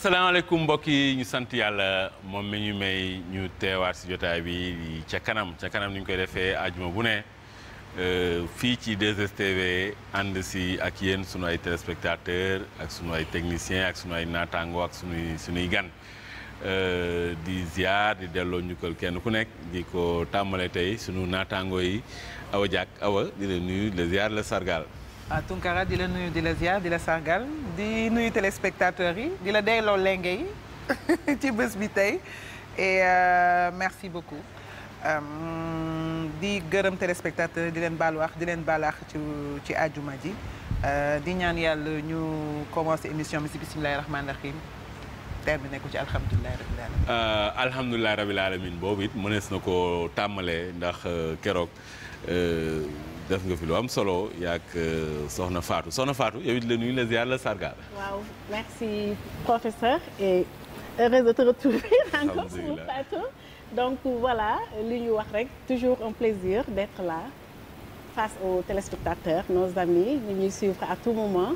asalaamaaleykum mbokk yi ñu sant yàlla moom mi ñu may ñu teewaat si jotaay bi ca kanam ca kanam ni ñu koy defee ajuma bu ne euh, fii ci 2STV ànd si ak yenn sunu ay téléspectateurs ak sunu ay techniciens ak sunu ay naataango ak sunuy sunuy gan euh, di ziar di delloo njukkal kenn ku nekk di ko tàmbale tey sunu naataango yi awa jàkk awa di la nuyu la ziar sargal. Tunkara di la nuyu di la ziar di la sargal di nuyu téléspectateurs yi di la delloo lenge yi ci bés bi tey et euh, merci beaucoup euh, di gërëm téléspectateurs yi di leen balwaax di leen baalu ci ci àjjuma ji euh, di ñaan yàlla ñu commencé émission bi si bisimilahi rahmaani rahim terminé ko ci alhamdulilah rabil alamin alhamdulilah rabil alamin boobu it mënees na ko tàmmalee ndax keroog def nga fi lu am solo yaak euh, soxna Fatou soxna Fatou yow it la nuyu la ziar la sargal. waaw merci professeur et heureuse de te retrouver encore sur le donc voilà li ñu wax rek toujours un plaisir d'être là face aux téléspectateurs nos amis ñu ñuy suivre à tout moment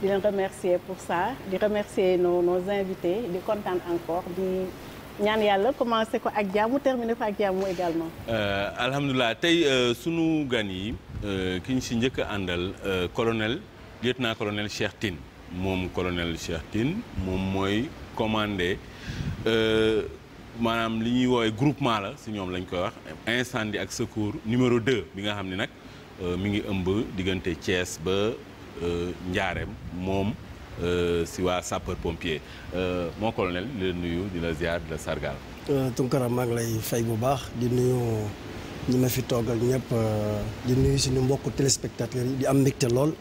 di leen remercier pour ça di remercier nos nos invités di kontaan encore di. ñaan yàlla commencé ko ak jàmm terminé ko ak jàmm également. Euh, alhamdulilah tey euh, sunu gan yi euh, ki ñu si njëkk a àndal colonel lieutenant colonel Cheikh Tine moom colonel Cheikh Tine moom mooy commandé maanaam li ñuy woowee groupement la si ñoom lañ koy wax incendie ak secours numéro 2 bi nga xam ni nag mi ngi ëmb diggante Thiès ba Njaareem moom. Euh, si waa sapeur pompier euh, mon colonel di la nuyu di la ziar di la sargal. Euh, Tunkara maa lay fay bu baax di nuyu ñi ma fi toogal ñëpp di nuyu suñu mbokku téléspectateurs yi di am mbégte lool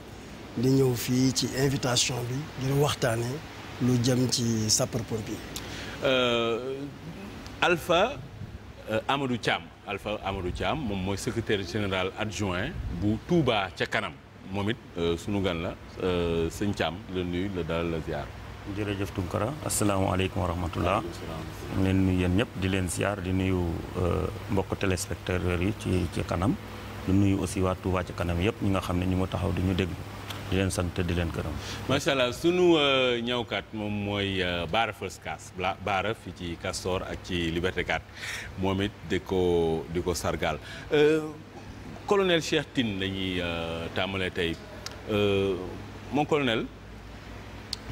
di ñëw fii ci invitation bi ngir waxtaanee lu jëm ci sapeur pompier. alfa Amadou caam alfa Amadou Thiam moom mooy secrétaire général adjoint bu Touba ca kanam. moom it euh, sunu gan la euh, sëñ Thiam la nuy la dalal la ziar. jërëjëf Tunkara asalaamaaleykum wa rahmatullah ñu leen nuyu yéen ñëpp di leen ziar di nuyu euh, mbokk téléspectateurs yi ci kanam. di nuyu aussi waa Touba ci kanam yëpp ñi nga xam ne ñu ngi taxaw di ñu dégg di leen sant di leen gërëm. macha allah sunu ñawkat moom mooy Bara First Class Bara fi ci Castor ak ci Liberté moom it di ko di ko sargal. colonel Cheikh Tine la ñuy euh, tàmbalee tey euh, mon colonel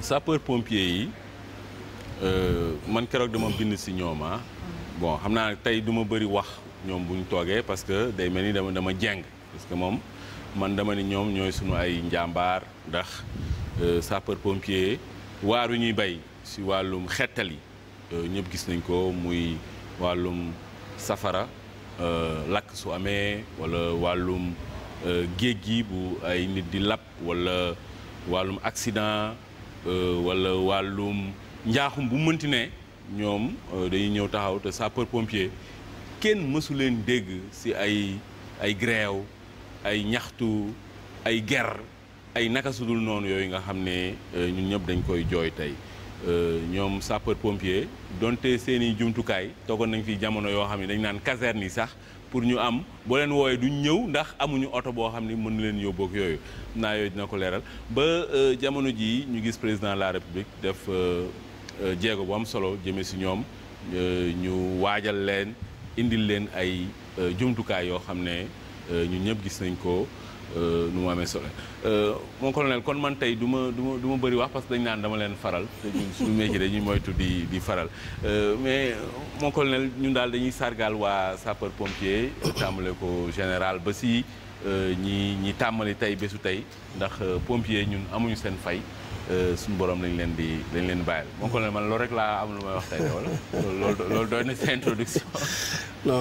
sapeur pompier yi euh, man keroog dama bind si ñooma ah. bon xam naa tey du ma bëri wax ñoom bu ñu toogee parce que day mel ni dama dama jeng parce que moom man dama ni ñoom ñooy sunu ay njàmbaar ndax sapeur pompier waaru ñuy bay si wàllum xettali ñëpp gis nañ ko muy wàllum safara. Euh, lakk su amee wala wàllum euh, géej gi bu ay nit di lap wala wàllum accident euh, walla wàllum njaaxum bu mënti ne ñoom dañuy ñëw taxaw te sapeur pompier kenn mësu leen dégg ci ay ay grève ay ñaxtu ay guerre ay naka sudul noonu yooyu nga xam ne ñun ñëpp dañ koy jooy tey Euh, ñoom sapeur pompier donte seeni jumtukaay toogoon nañ fi jamono yoo xam ne dañ naan caserne yi sax pour ñu am boo leen wooyee duñ ñëw ndax amuñu oto boo xam ne mën na leen yóbbu ak yooyu naa yooyu dina ko leeral ba euh, jamono jii ñu gis président de la république def euh, jéego bu am solo jëme si ñoom ñu waajal leen indil leen ay jumtukaay yoo xam ne ñu ñëpp gis nañ ko. Euh, nu mu amee solo euh, mon ko kon man tey du ma du ma bëri wax parce que dañ naan dama leen faral te ñun suñu métier dañuy moytu di faral euh, mais mon ñun daal dañuy sargal waa sapeur pompier tàmbale ko général ba si ñi ñi tàmmali tey bésu tey ndax pompier ñun amuñu seen fay suñu borom lañ leen di lañ leen bàyyil mon colonel man am lu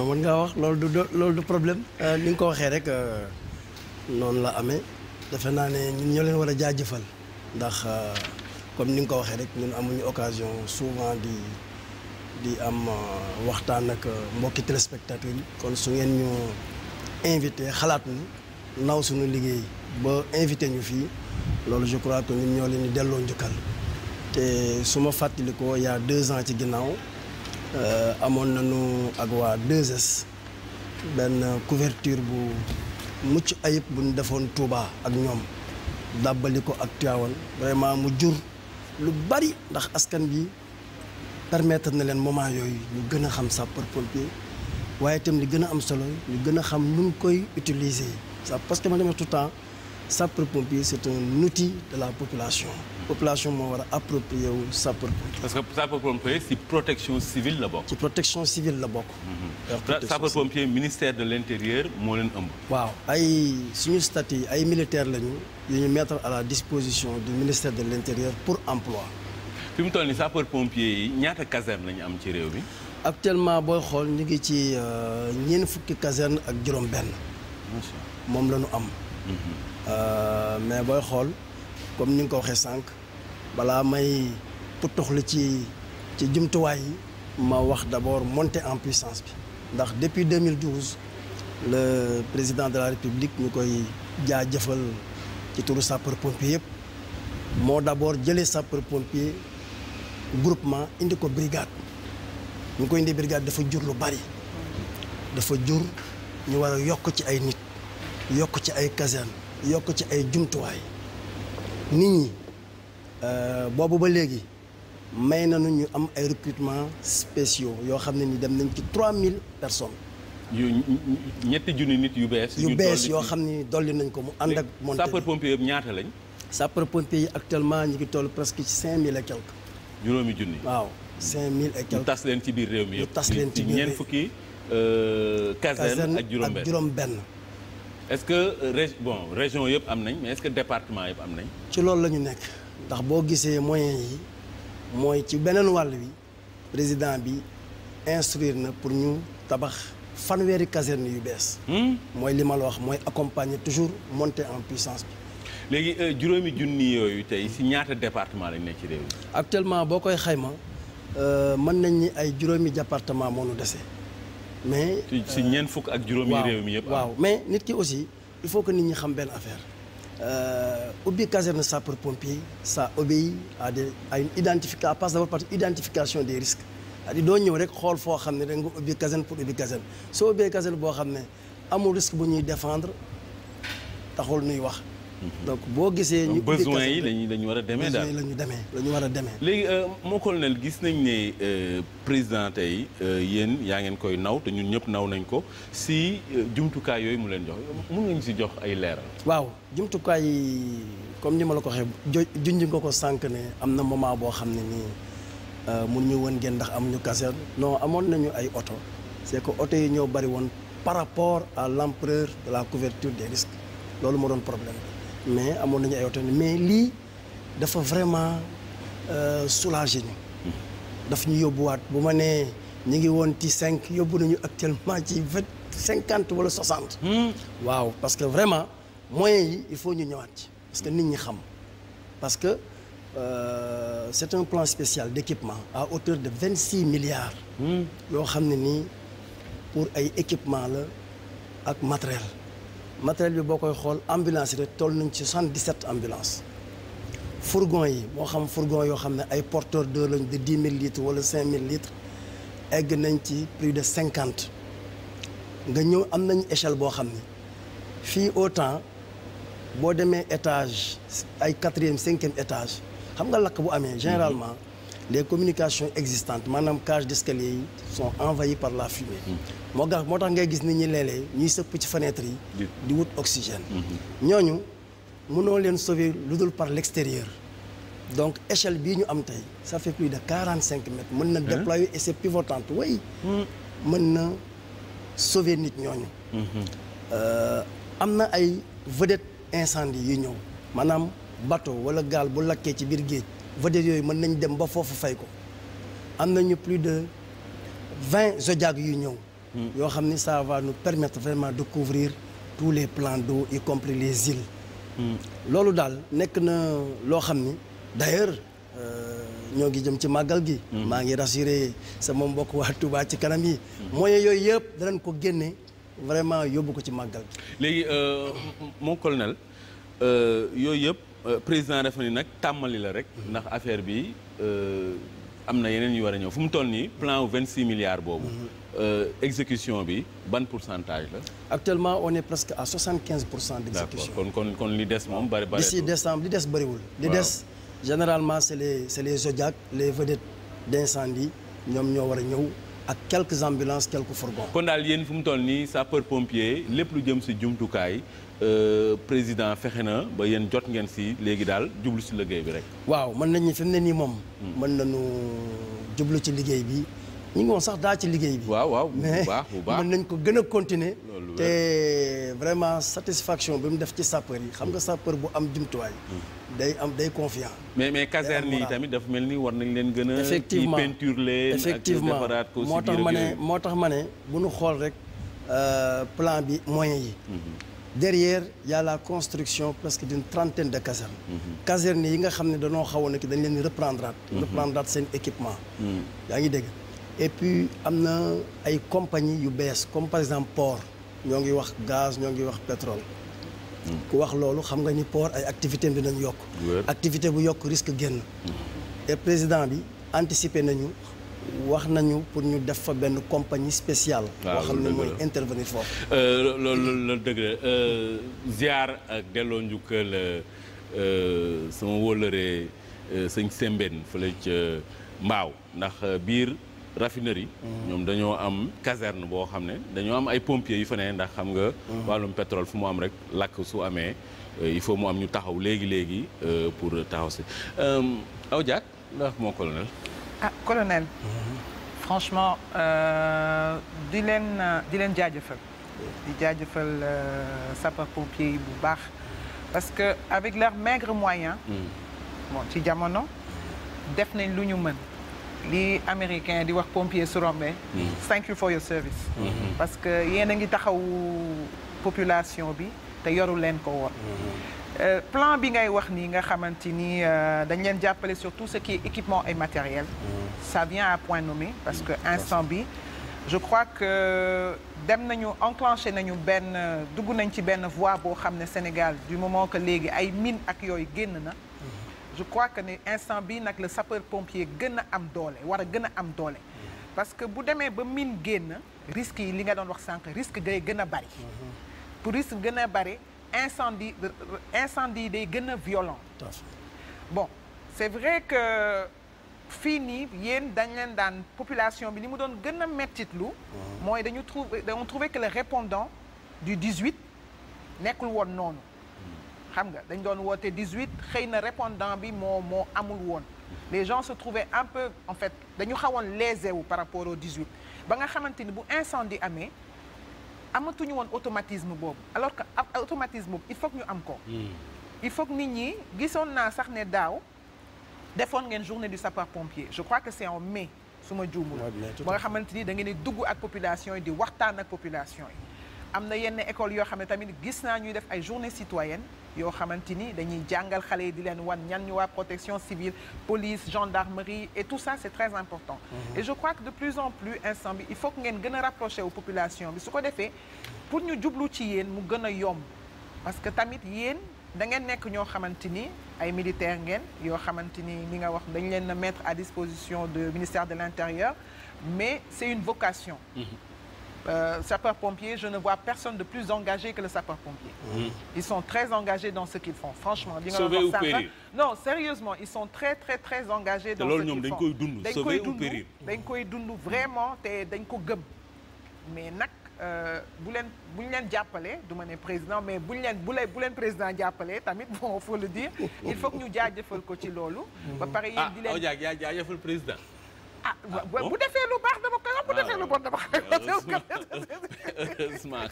may wax loolu du problème ni nga ko waxee rek noonu la amee defe naa ne ñun ñoo leen war a jaajëfal ndax euh, comme ni nga ko waxee rek ñun amuñu occasion souvent di di am euh, waxtaan ak euh, mbokki téléspectateurs yi kon su ngeen ñu invité xalaat ñu naw suñu liggéey ba invité ñu fii loolu je crois que ñun ñoo leen di delloo njëkkal te su ma fàttalikoo il y a deux ans ci ginnaaw amoon na nañu ak waa 2 benn couverture bu mucc ayib bu ñu defoon Touba ak ñoom dàbbali ko ak Tiwaawan vraiment mu jur lu bari ndax askan bi permettre na leen moment yooyu ñu gën a xam sapeur-pompier waaye tam li gën a am solo ñu gën a xam nu koy utiliser ça parce que ma demee tout temps sapeur-pompier c'est un outil de la population. population moo war appropier approprié wu pompier parce que sapeur-pompier ci protection civile la bokk. ci civile la bokk. Mhm. sapeur-pompier ministère de l'intérieur moo leen ëmb. waaw ay suñu statut ay militaire lañu yu ñu mettre à la disposition du ministère de l'intérieur pour emploi. fi mu toll ni sapeur-pompier yi ñaata caserne lañu am ci réew mi. actuellement booy xool ñu ngi ci euh, ñeen fukki caserne ak juróom-benn. moom la ñu am. Mhm. Euh, mais booy xool comme ni nga ko waxee sànq. balaa may putoxlu ci ci jumtuwaay yi ma wax d'abord montée en puissance bi ndax depuis 2012 le président de la république ñu koy jëfal ci turu sapeur pompier yëpp moo d'abord jëlee sapeur pompier groupement indi ko brigade ñu koy indi brigade dafa jur lu bari dafa jur ñu war a yokk ci ay nit yokk ci ay caserne yokk ci ay jumtuwaay nit ñi Euh, boobu ba léegi may na nu ñu am ay recrutements spéciaux yoo xam ne ni dem nañ ci 3000 personnes. yu ñetti junni nit yu bees. yu bees yoo xam ne dolli nañ ko mu ànd ak. monté sapeur pompier yëpp ñaata lañ. sapeur pompier yi actuellement ñu ngi toll presque ci cinq mille et quelque. juróomi junni waaw 5000 et quelque. ñu tas leen ci biir réew mi yëpp ñu tas leen ci biir ñeent fukki euh, caserne ak juróom-benn juróom-benn. est-ce que bon région yëpp am nañ mais est-ce que am nañ. ci loolu la ñu nekk. ndax boo gisee moyens yi mooy ci beneen wàll wi président bi instruire na pour ñu tabax fanweeri caserne yu bees. Hmm? mooy li ma la wax mooy accompagner toujours monter en puissance bi. léegi euh, juróomi junni yooyu tey si ñaata département lañ ne ci réew mi. actuellement boo koy xayma euh, mën nañ ñi ay juróomi département moo nu dese mais. si euh, ñeent fukk ak juróomi réew mi yëpp. waaw mais nit ki aussi il faut que nit ñi xam benn affaire. Euh, ubbi caserne pour pompier sa obéit à des à une identification passe d'abord par identification des risques cest à doo ñëw rek xool foo xam ne da nga ubbi caserne pour ubbi caserne soo ubbee caserne boo xam ne amul risque bu ñuy défendre taxul nuy wax Mhm. donc boo gisee. ñu besoin yi lañu lañu war a demee daal la ñu demee la ñu war a demee. léegi euh, moo colonel gis nañ ne euh, président tey euh, yéen yaa ngeen koy naw te ñun ñëpp naw nañ ko si jumtukaay yooyu mu leen jox mun nga ñu si jox ay leeral. waaw jumtukaay yi comme ni ma la ko waxee jo junj nga ko sànq ne am na moment boo xam ne nii mun ñu woon ngeen ndax amuñu caserne. non amoon nañu ay oto c'est ko oto yi ñoo bari woon par rapport à l'ampleur de la couverture des risques loolu moo doon problème mais amoon nañu ay oto mais lii dafa vraiment euh, soulagé ñu daf ñu yóbbuwaat bu ma nee ñu ngi woon ci cinq yóbbu nañu actuellement ci vingt cinquante wala soixante. Hmm. waaw parce que vraiment moyens yi il faut ñu ñëwaat ci parce que nit ñi xam parce que euh, c'est un plan spécial d'équipement à hauteur de vingt six milliards. Hmm. yoo xam ne nii pour ay équipement la ak matériel. matériel bi boo koy xool ambulance yi rek toll nañ ci 77 ambulances fourgon yi moo xam fourgon yoo xam ne ay porteurs d'eau lañ de 10 000 litres wala 5 000 litres egg nañ ci plus de 50 nga ñëw am nañu échelle boo xam ne fii au temps boo demee étage ay quatrième cinquième étage xam nga lakk bu amee généralement mm-hmm. les communications existantes maanaam cage d'escalier yi sont envahies par la fumée. Mm-hmm. moo tax moo tax ngay gis nit ñi léeg-léeg ñuy sëpp ci fenêtre yi. di wut oxygène. Mhm. ñooñu mënoo leen sauver lu dul par l'extérieur. donc échelle bii ñu am tey ça fait plus de quarante cinq mètres. mën na déployer et c'est pivotant oui. Hmm. mën na sauver nit ñooñu. Mhm. Euh, am na ay vedette incendie yu ñëw maanaam bateau wala gaal bu lakkee ci biir géej vedette yooyu mën nañ dem ba foofu fay ko am nañu plus de vingt zodiacs yu ñëw. yoo xam ni ça va nous permettre vraiment de couvrir tous les plans d'eau y compris les îles hmm. loolu daal nekk na loo xam ni d'ailleurs euh, ñoo ngi jëm ci màggal gi hmm. maa ngi rassuré sama mbokk waa Touba ci kanam yi moyens yooyu yëpp danañ ko génne vraiment yóbbu ko ci màggal gi léegi euh, mon colonel euh, yooyu yëpp président dafa ni nag tàmmali la rek hmm. ndax affaire bi am na yeneen yu war a ñëw fu mu toll nii plan wu vingt six milliards boobu Euh, exécution bi ban pour pourcentage la. actuellement on est presque à 75 pour cent d' exécution. kon kon kon li des moom bari bari. d'ici décembre li des bëriwul. li des généralement c' est les c' est les zodiacs les vedettes d' incendie ñoom ñoo war a ñëw ak quelques ambulances quelques fourgons. kon daal yéen fu mu toll nii sapeur pompier lépp lu jëm si jumtukaay. Euh, président fexe na ba yéen jot ngeen si léegi daal jublu si liggéey bi rek. waaw mën nañu fi mu ne nii moom. Hmm. mën na nañu jublu ci liggéey bi. ñu ngi woon sax daa ci liggéey bi. waaw waaw bu baax bu baax nañ ko gën a continuer. te vraiment satisfaction bi mu def ci sapeur yi xam nga mm. sapeur bu am jumtuwaay. Mm. day am day confiant. mais mais caserne yi tamit dafa mel ni war nañ leen gën a. effectivement ci peinture leen effectivement moo tax ma ne moo tax ma ne bu ñu xool rek euh, plan bi moyen yi. Mm-hmm. derrière y a la construction presque d'une trentaine de casernes. Mm-hmm. casernes yi nga xam ne danoo xawoon ki dañ leen reprendre aat. Mm-hmm. reprendre aat seen équipement. Mm. yaa ngi dégg. et puis am na ay compagnie yu bees comme par exemple port ñoo ngi wax gaz ñoo ngi wax pétrole ku wax loolu xam nga ni port ay activité dinañ yokk activité bu yokk risque génn et président bi anticiper nañu wax nañu pour ñu def fa benn compagnie spéciale ah, boo xam ne mooy intervenir foofu euh, loolu la dëgg la euh, ziar ak delloo njukkal euh, sama wóllëre sëñ Sembène fële ca Mbaaw ndax biir raffinerie mhm. ñoom dañoo am caserne boo xam ne dañoo am ay pompier yu fa ne ndax xam nga mhm. wàllum pétrole fu mu am rek lakk su amee euh, il faut mu am ñu taxaw léegi léegi euh, pour taxaw si euh, aw diaat la wax moo colonel ah, mhm. franchement di leen di leen jaajëfal di jaajëfal sapeur pompier yi bu baax parce que avec leurs maigres moyens mm. ci jamono def nañ lu ñu mën li américain di wax pompier su rombee mm-hmm. thank service mm-hmm. parce que yéen a ngi taxaw population bi te yoru leen ko woon mm-hmm. euh, plan bi ngay wax nii nga xamante ni euh, dañ leen jàppale sur tout ce qui est équipement et matériel ça vient à point nommé parce que instant bi je crois que dem nañu enclenché nañu benn dugg nañ ci benn voie boo xam ne Sénégal du moment que léegi ay mine ak yooyu génn na je crois que ne instant bi nag la sapeur pompier gën a am doole war a gën a am doole parce que bu demee ba min génn risques yi li nga doon wax sànq risque day gën a bari pour risque gën a bari incendie incendie day gën a violent bon c'est vrai que fii nii yéen dañ leen daan population bi li mu doon gën a lu mooy dañu trouver dañu trouver que le répondant du 18 nekkul woon noonu xam nga dañ doon woote 18 xëy na répondant bi moo moo amul woon les gens se trouvaient un peu en fait dañu xawoon lésé wu par rapport au 18 ba nga xamante ni bu incendie amee amatuñu woon automatisme boobu alors que automatisme boobu il faut que ñu am ko hmm. il faut que nit ñi gisoon naa sax ne daaw defoon ngeen journée du sapeur pompier je crois que c'est en mai su ma juumul ba nga xamante ni da ngeen di dugg ak population yi di waxtaan ak population yi am na yenn école yoo xam ne tamit gis naa ñuy def ay journée citoyenne yoo xamante ni dañuy jàngal xale yi di leen wan ñan ñu waa protection civile police gendarmerie et tout ça c'est très important mhm. et je crois que de plus en plus instant bi il faut que ngeen gën a rapproché wu population bi su ko defee pour ñu jublu ci yéen mu gën a yomb parce que tamit yéen da ngeen nekk ñoo xamante ni ay militaire ngeen yoo xamante ni li nga wax dañ leen na mettre à disposition de ministère de l'intérieur mais c'est une vocation mhm. euh, sapeurs-pompiers, je ne vois personne de plus engagé que le sapeur-pompier. Mmh. Ils sont très engagés dans ce qu'ils font. Franchement, sauver ou périr non sérieusement ils sont très très engagés. dans ce qu'ils font te loolu ñoom dañ koy dund sauver ou périr dañ koy dund vraiment te dañ ko gëm. mais nag euh, bu leen bu ñu leen jàppale du ma ne président mais bu ñu leen bu bu leen président jàppale tamit bon faut le dire il faut que ñu jaajëfal ko ci loolu. ba pare yéen ah, di leen ah Odia jaajëfal président. ah, ah oh. bu defee lu baax dama koy wax bu ah, defee lu bon dama koy wax. heureusement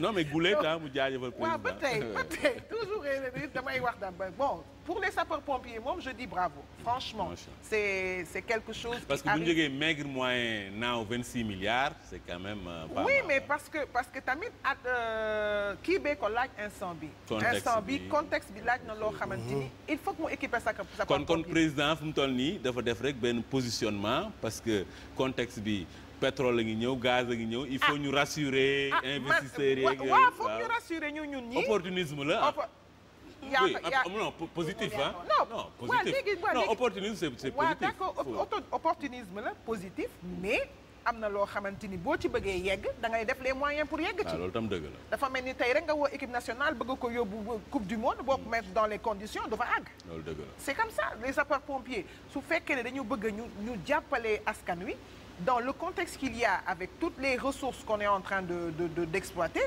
non mais Goulet ah mu jaajëfal président waaw ba tey ba tey toujours eh, eh, damay wax daan ba bon. pour les sapeurs-pompiers moom je dis bravo. franchement c'est c'est quelque chose. qui parce que bu ñu jógee maigre moyen naaw 26 milliards c'est quand même. Euh, oui mais parce que parce que tamit at euh, kii bee ko laaj incendie. incendie bi contexte bi laaj na loo xamante ni. Mhm. il faut que mu équiper sa sa kon kon président fu mu toll nii dafa def rek benn positionnement parce que contexte bi. pétrole la ngi ñëw gaz la ngi ñëw il faut ah. ñu rassurer ah, investisseurs yeeg waaw foog ñu rassurer ñu ñun ñi yaa oui, ah, ah, non positif hein? non non positif ouais, opportunisme la positif mais. am na loo xamante ni boo ci bëggee yegg da ngay def les moyens pour yegg ci. Ah, loolu tam dëgg la. dafa mel ni tey rek nga woo équipe nationale bëgg ko yóbbu coupe du monde boo ko hmm. mettre dans les conditions dafa àgg. loolu dëgg la c'est comme ça les sapeurs pompiers su fekkee ne dañu bëgg ñu ñu jàppale askan wi dans le contexte qu'il y a avec toutes les ressources qu'on est en train de de de d'exploiter.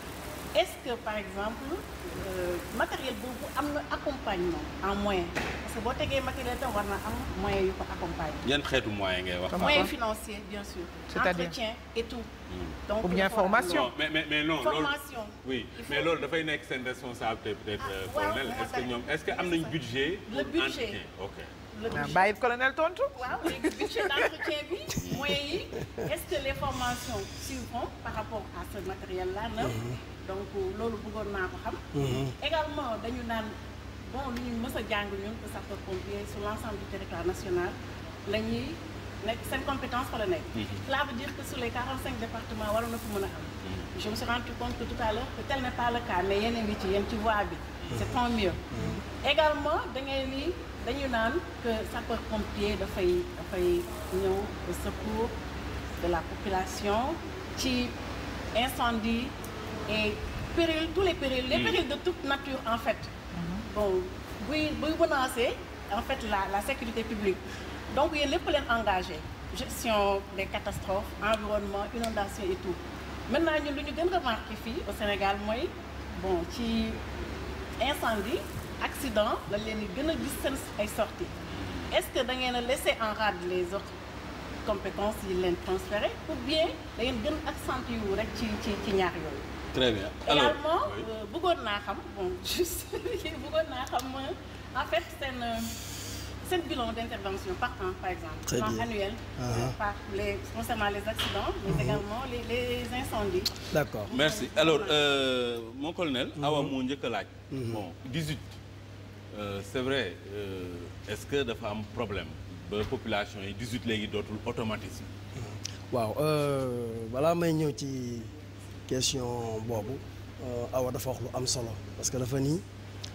est-ce que par exemple euh, matériel boobu am na accompagnement en moyen parce que boo tegee matériel tam war na am moyen yu ko accompagner. yan xeetu moyen ngay wax. moyen financier bien sûr. c'est-à-dire entretien et tout. Hmm. donc ou euh, formation. non mais mais mais non loolu formation. oui mais loolu dafay nekk seen responsabilité peut-être. Ah, euh, colonel est-ce que ñoom est-ce que am nañ budget. le budget ok. Ah, bàyyi colonel tontu. waaw léegi budget d'entretien bi moyens donc loolu bëggoon naa ko xam. Mhm. également dañu naan bon lu ñu mës jàng ñun que sapeur-pompier sur l' du territoire national la ñuy nekk seen compétence fa nekk. Mhm. cela veut dire que sur les 45 départements waroon na ko mën a am. Mhm. je me suis rendu compte que tout à l'heure que tel le cas mais yéen a ngi ci yéen ci voie bi. c' est tant mieux. également da ngay ni dañu naan que sapeur-pompier dafay dafay ñëw au secours de la population ci incendie. et péril tous les périls les périls de toute nature en fait mhm. bon buy buy menacer en fait la la sécurité publique donc yéen lépp leen engagé gestion des catastrophes environnement inondation et tout maintenant ñun lu ñu gën remarqué fii au Sénégal mooy bon ci incendie accident la leen di gën a gis seen ay sorti est-ce que da ngeen a laisser en rade les autres compétences yi leen transférées ou bien da ngeen gën accentuer wu rek ci ci ci ñaar yooyu très bien alors également euh, bëggoon naa xam bon naa xam euh, en fait seen euh, seen bilan d'intervention par par exemple. très bien ah ah. par les concernant les accidents. Mm-hmm. les incendies. d'accord merci alors mon colonel. Mm-hmm. Awa moo njëkk a laaj. Mm-hmm. bon 18. c'est vrai est-ce que dafa am problème ba population yi 18 léegi dootul automatisme. waaw balaa may ñëw ci. question boobu euh, awa dafa wax lu am solo parce que dafa nii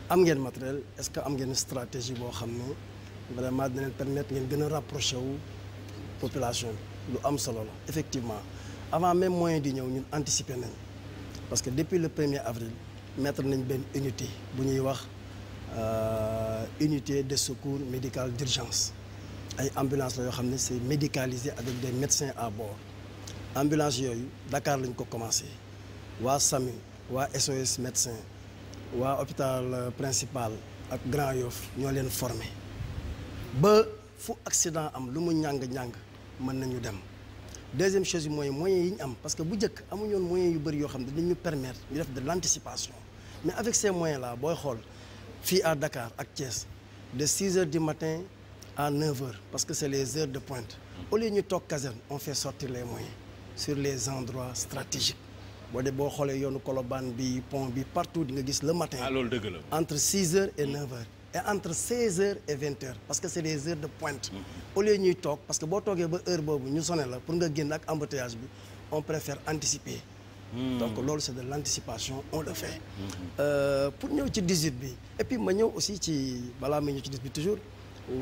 am ngeen matériel est-ce que am ngeen stratégie boo xam ne vraiment dina leen permettre ngeen gën a rapproché wu population lu am solo la effectivement avant même moyen di ñëw ñun anticiper nañ parce que depuis le premier avril mettre nañ benn unité bu ñuy wax euh, unité de secours médical d'urgence ay ambulance la yoo xam ne c'est médicaliser avec des médecins à bord ambulance yooyu Dakar lañ ko commencé waa SAMU waa SOS médecin waa hôpital euh, principal ak Grand Yoff ñoo leen formé ba fu accident am lu mu ñàng njàng mën nañu dem deuxième chose bi mooy moyens yi ñu am parce que bu njëkk amuñu woon yu bëri yoo xam ne dañu permettre ñu def de l' anticipation mais avec ces moyens là booy xool fii à Dakar ak Thiès de 6 heures du matin à 9 heures parce que c' est les heures de pointe au lieu ñu toog caserne on fait sortir les moyens sur les endroits stratégiques boo de boo xoolee yoonu Colobane bi pont bi partout di nga gis le matin. ah loolu dëgg la entre six heures et neuf heures. et entre seize heures et vingt heures parce que c' est des heures de pointe. Mm-hmm. au lieu ñuy toog parce que boo toogee ba heure boobu ñu sone la pour nga génn ak embouteillage bi on préfère anticiper. Mm. donc loolu c' est de l' anticipation on le fait. Mm-hmm. Euh, pour ñëw ci 18 bi et puis ma ñëw aussi ci balaa ma ñëw ci 18 bi toujours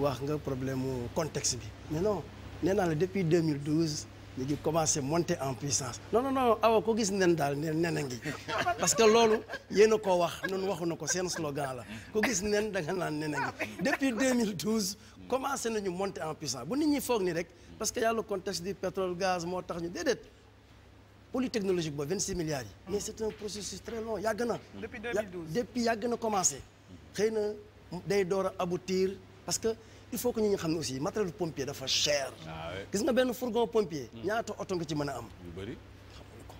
wax nga problème contexte bi mais non nee naa la depuis 2012. ñu ngi commencé monter en puissance non non non awa ko gis nen daal nen nen a ngi parce que loolu yéen a wax noonu waxu na ko seen slogan la ku gis nen da nga naan nen a ngi depuis 2012 commencé nañu monter en puissance bu nit ñi foog ni rek parce que yàlla contexte du pétrole gaz moo tax ñu déedéet polytechnologique boobu 26 milliards yi mais c'est un processus très long yàgg na depuis 2012 yàgg na commencé xëy na day door a aboutir parce que il faut que ñi nga xam ne aussi matériel pompier dafa cher. Ah gis nga benn fourgon pompier. Hmm. ñaata oto nga ci mën a am. yu bëri xamuñu ko.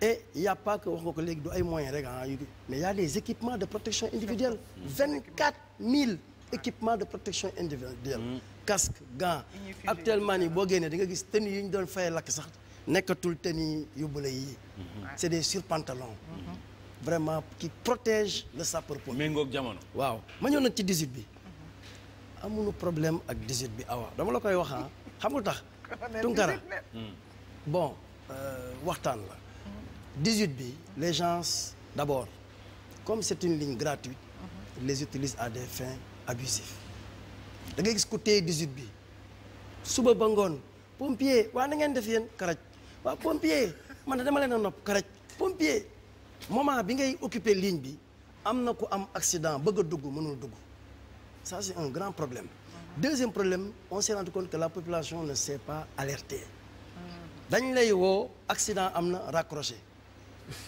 et wax nga ko léegi du ay moyens rek ah yu mais y' a des équipements de protection individuelle. Hmm. vingt quatre mille équipements de protection individuelle. Hmm. casque gants. actuellement nii boo génnee di nga gis tenue yi ñu doon fay lakk sax nekkatul tenue yu bële yi. c' est des surpantalons. vraiment qui protègent le sapeur pompier. méngoog jamono waaw bi. amuñu problème ak disit bi awa dama la koy wax ah xam nga tax. Tunkara hmm. bon euh, waxtaan la. 18 bi les gens d' abord comme c' est une ligne gratuite. Mhm. les utilisent à des fins abusives. da ngay gis ko téye 18 bi suba ba ngoon pompier waa na ngeen def yéen karaj waa pompier man dama leen a nopp karaj pompier moment bi ngay occuper ligne bi am na ku am accident bëgg a dugg mënul dugg. ça c'est un grand problème deuxième problème on s'est rendu compte que la population ne s'est pas alertée dañ lay woo accident am na raccroché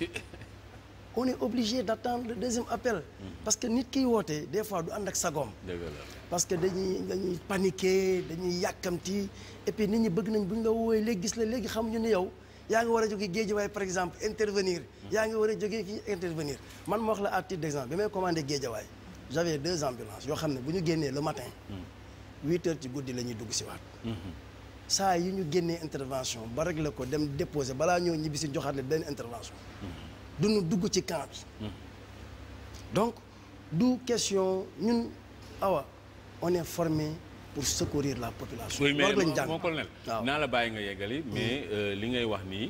on est obligé d'attendre le deuxième appel mhm. parce que nit kiy woote des fois du ànd ak sagoom parce que dañuy dañuy paniquer dañuy yàkkamti et puis nit ñi bëgg nañ bu ñu la woowee léegi gis la léegi xamuñu ne yow yaa ngi war a jóge géejawaay par exemple intervenir mhm. yaa ngi war a jógee fii intervenir man ma wax la à titre d'exemple bi may commandé géejawaay j'avais deux ambulances yoo xam ne bu ñu génnee le matin hmm. huit heures ci guddi la ñuy dugg si waat hmm. saa yi ñu génnee intervention ba la ko dem déposé balaa ñoo ñibbi si joxaat leen benn intervention hmm. duñu dugg ci camp bi donc du question ñun awa on est formé pour secourir la population. loolu lañ jàng ko mais colonel naa la bàyyi nga yeggali. mais euh, li ngay wax nii.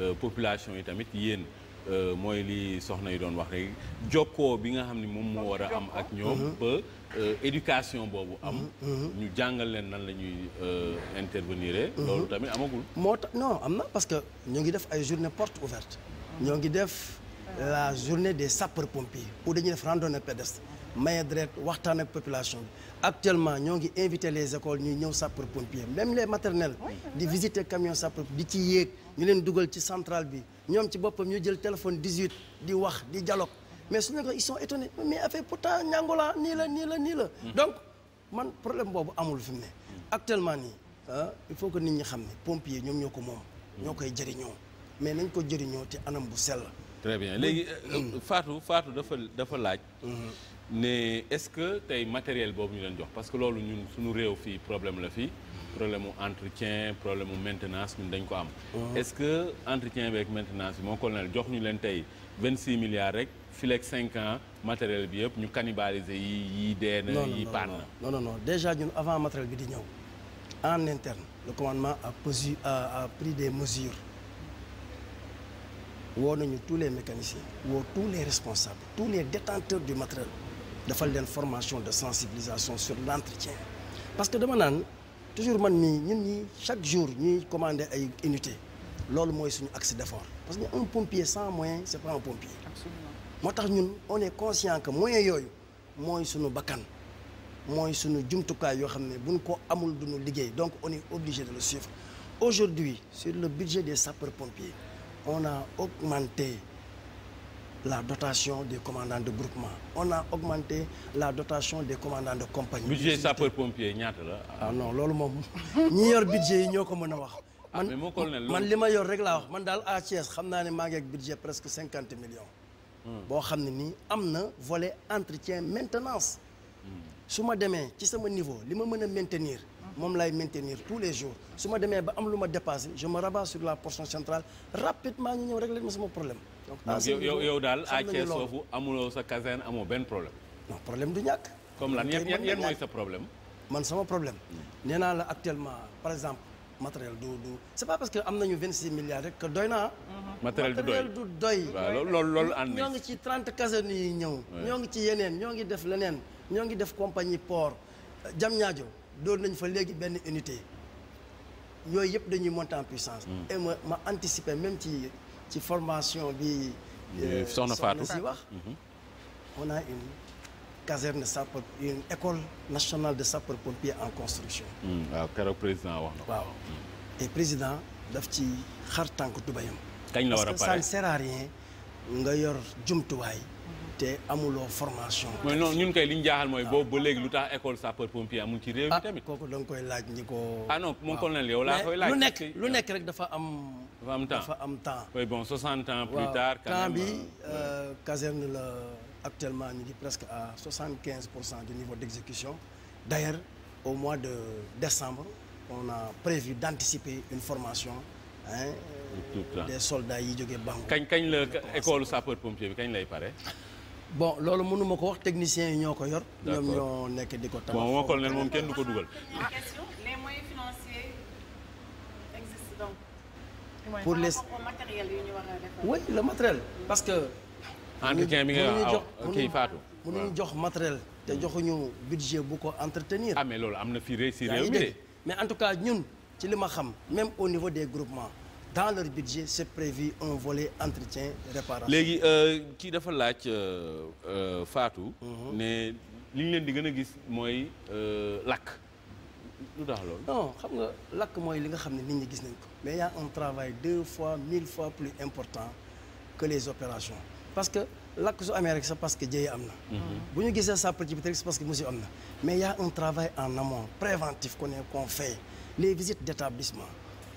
Euh, population yi tamit yéen. Euh, mooy li soxna yi doon wax rek jokkoo bi nga xam ni moom moo war a am ak ñoom ba euh, éducation boobu am mm-hmm. Mm-hmm. ñu jàngal leen nan la ñuy euh, intervenir mm-hmm. loolu tamit amagul moo tax non am na parce que ñoo ngi def ay journée porte ouverte ñoo ngi def la journée des sapeurs pour ou dañuy def randonnée pédestre maye deret waxtaan ak population bi actuellement ñoo ngi invité les écoles ñuy ñëw sapeur pompier même les maternelles di visiter camion sapeur di ci yéeg ñu leen dugal ci centrale bi ñoom ci boppam ñu jël téléphone 18 di wax di dialogue mais su ko ils sont étonnés mais affaire pourtant ñàngu la nii la nii la nii la donc man problème boobu amul fi mu ne actuellement nii ah, il faut que nit ñi xam ne pompier ñoom ñoo ko moom ñoo koy jëriñoo mais nañ ko jëriñoo te anam bu sell très bien léegi euh, Fatou Fatou dafa dafa laaj mm-hmm. ne est-ce que tey matériel boobu ñu leen jox parce que loolu ñun suñu réew fii problème la fi problème mu entretien problème mu maintenance ñun dañ ko am uh-huh. est-ce que entretien rek maintenance bi moo colonel jox ñu leen tey vingt six milliards rek fileek cinq ans matériel bi yëpp ñu cannibaliser yi yi dee na yi paan na non non non déjà ñun avant matériel bi di ñëw en interne le commandement a pesu a pris des mesures woo nañu tous les mécaniciens woo tous les responsables tous les détenteurs du defal leen formation de sensibilisation sur l'entretien parce que dama naan toujours man nii ñun ñi chaque jour ñuy commandé ay unité loolu mooy suñu axe d'effort parce que un pompier sans moyen c'est pas un pompier moo tax ñun on est conscient que moyen yooyu mooy suñu bakkan mooy suñu jumtukaay yoo xam ne buñ ko amul duñu liggéey donc on est obligé de le suivre aujourd'hui sur le budget des sapeurs pompiers on a augmenté la dotation des commandants de groupement on a augmenté la dotation des commandants de compagnie. budget sapeur pompier ñaata la. ah non loolu moom ñi yor budget yi ñoo ko mën a wax. Ah, man man li ma yor rek laa wax man daal à xam naa ne maa ngi ak budget presque cinquante millions. Hmm. boo xam ne nii am na volet entretien maintenance. Hmm. su ma demee ci sama niveau li ma mën a maintenir. moom lay maintenir tous les jours su ma demee ba am lu ma dépassé je me rabats la portion centrale rapidement ñu ñëw régler ma sama problème. donc ah, yow yow daal à Thiès foofu amuloo sa caserne amoo benn problème. non problème du ñàkk. comme lan yan yan mooy sa problème. man sama problème nee naa la actuellement par exemple matériel du du c'est pas parce que am nañu 26 milliards rek que doy naa. Mhm. matériel du doy matériel lool doy. waaw loolu ñoo ngi ci 30 casernes yi ñëw. ñoo ngi ci yeneen ñoo ngi def leneen ñoo ngi def compagnie port Diamniadio doon nañ fa léegi benn unité yooyu yëpp dañuy monter en puissance. Mm. et ma ma anticiper même ci. ci formation bi. Euh, soxna Fatou si wax. Mhm. on a une caserne de sapeur une école nationale de sapeur pompier en construction. Hmm, waaw keroog président wax na waaw hmm. et président def ci xar tànk tubayam. kañ la war a pare parce que ça ne nga yor jumtuwaay. te amuloo formation. mooy non ñun kay li ñu jaaxal mooy boobu ba léegi lu tax école sapeur pompier amul ci réew mi ah, tamit. kooku da nga koy laaj ñi ko. ah non moom colonel yow koy laaj. lu nekk ah. lu nekk rek dafa am. dafa am temps am temps. bon 60 ans plus tard. quand même temps bi euh, euh, actuellement ñu ngi presque à 75 pour cent du niveau d' exécution d' ailleurs au mois de décembre on a prévu d' une formation. Hein, tout yi jógee Bango. kañ kañ la école sapor pompier bi kañ lay pare. bon loolu mënuma ko wax techniciens yi ñoo ko yor. ñoom ñoo nekk di ko tabax. bon moo moom kenn du ko dugal. les moyens financiers pour les matériel le matériel. parce que. entretien bi nga ah, jox kii Fatou. mënuñu jox matériel. te hmm. joxuñu budget bu ko entretenir. amee ah, loolu am na fii si réew mi de mais en tout cas ñun ci li ma xam même au niveau des groupements. dans leur budget c'est prévu un volet entretien réparation. léegi euh, kii dafa laaj euh, euh, Fatou. Mhm. ne li ñu leen di gën a gis mooy lakk. lu tax loolu. non xam nga lakk mooy li nga xam ne nit ñi gis nañ ko. mais y a un travail deux fois mille fois plus important que les opérations parce que lakk su amee rek c'est parce que jëye am na. Mhm. bu ñu gisee sa précipité rek c'est parce que musiba am na. mais y a un travail en amont préventif qu'on est qu'on fait les visites d'établissement.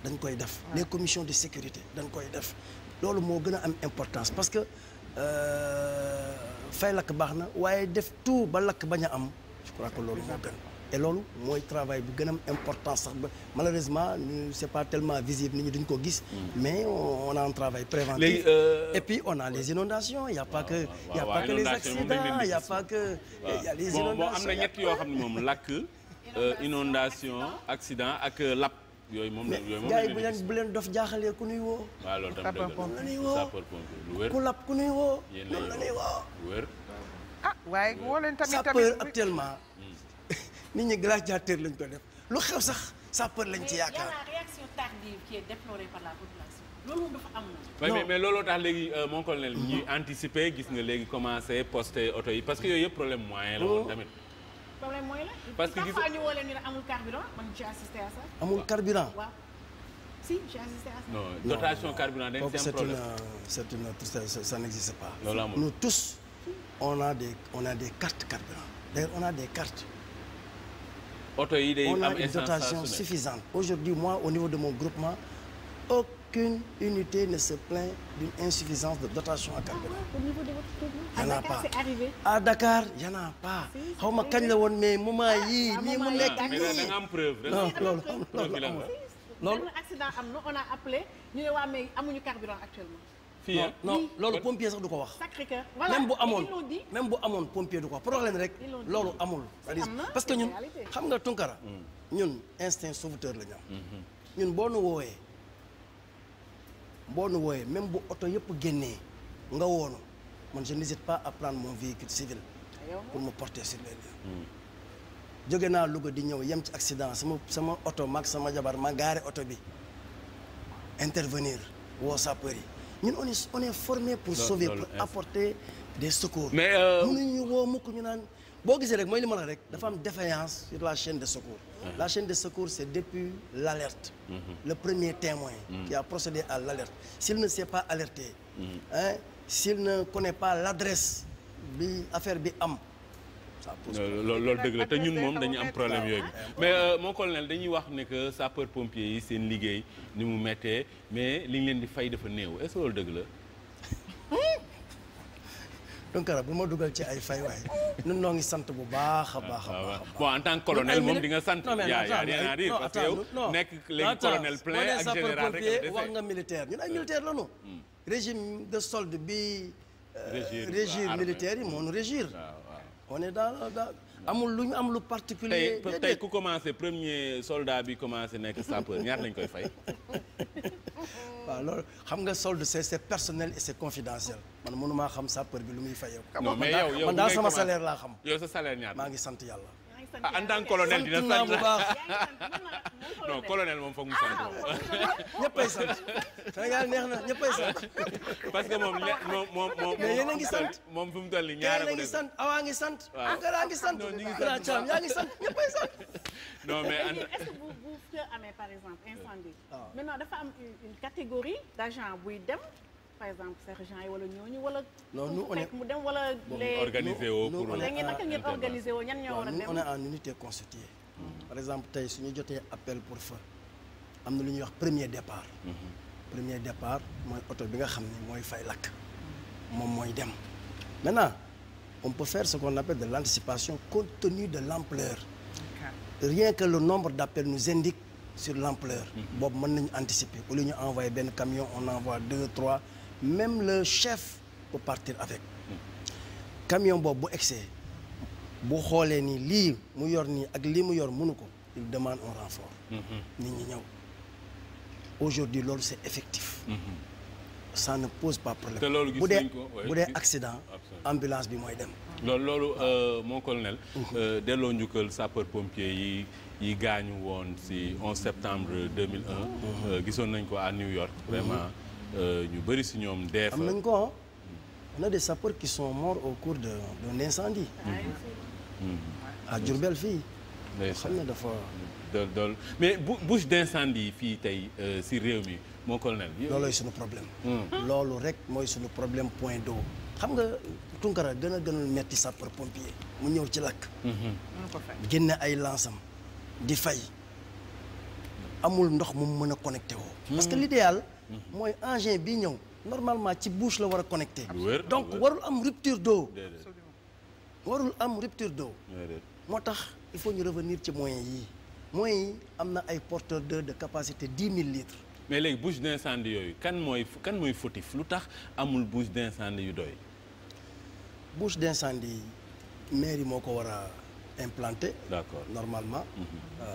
dañ koy def les commission de sécurité dañ koy def loolu moo gën a am importance parce que euh, fay lakk baax na waaye def tout ba lakk bañ a am je crois loolu moo gën et loolu mooy travail bu gën a am importance sax ba malheureusement c' est pas tellement visible nit ñi duñ ko gis. Mm. mais on a un travail préventif. léegi euh, et puis on a les inondations y' a pas que. y' a pas que les accidents y' a pas que. y' a les inondations bon am na ñett yoo xam moom lakk euh, inondation accident ak lap. yooyu moom la yooyu moom bu leen bu leen dof jaaxalee ku nuy woo. waaw loolu tam dëgg la ku lap ku nuy woo. yéen la ñuy ah, waaye woo leen tamit tamit sapeur actuellement. Hmm. nit ñi gladiateur lañ ko def lu xew sax sapeur lañ ci yaakaar. mais y a la réaction tardive qui est déplorée par la population. loolu dafa tax léegi euh, mon colonel ñuy anticiper gis nga léegi commencé poster oto yi parce que yooyu yëpp problème moyen la woon tamit. problème mooy la. parce que parfois ñu woo leen ñu ne amul carburant man j'ai assisté à ça. amul carburant waaw. si j'ai assisté à ça. non dotation carburant dañ c'est un problème c'est une c'est une ça n'existe pas. loolu amul nous tous on a des on a des cartes carburant d'ailleurs on a des cartes. oto yi day am on a une dotation suffisante aujourd'hui moi au niveau de mon groupement. aucune unité ne se plaint d'une insuffisance de dotation à Dakar y a xaw ma kañ la woon mais moment ah, yii. Ah, nii mu nekk nii mais da nga am preuve. loolu loolu a appelé sax du ko wax. Sacré-Cœur même bu amoon même bu amoon pompier du ko wax problème rek. loolu amul. parce que ñun xam nga Tunkara. Mm. ñun instinct sauveteur la ñu mm-hmm. ñun boo nu woowee. boo nu wooyee même bu oto yëpp génnee nga woonu man je n'hésite pas à prendre mon civil pour me porter sur les lieux hmm. jóge naa Louga di ñëw yem ci accident sama sama oto mag sama jabar ma gaare oto bi intervenir woo sapeur yi ñun on est on est formé pour sauver pour apporter des secours mais euh, mënuñu woo mukk ñu naan boo gisee rek mooy li ma rek dafa am défaillance sur la chaîne de secours La chaine de secours, c'est depuis l'alerte, mhm. le premier témoin mhm. qui a procédé à l'alerte. S'il ne s'est pas alerte mhm. hein, s'il ne connaît pas l'adresse bi affaire bi am. ça pose euh, loolu dëgg la te ñun moom dañu am problème yooyu. mais euh, mon colonel dañuy wax ne que sapeur pompier yi seen liggéey ni mu méttee mais li ñu leen di fay dafa néew est-ce que loolu dëgg la. Tounkara bu ma dugal ci ay fay waay ñun ñoo ngi sant bu baax a baax a baax. bon en tant que colonel moom di nga sant. non mais non parce que yow nekk léegi colonel plein ak général rek wax nga militaire ñun ay hmm. militaire lañu. Hmm. régime de solde bi. Euh, régir militaire yi moo ñu régir. Hmm. on est dans dans. amul lu ñu am lu particulier tey ku commencé premier soldat bi commencé nekk sapeur ñaar lañ koy fay. waaw loolu xam nga solde c'est c'est personnel et c'est confidentiel man mënumaa xam sapeur bi lu muy fayeeku. non mais yow yow man daal sama salaire laa xam. yow sa salaire ñaar maa ngi sant yàlla. ah en tant que colonel dina sant bu baax. non colonel moom foog mu sant. Ah, ñëppay sant Sénégal neex na ñëppay sant. parce que moom moom moom moom. moom fi mu toll nii ñaar a ngi sant awaa sant. waaw sant. non ñu ngi sant sant ñëppay sant. non mais en est-ce que bu bu ah. dafa am une catégorie d'agent buy dem. par exemple sergent yi wala ñooñu wala. non nous on est dem wala. les organisé woo pour la ngeen naka ngeen par exemple tey su ñu jotee appel pour feu am na lu ñuy wax premier départ. Mhm. premier départ mooy oto bi nga xam ne mooy fay lakk. moom mooy dem. maintenant on peut faire ce qu'on appelle de l'anticipation compte de l'ampleur. rien que le nombre d'appels nous indique sur l'ampleur. Mhm. boobu mën nañu anticiper au lieu ñu envoyé benn camion on envoie deux trois. même la chef peut partir avec camion boobu bu excès bu xoolee nii lii mu yor nii ak lii mu yor mënu ko il demande un renfort mhm. nit ñi ñëw aujourd'hui loolu c'est effectif mm -hmm. ça ne pose pas problème bu dee bu dee accident ambulance bi mooy dem loolu loolu ah. euh, mon colonel mhm. euh, delloo njukkal sapeur pompier yi gaañu woon ci 11 septembre 2001 mhm. euh, gisoon nañ ko à New York vraiment Euh, ñu bëri si ñoom dee fa am nañ ko on a des sapeurs qui sont morts au cours de d'un incendie. Mm-hmm. à Diourbel fii. xam na dafa. dool mais bu bouche d'incendie fii tey euh, si réew mi moo colonel. loolooy problème. Mm. loolu rek mooy suñu problème point d'eau xam nga Tunkara gën a gënal metti sapeur pompier mu ñëw ci lakk. Mm-hmm. génne ay lansam di fay amul ndox mu mën a connecté woo. parce que mm. Mhm. mooy engin bi ñëw normalement ci bouche la war a connecté donc warul am rupture d'eau warul am rupture d'eau moo tax il faut ñu revenir ci moyens yi moyens yi am na ay porteurs d'eau de capacité dix mille litres mais léegi bouche d'incendie yooyu kan mooy kan mooy fautif lu tax amul bouche d'incendie yu dooy doy bouche d'incendie mairie moo ko war a implanté d'accord normalement mm -hmm.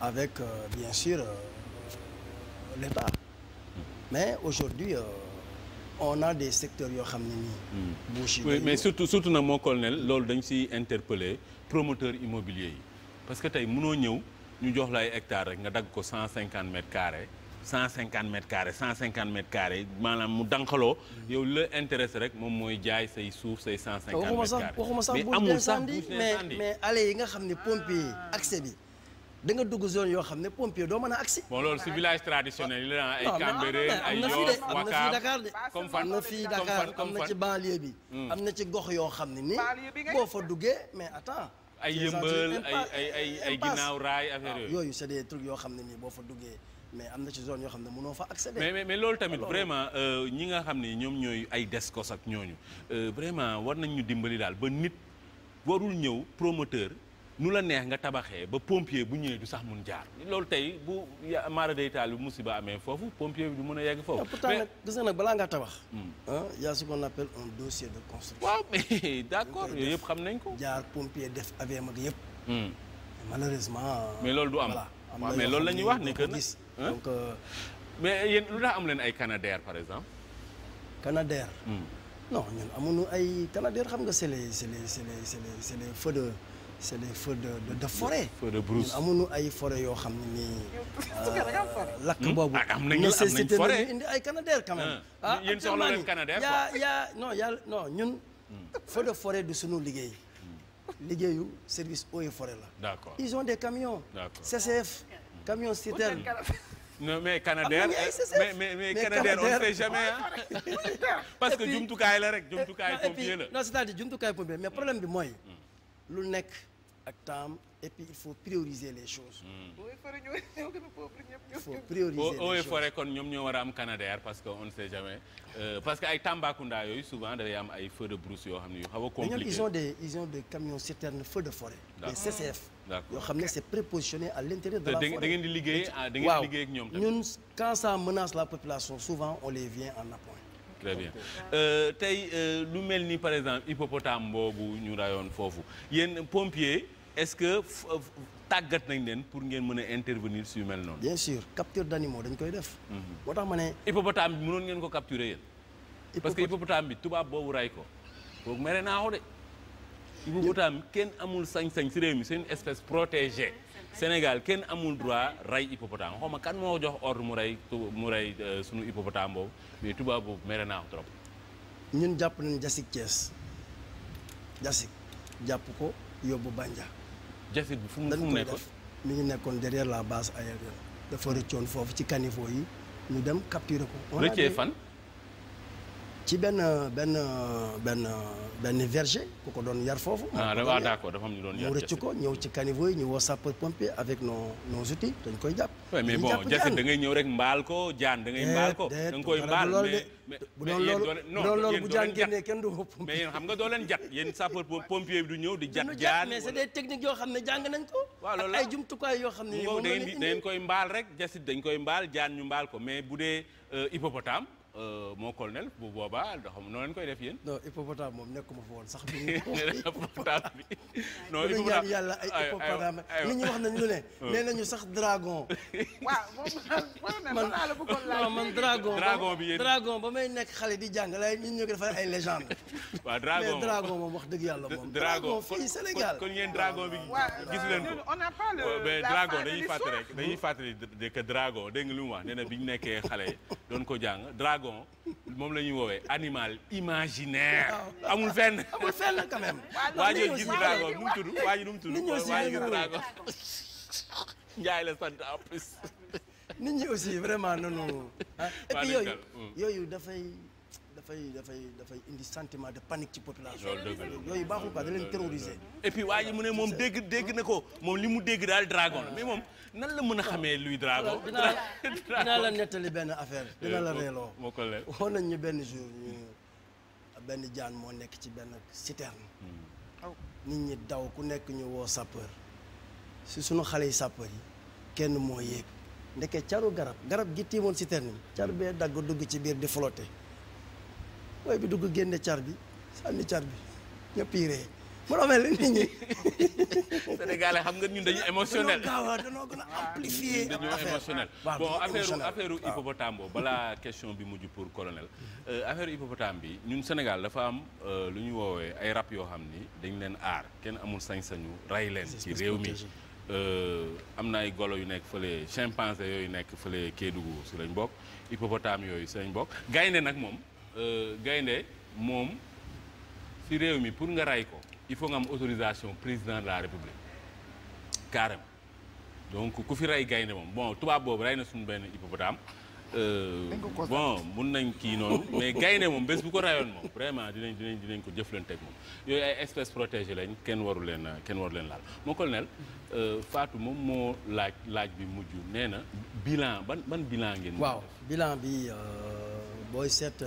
avec euh, bien sûr euh, l'État hmm. mais aujourd'hui euh, on a des secteurs yoo xam ne nii. Hmm. boucher oui mais surtout surtout na moo colonel loolu dañu si interpeller promoteur immobilier yi parce que tey munoo ñëw ñu jox la ay hectares rek nga dagg ko cent cinquante mètres carrés cent cinquante cent cinquante mètres carrés maanaam mu dankaloo. Hmm. yow la intéressé rek moom mooy jaay say suuf say. cent cinquante mètres carrés waxuma sax mais amul mais mais yi nga xam ni pompier accès bi. da nga dugg zone yoo xam ne pompier doo mën a agsi. bon loolu si village traditionnel yi la ay Cambérène ay Yoff am am na fii gox yoo xam ne nii boo fa duggee mais attends. ay yëmbal ay ay ay ay ginnaaw raay ah, yooyu. yooyu c'est des trucs yoo xam ne nii boo fa duggee mais am na ci zone yoo xam ne mënoo fa accéder. mais mais loolu tamit vraiment euh, ñi nga xam ne ñoom ñooy ay descos ak ñooñu euh, vraiment war nañ ñu dimbali daal ba nit warul ñëw promoteur. nu la neex nga tabaxee ba pompier bu ñëwee du sax mun jaar loolu tey bu maara day taal bi musiba amee foofu pompier bi du mën a yàgg foofu. mais pourtant nag gis balaa nga tabax. Hmm. Ah, y a un dossier de construction. waaw mais d'accord yooyu yëpp xam nañ ko. jaar pompier def AVM ak yëpp. Hmm. malheureusement. mais loolu du am voilà mais loolu la ñuy wax ne que nag donc. Euh, mais yéen lu tax am leen ay canadair par exemple. canadair. Hmm. non ñun amuñu ay canader xam nga c'est les c'est les c'est les c'est les feux c' est les feux de de, de de brousse amuñu ay fore yoo xam ne nii. Euh, lakk hmm? boobu. Ah, am nañu am nañu ay canadair quand même. ah yéen ah, soxla leen canadair yaa yaa yaa non ñun. Hmm. feux de forêt du sunu liggéey. Hmm. liggéeyu service eaux et forêt la. d' accord ils ont des camions. d' accord CCF. camions citernes. non mais Canadair ah, mais mais parce que jumtukaay la rek jumtukaay pompier la. non c' est à jumtukaay pompier mais problème bi mooy. lu nekk ak temps et puis il faut prioriser les choses. Hmm. il faut prioriser les choses forêt kon ñoom ñoo war a am Canadair parce que on ne sait jamais euh, parce que ay Tambacounda yooyu souvent dafay am ay feux de brousse yoo xam ne yu xaw a compliqué. ils ont des ils ont des camions citernes feux de forêt. les CCF. yoo xam ne c'est prépositionné à l'intérieur de la forêt. da ngeen di liggéey ah, da ngeen di liggéey ak ñoom tamit. waaw ñun quand ça menace la population souvent on les vient en apport. très bien euh, tey euh, lu mel ni par exemple hippopotame boobu ñu rayoon foofu yéen pompier est-ce que tàggat nañ leen pour ngeen mën a intervenir su mel noonu. bien sûr capture d'animaux dañ koy def. Mhm. moo tax ma ne. hippopotame bi mënoon ngeen ko capturer yéen. parce que hippopotame bi tubaab boobu ray ko kooku mere naa ko de. hippopotame kenn amul sañ-sañ si réew mi seen espèce protégée. Sénégal kenn amul droit rey hippopotame xaw kan moo jox ordre mu rey mu rey euh, sunu hippopotame boobu mais tubaab boobu mere naa ko trop. ñun jàpp nañ jasik Thiès jasik jàpp ko yóbbu bànja jasik bi fu mu fu mu nekkoon mi ngi nekkoon derrière la base aérienne dafa rëccoon foofu ci caniveau yi ñu dem capturer ko. rëccee fan. ci benn benn benn benn verger ku ko doon yar foofu. ah, ah d'accord dafa am ñu doon yar mu rëcc ko ñëw ci caniveau yi ñu woo sapeur pompier avec nos nos dañ koy jàpp. mais bon jafe da ngay ñëw rek mbaal ko jaan da ngay mbaal ko. da nga koy mbaal mais mais yéen doole non loolu bu kenn du ko. mais yéen xam nga doo leen jat yéen sapeur pompier ñëw di jat jaan mais c'est des techniques yoo xam ne jàng nañ ko. waaw loolu la ay jumtukaay yoo xam ne. moom la ñu koy mbaal rek jasit dañ koy mbaal jaan ñu ko mais bu dee euh, hippopotame Euh, moo colonel bu boobaa da xam noo leen koy def yéen. non hippopotame moom nekkuma fa woon sax. nee na hippopotame bi. non hippopotame yàlla ay hippopotame nit ñi wax nañu lu ne. Oh. nee nañu sax dragon. waaw moom la bëggoon laaj man dragon. bi yéen dragon ba may nekk xale di jàng lay ñun ñu ko defal ay légende. waaw dragon mais moom wax dëgg yàlla moom. dragon fii Sénégal kon yéen dragon bi gis leen ko. on n'a pas le la dragon dañuy fàttali rek dañuy fàttali que dragon dégg lu mu wax nee bi ñu nekkee xale doon ko jàng jargon moom la ñuy woowee animal imaginaire. amul fenn amul fenn quand même. waa jooju gis dragon nu mu tudd waa ji nu mu tudd. nit ñi aussi la sant en plus. nit ñi hmm. yooyu dafay. dafay dafay dafay indi sentiment de panique ci population. yooyu baaxul quoi da leen terroriser. et puis mu ne moom dégg dégg na ko moom li mu dégg daal dragon mais moom nan la mën a xamee luy dragon. dinaa la nettali benn affaire dina la eh, reeloo. moo ko leer nañ ñu benn jour ñu benn jaan moo nekk ci benn citerne. Hmm. nit ñi daw ku nekk ñu woo sapeur si sunu xale yi sapeur yi kenn moo yéeg ndeke caru garab garab gi tiimoon citerne bi caru bee dagg dugg ci biir di booy bi dugg génne car bi sànni car bi ñëpp yi ree mu la nit ñi. Sénégalais xam nga ñun dañu émotionnel dañoo gaaw a dañoo gën a ah, amplifié. dañoo émotionnel bon affaire affaire balaa question bi mujj pour colonel. Mhm. Euh, affaire hippopotame bi ñun Sénégal dafa am euh, lu ñu woowee ay rab yoo xam ni dañ leen aar kenn amul sañ-sañu rey leen. ci réew mi euh, am na ay golo yu nekk fële chimpanzé yooyu nekk fële Kédougou si lañ bokk hippopotame yooyu si lañ bokk gaynde nag moom. Euh, gaynde moom si réew mi pour nga ray ko il faut nga am autorisation président de la république carrément donc ku fi rey gaynde moom bon tubaab boobu rey na suñu benn hippopotame euh, bon mun nañ kii noonu mais gaynde moom bés bu ko rayoon moom vraiment dinañ dinañ dinañ ko jëflanteeg moom yooyu ay espèces protégées lañ kenn waru leen kenn waru leen laal moo colonel euh, faatu moom moo laaj laaj bi mujj nee na bilan ban ban bilan ngeen waaw bilan bi booy seet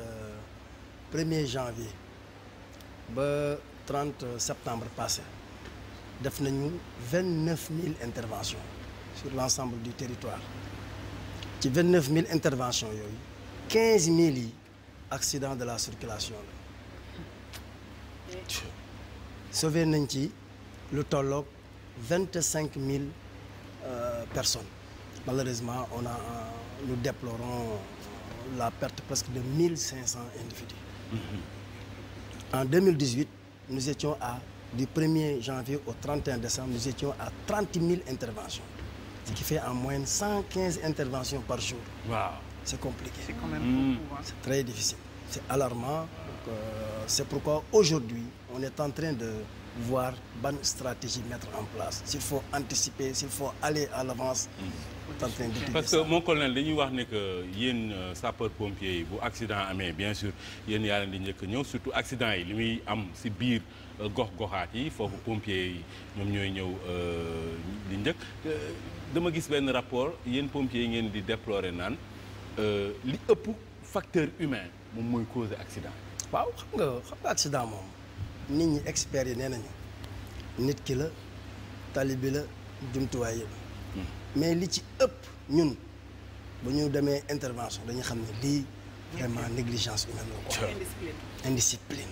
1er janvier ba 30 septembre passé def nañu 29000 interventions sur l'ensemble du territoire ci 29000 interventions yooyu 15000 yi accident de la circulation la sauvé nañ ci lu tolloog 25000 euh, personnes malheureusement on a euh, nous déplorons la perte presque de 1500 individus Mhm. En 2018, nous étions à, du 1er janvier au 31 décembre, nous étions à 30 000 interventions. Ce qui fait en moyenne 115 interventions par jour. Wow. C'est compliqué. C'est quand même mmh. beaucoup. Hein. C'est très difficile. C'est alarmant. Euh, c'est euh, de voir bonne stratégie en place. S'il faut anticiper, s'il faut aller parce que mon colonel dañuy wax ne que yéen euh, sapeur pompier bu accident amee bien sûr yéen yaa leen di njëkk ñëw surtout accident yi li muy am si biir euh, gox-goxaat yi foofu pompier yi ñoom ñooy ñëw euh, di njëkk dama gis benn rapport yéen pompier yi ngeen di déplorer naan li ëpp facteur humain moom mooy cause accident. waaw xam nga xam nga accident moom nit ñi experts yi nee nañu nit ki la tali bi la jumtuwaay yëpp. mais li ci ëpp ñun bu ñu demee intervention dañu xam ne lii vraiment négligence humaine la quoi. indiscipline.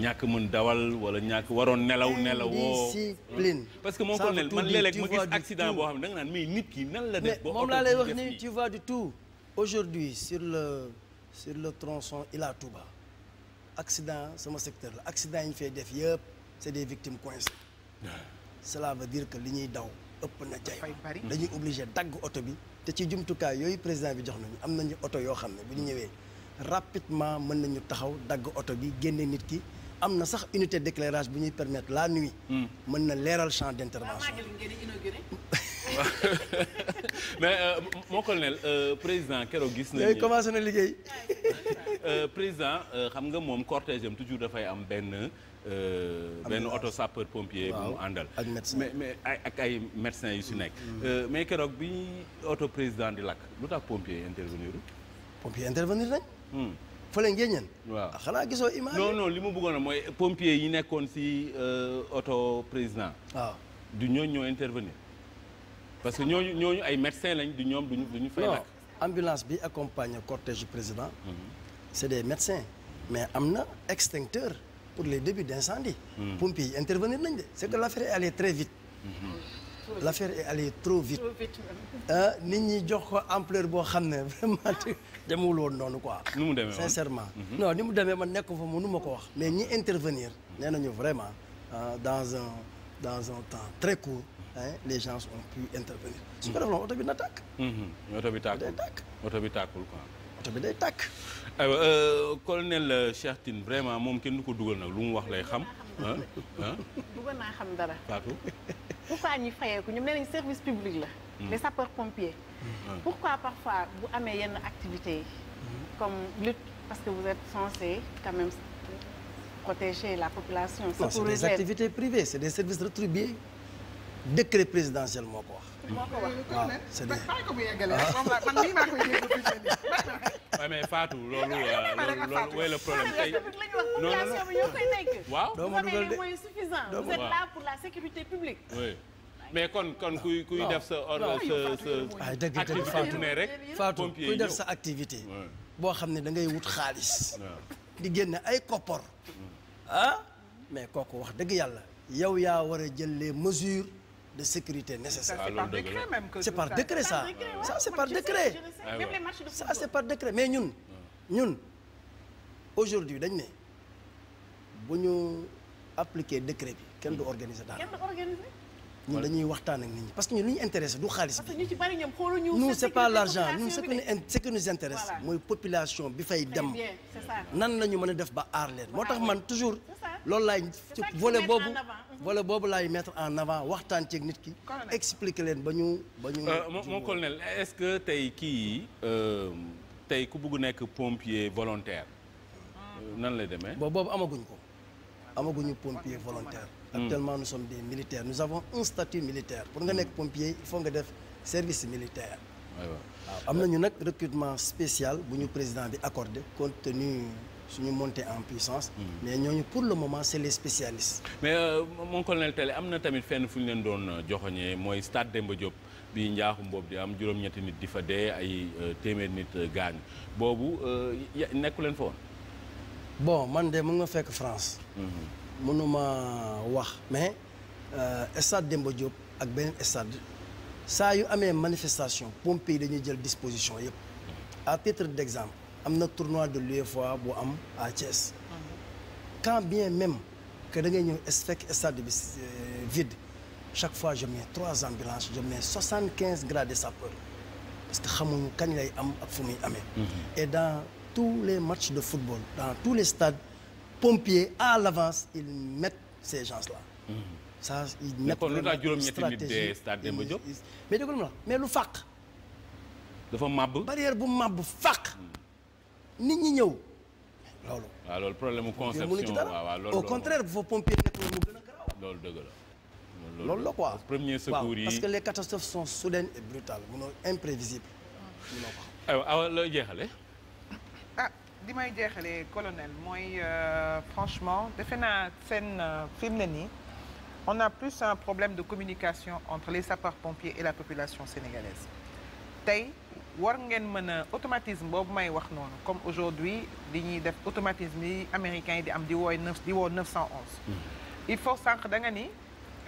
ñàkk mën dawal wala ñàkk waroon nelaw. nelawoo indiscipline. parce que moom ko nel man léeg-léeg ma gis accident boo xam ne da naan mais nit ki nan la def. boo moom laa lay wax ni tu vois du tout. aujourd'hui sur le sur le tronçon Ila Touba accident sama secteur la accident yi ñu fay def yëpp c'est des victimes coincées. cela veut dire que li ñuy daw. ëpp na jayoo dañuy obligé dagg oto bi te ci jumtukaay yooyu président bi jox nañu am nañu oto yoo xam ne bu ñu ñëwee rapidement mën nañu taxaw dagg oto bi génne nit ki am na sax unité déclarage bu ñuy permettre la nuy hmm. mën na leeral champ d'intervention mais euh, moo colonel euh, président keroog gis nañu commencé na liggéey euh, président xam nga moom cortège am toujours dafay am benn Euh, benn oto sapeur pompier. bu mu àndal mais mais ay ak ay médecins yu si nekk. Mm. Euh, mais keroog bi auto président di lakk lu tax pompier intervenir. pompier intervenir nañ. Hmm. fële ngeen waaw ah, xanaa gisoo image. non li mu buggoon a mooy pompier yi nekkoon si oto euh, président. du ñooñu ñoo intervenir. parce que ñooñu ñooñu ay médecins lañ du ñoom duñu ñu fay lakk. ambulance bi accompagne cortège président. Hmm. c'est des médecins. mais am na extincteur. pour les débuts d'incendie hmm. pompiers yi intervenir nañ de c'est que l'affaire est allée très vite hmm. l'affaire est allée trop vite ah, nit ñi jox ko ampleur boo xam ne vraiment demewul woon noonu quoi nu mu demee sincèrement hmm. non ni mu demee ma nekk fa mënu ma ko wax mais ñi intervenir nee nañu vraiment ah, dans un dans un temps très court les gens ont pu intervenir. su ko defee oto bi na tàkk. oto bi tàkkul oto bi tàkkul quoi. oto bi day tàkk. aywa euh, colonel euh, Cheikh Tine vraiment moom kenn du ko dugal nag lu mu wax lay xam. bëggoon naa xam dara. Fatou. pourquoi ñi ko ñoom nee nañ service public la. Hmm. les sapeurs pompiers. Hmm. pourquoi parfois bu amee yenn activité hmm. comme lutte parce que vous êtes censé quand même protéger la population. c'est des activités privées c'est des services rétribués décret présidentiel moo ko wax. moo ko wax waaw c'est bien bàyyi ko mu yeggalee moom la man nii maa koy déglu fi mu ne mais Fatou loolu euh, loolu wéy la problème tey non non waaw doo ma dugal de mooy suffisant vous êtes là pour la sécurité publique oui mais kon kon kuy kuy def sa ordre sa activité rek Fatou kuy def sa activité boo xam ne da ngay wut xaalis di génne ay koppor mm. ah mais kooku wax dëgg yàlla yow yaa war a jël les mesures de sécurité nécessaire. c'est ah, par décret c'est par décret ça ça c'est par décret. Ah même les mais ñun. ñun aujourd'hui dañ ne bu ñu appliquer décret bi kenn du hmm. organiser daal. ñun dañuy waxtaan ak nit ñi parce que ñun lu ñu intéressé du xaalis bi. parce que ñu ci bari ñoom xooluñu. nous c'est pas l'argent mooy population bi fay dem. nan la mën a def ba aar moo tax man toujours. loolu laay ci volet boobu. wala boobu laay mettre en avant waxtaan ceeg nit ki. expliquer leen ba ñu ba ñu. Euh, mon colonel est-ce que tey kii euh, tey ku bugg nekk pompier volontaire. Euh, nan lay demee. boobu amaguñ ko amaguñu pompier volontaire. Hmm. actuellement nu sommes des militaires nu savon un statut militaire pour nga nekk hmm. pompier foo nga def service militaire. waaw am nañu nag recrutement spécial bu ñu président bi accordé compte tenu. suñu montée en puissance. Hmm. mais ñooñu pour le moment c'est les spécialistes. mais euh, mon colonel Télé am na tamit fenn fu ñu leen doon euh, joxoñee mooy stade Demba bi njaaxum boobu di am juróom-ñetti nit di fa dee ay euh, téeméer nit gaañ boobu nekku leen fa bon man de mun nga fekk France. mënuma mhm. wax mais stade Demba ak beneen stade saa yu amee manifestation pompiers yi dañuy jël disposition yëpp a titre d'exemple. am na tournoi de l'UEFOA bu am à Thiès. quand bien même que da ngay ñëw fekk stade bi euh, vide chaque fois je mets trois ambulances je mets soixante quinze gradés sapeurs parce que xamuñu kañ lay am ak fu muy amee. Mhm. et dans tous les matchs de football dans tous les stades pompiers à l'avance ils mettent ces gens-là. Mm -hmm. ça ils mettent mais kon lu tax juróom lu fàq. dafa bu màbb fàq. Mhm. nit ñi ñëw loolu. waaw loolu problème mu conception waaw waaw loolu au contraire bu fa pompier nekkoon mu gën a garaaw. loolu dëgg la. loolu la quoi premier secours yi parce que les catastrophes sont soudaines et brutales munoo imprévisible. munoo ko xam. aywa ah, awa looy jeexale ah di may jeexalee colonel mooy euh, franchement defe naa seen euh, film ne nii on a plus un problème de communication entre les sapeurs-pompiers et la population sénégalaise tey. war ngeen mën a automatisme boobu may wax noonu comme aujourd'hui di ñuy def automatisme yi américain yi di am di wooy neuf di woo 911. Mm-hmm. il faut sànq da nga ni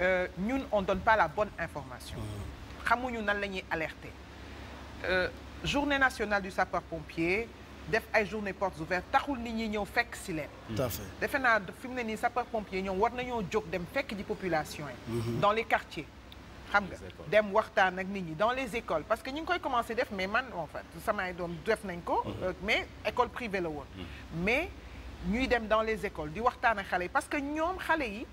euh, ñun on donne pas la bonne information. Mm-hmm. xamuñu nan la ñuy alerter. Euh, journée nationale du sapeur pompier def ay journée portes ouvertes taxul nit ñi ñëw fekk si leen. Mm-hmm. tout à fait fi mu ne nii sapeur pompier ñoom war nañoo jog dem fekk ji population yi. dans les quartiers. xam nga dem waxtaan ak nit ñi dans les écoles parce que ñu ngi koy commencé def mais man en fait samay doom def nañ ko mhm. euh, mais école privée la woon mhm. mais ñuy dem dans les écoles di waxtaan ak xale yi parce que ñoom xale yi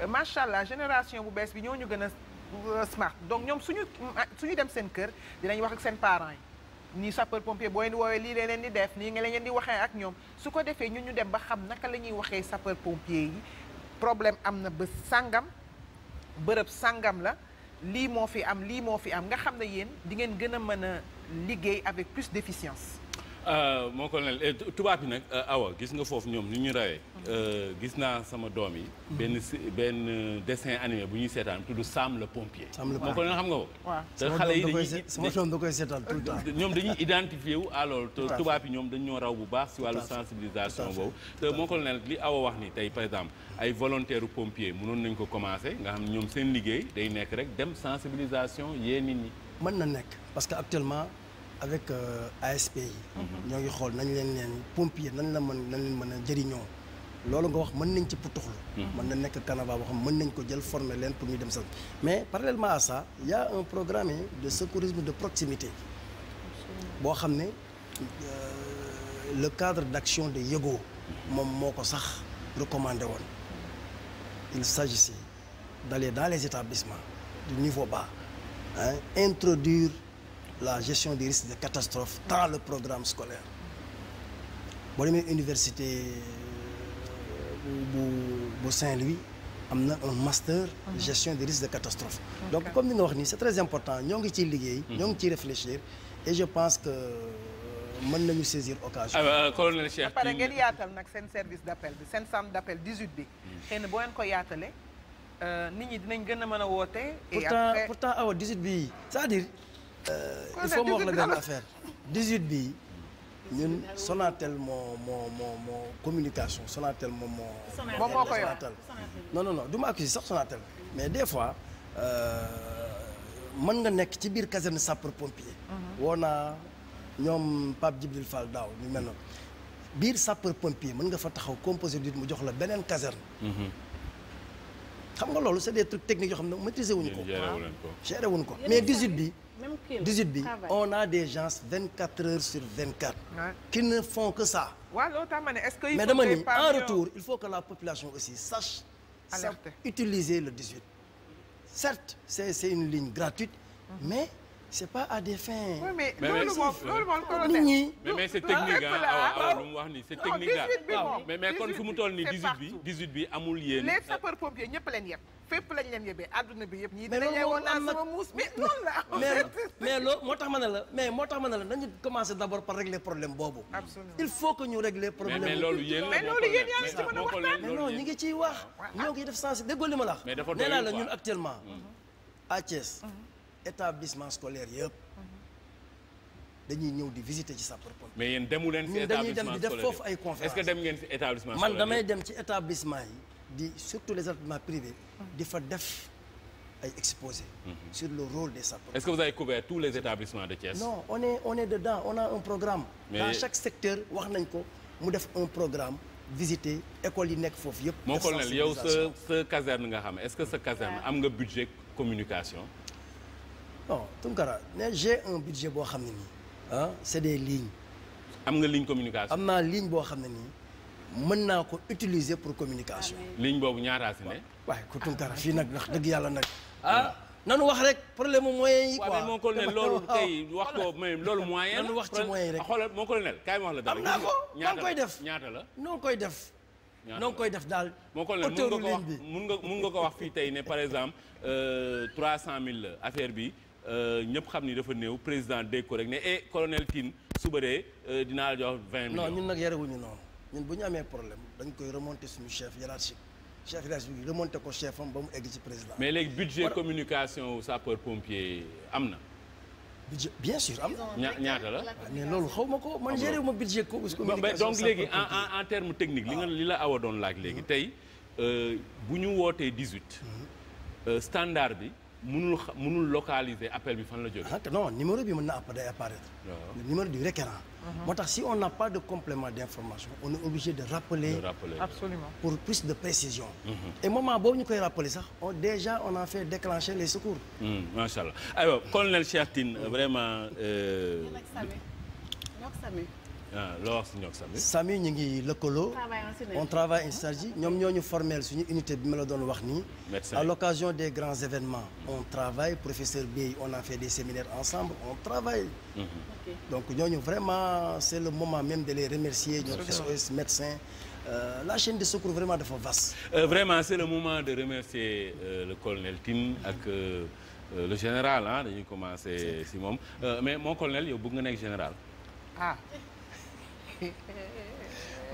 euh, macha allah génération bu bees bi ñoo ñu gën a euh, smart donc ñoom suñu suñu dem seen kër dinañ wax ak seen parents yi nii sapeur pompier boo leen woowee lii leen leen di def nii nga leen di waxee ak ñoom su ko defee ñun ñu dem ba xam naka la ñuy waxee sapeur pompier yi problème am na bés sàngam bërëb sàngam la lii moo fi am lii moo fi am nga xam ne yéen di ngeen gën a mën a liggéey avec plus d'efficience moo ko ne bi nag euh, awa gis nga foofu ñoom ni ñu rawee euh, gis naa sama doom yi mm-hmm. benn si benn euh, dessin animé bu ñuy seetaan tudd Sam le pompier moo ko xam nga ko te xale yi dañuy sama doom da koy seetaan tout ñoom dañuy identifié wu à loolu te ñoom dañ ñoo raw bu baax si wàllu sensibilisation boobu te moo li awa wax ni tey par exemple ay volontaire pompier mënoon nañ ko commencé nga xam ne ñoom seen liggéey day nekk rek dem sensibilisation yee nit ñi mën na nekk parce que actuellement avec euh, ASP yi. Mm-hmm. ñoo ngi xool nañ leen leen pompier nan la mën nan leen mën a jëriñoo. loolu nga wax mën nañ ci putuxlu mm-hmm. mën na nekk canava boo xam mën nañ ko jël former leen pour ñu dem sax mais parallèlement à ça y a un programme de secourisme de proximité boo xam ne euh, le cadre d'action de Yego mm-hmm. moom moo ko sax recommandé woon il s'agissait d'aller dans les établissements du niveau bas hein, introduire la gestion des risques de catastrophe dans le programme scolaire boo demee université euh, bu bu Saint-Louis am na un master mhm. gestion des risques de catastrophe donc comme ni nga wax nii c'est très important ñoo ngi ciy liggéey ñoo ngi mhm. ciy réfléchir et je pense que euh, mën nañu saisir occasion ah, euh, colonel Cheikh pare ngeen nag seen service d'appel bi seen centre d'appel 18 bi mm. xëy na boo leen ko yaatale nit ñi dinañ gën a mën a woote pourtant pourtant awa 18 bi sa à dire Euh, il faut ma wax la benn affaire 18 bi ñun Sonatel moo moo moo moo communication Sonatel moom moo. moom moo ko yor Sonatel non non non du ma accuser sax Sonatel mais des fois euh, mën nga nekk ci biir caserne sapeur pompier. Mhm. woo naa ñoom Pape Djibril Fall daaw ñu mel noonu biir sapeur pompier mën nga fa taxaw composé du mu jox la beneen caserne. Mhm. xam nga loolu c'est des trucs techniques yoo xam ne maîtriser wuñ ko. géré ko mais 18 bi. 18 bi on a des gens 24 heures sur 24. Ouais. qui ne font que ça. ma ne est-ce que. mais dama ni en retour il faut que la population aussi sache. utiliser le 18. certes c'est c'est une ligne gratuite. Mhm. mais c'est pas à des fins. Oui, mais loolu moom loolu euh, moom colonel. nit ñi mais c'est technique ah, ah. ah lu mu wax nii c'est technique ah. mais mais bi 18 bi amul yéen. les sapeurs pompiers ñëpp leen yépp. fépp lañu leen yebee àdduna bi yëpp. ñii dinañ yeewoon naa sama muus bi mais mais moo tax ma ne la mais moo tax ma ne la nañu commencer d'abord par régler problème boobu. absolument il faut que ñu loolu yéen la boo ko leen ciy wax. ñoo ngi def sens déggoo li ma la wax. mais dafa doyul nee naa la ñun actuellement. Mm-hmm. à Thiès. Mm-hmm. établissement scolaire yëpp. Mm-hmm. dañuy ñëw di visiter ci sapeurs-pompiers. mais yéen demu leen ci établissement scolaire dañuy dem di def foofu ay conférences. est-ce que dem ci établissement scolaire man damay dem ci établissement yi di surtout les établissements privés di fa def ay exposé mhm. sur le rôle des sapeurs. est-ce que vous avez couvert tous les établissements de Thiès. non on est on est dedans on a un programme. dans chaque secteur wax nañ ko mu def un programme visiter école yi nekk foofu yëpp. moo colonel yow sa sa caserne nga xam est-ce que sa caserne am nga budget communication. non Tunkara ne un budget boo xam ne nii ah c'est des lignes. am nga ligne communication. am naa ligne boo xam ne nii. mën naa ko utiliser pour communication. ligne boobu ñaata si ne. waaye ku tunkara fii nag ndax dëgg yàlla nag. ah nanu wax rek problème mu moyen yi. ko waaw mais mon colonel loolu tey wax ko même loolu moyen. nanu wax ci moyen yi rek xoolal mon colonel kaay ma wax la dara. am naa ko ñaata koy def ñaata la. noo koy def. noo koy def daal. mon colonel mun nga ko wax mun nga mun nga ko wax fii tey ne par exemple euh, trois 300000 mille affaire bi euh, ñëpp xam ni dafa néew président dégg ko rek ne eh colonel Tine suba dee euh, dinaa la jox 20 millions. non ñun nag yarewuñu noonu. ñun bu ñu amee problème dañ koy remonter suñu chef hiérarchique chef hiérarchique bi remonter ko chef am ba mu egg ci président. mais léegi budget voilà. communication sapeur pompier am na. budget bien sûr am na. ñaata la ah, mais loolu xaw ma ko man géré ma budget ko. communication donc léegi en en en terme technique. li nga ah. li la awa doon laaj léegi mm-hmm. tey euh, bu ñu wootee 18. Mm-hmm. Euh, standard bi. mënul xa mënul localiser appel bi fan la jógee. ah non numéro bi mën na app day apparaître. Ah. numéro du récurrent. Mhm. moo tax si on n'a pas de complément d'information on est obligé de rappeler, de rappeler. Absolument. pour plus de précision mhm. et moment boobu ñu koy rappeler sax on déjà on a fait déclencher les secours mhm, macha allah aywa colonel Cheikh vraiment euh... loo wax si ñoom Samy. Samy ñu ngi lëkkaloo. on travaille en synergie ñoom ñoo ñu formel suñu unité bi ma la doon wax nii. à l'occasion des grands événements. on travaille professeur Bey on a fait des séminaires ensemble on travaille. Mm -hmm. okay. donc ñooñu vraiment c'est le moment même de les remercier. ñoom SOS médecins. Euh, la chaîne de secours vraiment dafa vaste. Euh, vraiment c'est le moment de remercier euh, le colonel Tine ak euh, le général an ah ñu commencer si moom mais mon colonel yow bëgg nga nekk général. ah.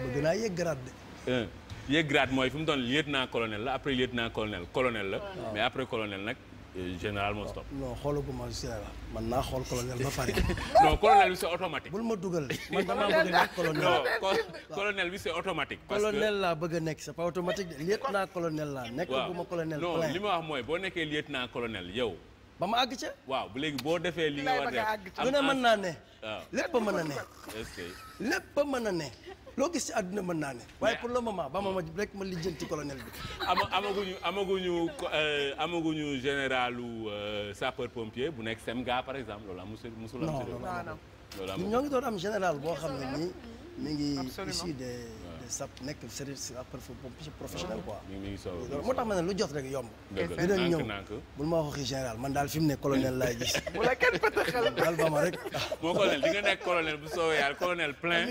bëgg naa yegg grade de. Euh, yegg grade mooy fi mu doon lieutenant colonel la après lieutenant colonel colonel la. Ah. mais après colonel nag. Euh, général moo stop. non xoolaguma général man naa xool colonel ba pare. non colonel bi c'est ma dugal man damaa bëgg nekk colonel. non automatique. parce que laa bëgg nekk c'est pas automatique lieutenant colonel laa. nekk bu ma colonel li ma wax mooy boo nekkee lieutenant colonel yow. ba ma àgg ca. waaw bu léegi boo defee li nga war a def. lu ne mën naa ne. waaw ah. lépp mën na ne. mën na ne. loo gis ci àdduna mën naa ne. waaye pour le moment ba ma ma rek ma lijjanti colonel bi. ama amaguñu amaguñu euh, amaguñu généralu euh, sapeur pompier bu nekk SEMGA par exemple loolu am musul musul am. loolu am ñoo ngi doon am général boo xam ne nii mi ngi issu des. sap nekk si sapeur-pompier professionnel quoi. loolu moo tax ma ne lu jot rek yomb. dëgg la ñëw bul ma wax waxi général man daal fi mu ne colonel laay gis. mu la kenn pët xel daal ba ma rek. moo colonel di nga nekk colonel bu soobee yàlla colonel plein.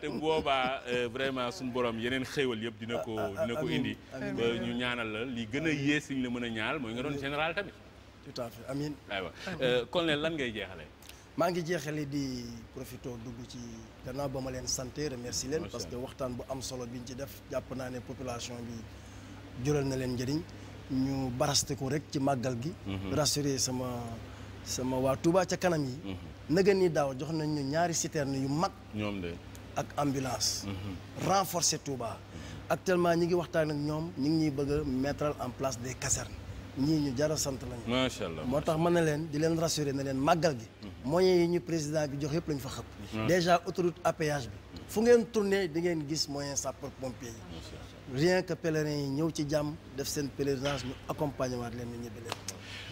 te boobaa euh, vraiment suñu borom yeneen xéewal yëpp dina ko ah, ah, ko indi. ñu ñaanal la li gën a yées la mën a ñaal mooy nga doon général tamit. tout à fait amiin. Euh, colonel lan ngay jeexale maa ngi jeexale di profité dugg ci gannaaw ba ma leen santé remercie leen parce que waxtaan bu am solo biñ ci def jàpp naa ne population bi jural na leen njëriñ ñu baraste ko rek ci màggal gi mhm. rassurer sama sama waa Touba ca kanam yi mhm. nëga ni daaw jox nañ ñu ñaari citerne yu mag ñoom de ak ambulance mhm. renforcer Touba actuellement ñi ngi waxtaan ak ñoom ñi ngi ñuy bëgg a en place des casernes ñii ñu jara sant lañu. macha allah moo tax mën na leen di leen rassurer na leen màggal gi. Mhm. moyens yi ñu président bi jox yëpp lañu fa xëpp. Mhm. déjà autoroute à péage bi. fu ngeen tourné di ngeen gis moyen sapeur pompier yi. rien que pèlerins yi ñëw ci jàmm def seen pèlerinage ñu accompagner waat leen ñu ñibbi leen.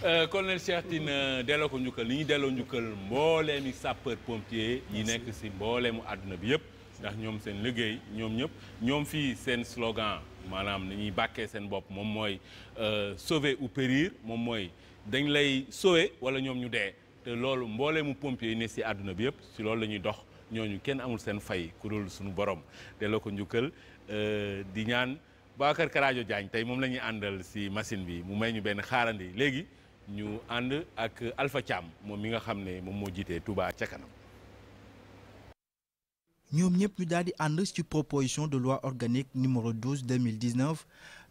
Euh, colonel Cheikh Tine euh, delloo ko njukkal li ñu delloo njukkal mbooleemi sapeur pompier yi nekk si mbooleemu àdduna bi yëpp. ndax ñoom seen liggéey ñoom ñëpp ñoom fii seen slogan. maanaam ni ñuy bàkkee seen bopp moom mooy euh, sauver ou périr moom mooy dañ lay sauver wala ñoom ñu dee te loolu mboolee mu pompier ne si àdduna bi yëpp si loolu la ñuy dox ñu kenn amul seen fay ku dul suñu borom delloo ko njukkal euh, di ñaan Bakar Karajo Diagne tey moom la ñuy àndal si machine bi mu may ñu benn xaarandi léegi ñu ànd ak Alpha Thiam moom mi nga xam ne moom moo jiitee Touba ca kanam ñoom ñëpp ñu daal di ànd ci proposition de loi organique numéro 12 2019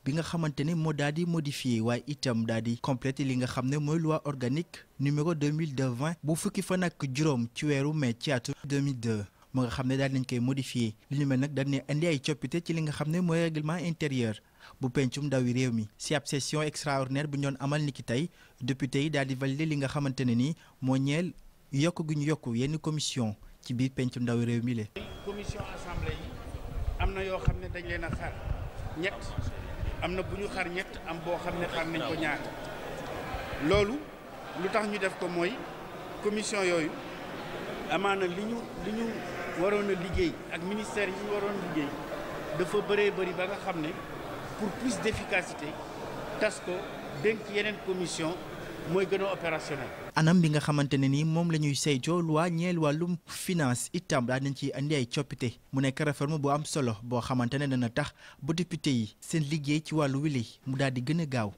bi nga xamante ne moo daal di modifié waaye itam daal di complété li nga xam ne mooy loi organique numéro 2020 bu fukki fan ak juróom ci weeru mai ci atum 2002 mu nga xam ne daal nañ koy modifié li ñu nag dañ ne indi ay coppite ci li nga xam ne mooy règlement intérieur bu pencum ndawi réew mi si ab session extraordinaire bu ñu doon amal ki tey député yi daal di validé li nga xamante ne ni moo ñeel yokk gu ñu yokk yenn commission. ci biir pencum ndaw réew mi la. commission assemblée yi am na yoo xam ne dañ leen a xar ñett am na bu ñu xar ñett am boo xam ne xar nañ ko ñaar loolu lu tax ñu def ko mooy commission yooyu amaana li ñu li ñu waroon a liggéey ak ministère yi ñu waroon a liggéey dafa bëree bëri ba nga xam ne pour plus d'efficacité tas ko dénk yeneen commission mooy gën a opérationnel anam bi nga xamante ne ni moom la ñuy saytoo loi ñeel wàllum finance itam daa nañ ci andi ay coppite mu nekk réforme bu am solo boo xamante ne dana tax ba député yi seen liggéey ci wàllu wili mu daal di gën a gaaw.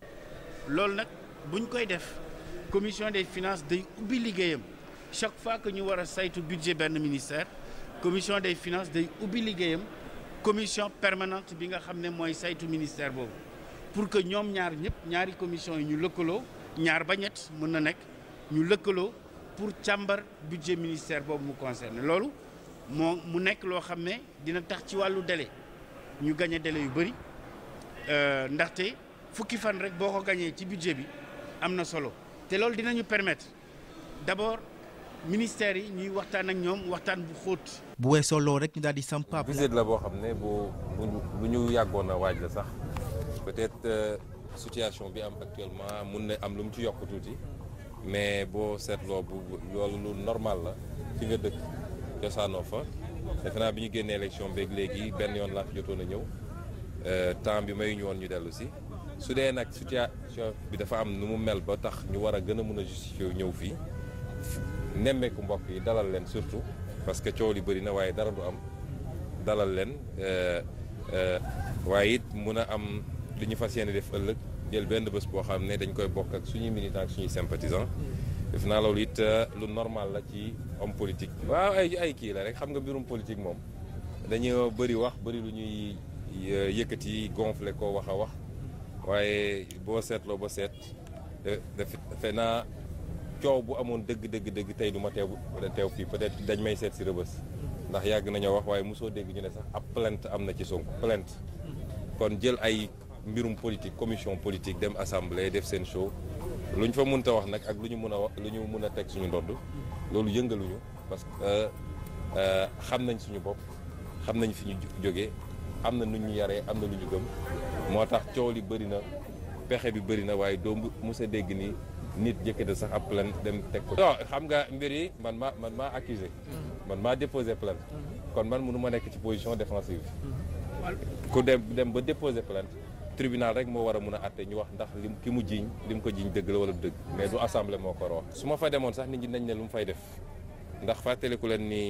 loolu nag buñ koy def commission des finance day ubbi liggéeyam chaque fois que ñu war a saytu budget benn ministère commission des finance day ubbi liggéeyam commission permanente bi nga xam ne mooy saytu ministère boobu pour que ñoom ñaar ñëpp ñaari commission yi ñu lëkkaloo ñaar ba ñett mën na nekk. ñu lëkkaloo pour càmbar budget ministère boobu mu concerné loolu moo mu nekk loo xam ne dina tax ci wàllu délai ñu gañe délai yu bëri euh, ndaxte fukki fan rek boo ko gañee ci budget bi am na solo te loolu dinañu permettre d'abord ministère yi ñuy waxtaan ak ñoom waxtaan bu xóot. bu weesoo loolu rek ñu daal di sampaab. visite la boo xam ne bu bu ñu yàggoon a waaj la sax peut-être euh, situation bi am actuellement mun na am lu mu ci yokk tuuti. mais boo seetloo bu loolu lu normal la fi nga dëkk cosaanoo fa defe bi ñu génnee élection beeg léegi benn yoon laa fi jotoon a ñëw euh, temps bi mayuñu woon ñu dellu si su dee nag situation bi dafa am nu mu mel ba tax ñu war a gën a mun a justifier ñëw fii nemmeeku mbokk yi dalal leen surtout parce que coow li bëri na waaye dara du am dalal leen euh, euh, waaye it mun a am li ñu fas yéene def ëllëg. jël benn bés boo xam ne dañ koy bokk ak suñuy militants ak suñuy sympathisants. def naa loolu it euh, lu normal la ci homme politique. waaw ay ay kii la rek xam nga birum politique moom dañoo bëri wax bëri lu ñuy euh, yi gonflé ko wax a wax waaye boo seetloo ba seet euh, defe naa coow bu amoon dëgg dëgg dëgg tey du ma teew teew fii peut-être dañ may seet si rëbës. ndax yàgg nañoo wax waaye musoo dégg ñu ne sax ab plainte am na ci Sonko plainte mm. kon jël ay. mbirum politique commission politique dem assemblée def seen show lu ñu fa mën ta wax nag ak lu ñu mën a wax lu ñu mun a teg suñu ndodd loolu yëngaluñu parce que euh, xam nañ suñu bopp xam nañ fi ñu jóge am na nu ñu yaree am na lu ñu gëm moo tax coow yi bëri na pexe bi bëri na waaye doo mës a dégg ni nit jëkkate sax ab plainte dem teg ko. non xam nga mbir yi man maa man maa accusé mm-hmm. man maa déposé plainte mm-hmm. kon man mënu ma nekk ci position défensive mm-hmm. ku dem dem ba déposé plainte tribunal rek moo war a mun a atte ñu wax ndax lim ki mu jiiñ lim ko jiiñ dëgg la wala dëgg mais du assemblée moo ko wax su ma fa demoon sax nit ñi ne lu mu fay def ndax fàttaliku leen ni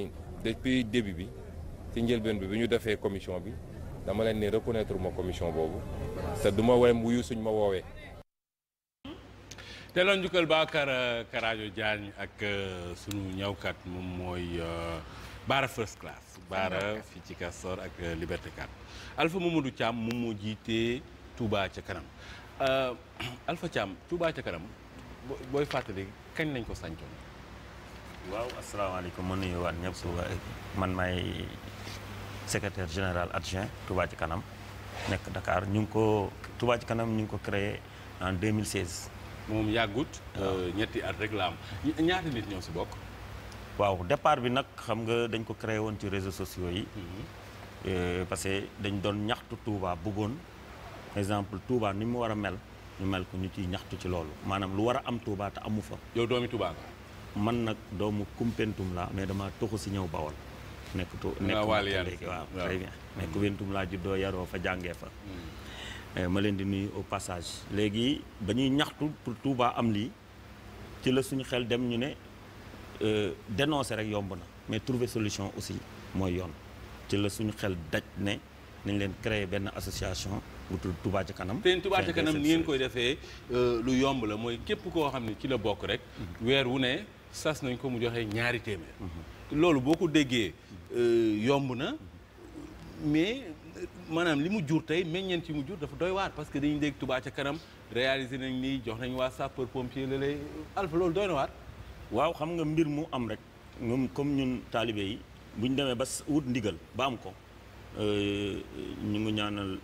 depuis début bi ci njëlbeen bi bu ñu defee commission bi dama leen ni reconnaître ma commission boobu te du ma wem wuyu suñ ma woowee te loon njukkal Bakar euh, Karajo Diagne ak euh, sunu ñawkat moom mooy euh, Baara First Class Baara fii ci Castor ak Liberté jiitee Touba ca kanam euh, Alpha Thiam Touba ca kanam booy fàttali kañ lañ ko sàncoon. waaw asalaamaaleykum ma waan ñëpp suba man may secretaire général adjoint Touba ci kanam nekk dakaar ñu ngi ko Touba ci kanam ñu ngi ko créé en 2016. moom yàggut euh, ñetti at rek la am nit ñoo si bokk. waaw départ bi nag xam nga dañ ko créer woon ci réseau sociaux yi. Mm-hmm. Euh, parce que dañ doon ñaxtu Touba bëggoon. exemple Touba ni mu war a mel ñu mel ko ñu ciy ñaxtu ci loolu maanaam lu war a am Touba te amu fa. yow doomi Touba nga. man nag doomu Koumpentoum laa mais damaa toxu si ñëw Bawol. nekk tu nekk léegi waaw très bien nekk mm. Koumpentoum laa juddoo yaroo fa jàngee fa. Mm. Eh, ma leen di nuyu au passage. léegi ba ñaxtu pour Touba am lii ci la suñu xel dem ñu ne euh, dénoncer rek yomb na mais trouver solution aussi mooy yoon ci la suñu xel daj ne nañ leen créer benn association. wutul Touba ca kanam. seen Touba ca kanam ni ngeen koy defee euh, lu yomb la mooy képp koo xam ne ci la bokk rek. Mhm. weer wu ne sas nañ ko mu joxee ñaari téeméer. Mhm. loolu boo ko déggee euh, yomb na mais maanaam li mu jur tey meññeent yi mu jur dafa doy waat parce que dañu dégg tubaa ca kanam réalisé nañ nii jox nañ waa sapeur pompier la lay alfa loolu doy na waar. waaw xam nga mbir mu am rek ñoom comme ñun taalibe yi bu ñu demee ba wut ndigal ba am ko euh, ñu ngi ñaanal.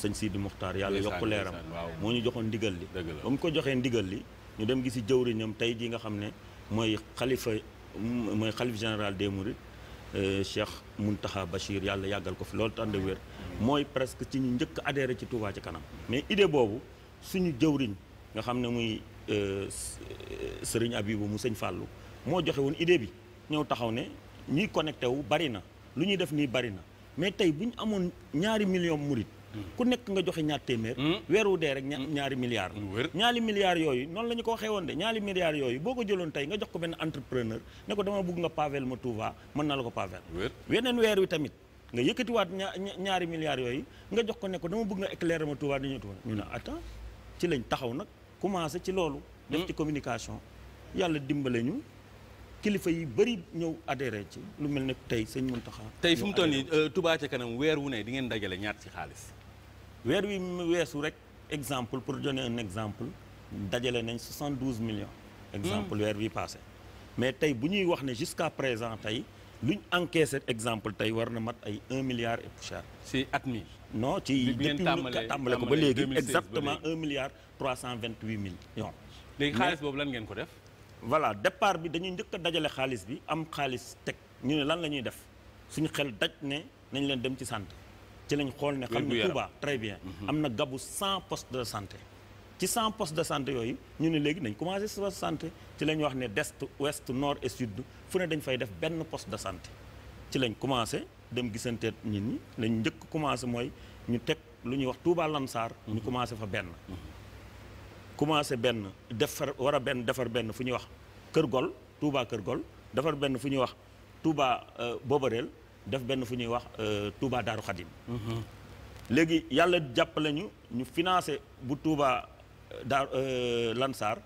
sëñ Sidi Muxtaar yàlla yokk leeram moo ñu joxoon ndigal li ba mu ko joxee ndigal li ñu dem gisi jëwriñam tey ji nga xam ne mooy xalifa mooy xalif général des mourides euh, Cheikh Mountakha Bachir yàlla yàggal ko fi loolu tànd wér mooy presque ci ñu njëkk adhéré ci Touba ci kanam mais idée boobu suñu jëwriñ nga xam ne muy euh, sëriñ Abibu mu sëñ Fàllu moo joxe woon idée bi ñëw taxaw ne ñuy connecté wu bari na lu ñuy def nii bari na mais tey bu ñu amoon ñaari million murit ku nekk nga joxe ñaat téeméer hmm. weer wu dee rek ñaari milliards ñaari milliards yooyu noonu la ñu ko waxee woon de ñaari milliards yooyu boo ko jëloon tey nga jox ko benn entrepreneur ne ko dama bëgg nga pavel ma Touba mën naa la ko pavel weneen weer wi tamit nga yëkkatiwaat ñaari milliards yooyu nga jox ko ne ko dama bëgg nga éclairer ma Touba dañu Touba ñu ne attends ci lañ taxaw nag commencé ci loolu hmm. def ci communication yàlla dimbale ñu kilifa yi bëri ñëw adhéré ci lu mel ne tey sëñ Mountakha. tey fi mu toll nii euh, Touba ca kanam weer wu ne di ngeen dajale ñaat ci xaalis. weer wi mu weesu rek exemple pour donner un exemple dajale nañ 72 millions. exemple hmm. weer wi passé. mais tey bu ñuy wax ne jusqu'à présent tey lu luñ encaissé exemple tey war na mat ay un milliard et poussière. si at mi. non ci depuis tàmbale ko ba léegi exactement 1 milliard 328 millions. léegi xaalis boobu lan ngeen ko def. voilà départ bi dañuy njëkk a dajale xaalis bi am xaalis teg ñu ne lan la ñuy def suñu xel daj ne nañ leen dem ci sant ci lañ xool ne xam ne Touba très bien mhm. am na gabu cent postes de santé ci cent postes de santé yooyu ñu ne léegi nañ commencé sa santé ci lañ wax ne d'est ouest nord et sud fu ne dañ fay def benn poste de santé ci lañ commencé dem gisanteet nit ñi lañ njëkk commencé mooy ñu teg lu ñuy wax Touba Lansar ñu mhm. commencé fa benn mhm. commencé benn defar war a benn defar benn fu ñuy wax Kër Gol Touba Kër Gol defar benn fu ñuy wax Touba euh, Bobareel def benn fu ñuy wax euh, Touba Daaru Xadim mhm. léegi yàlla jàpp ñu ñu financé bu Touba euh, Daaru euh, Lansar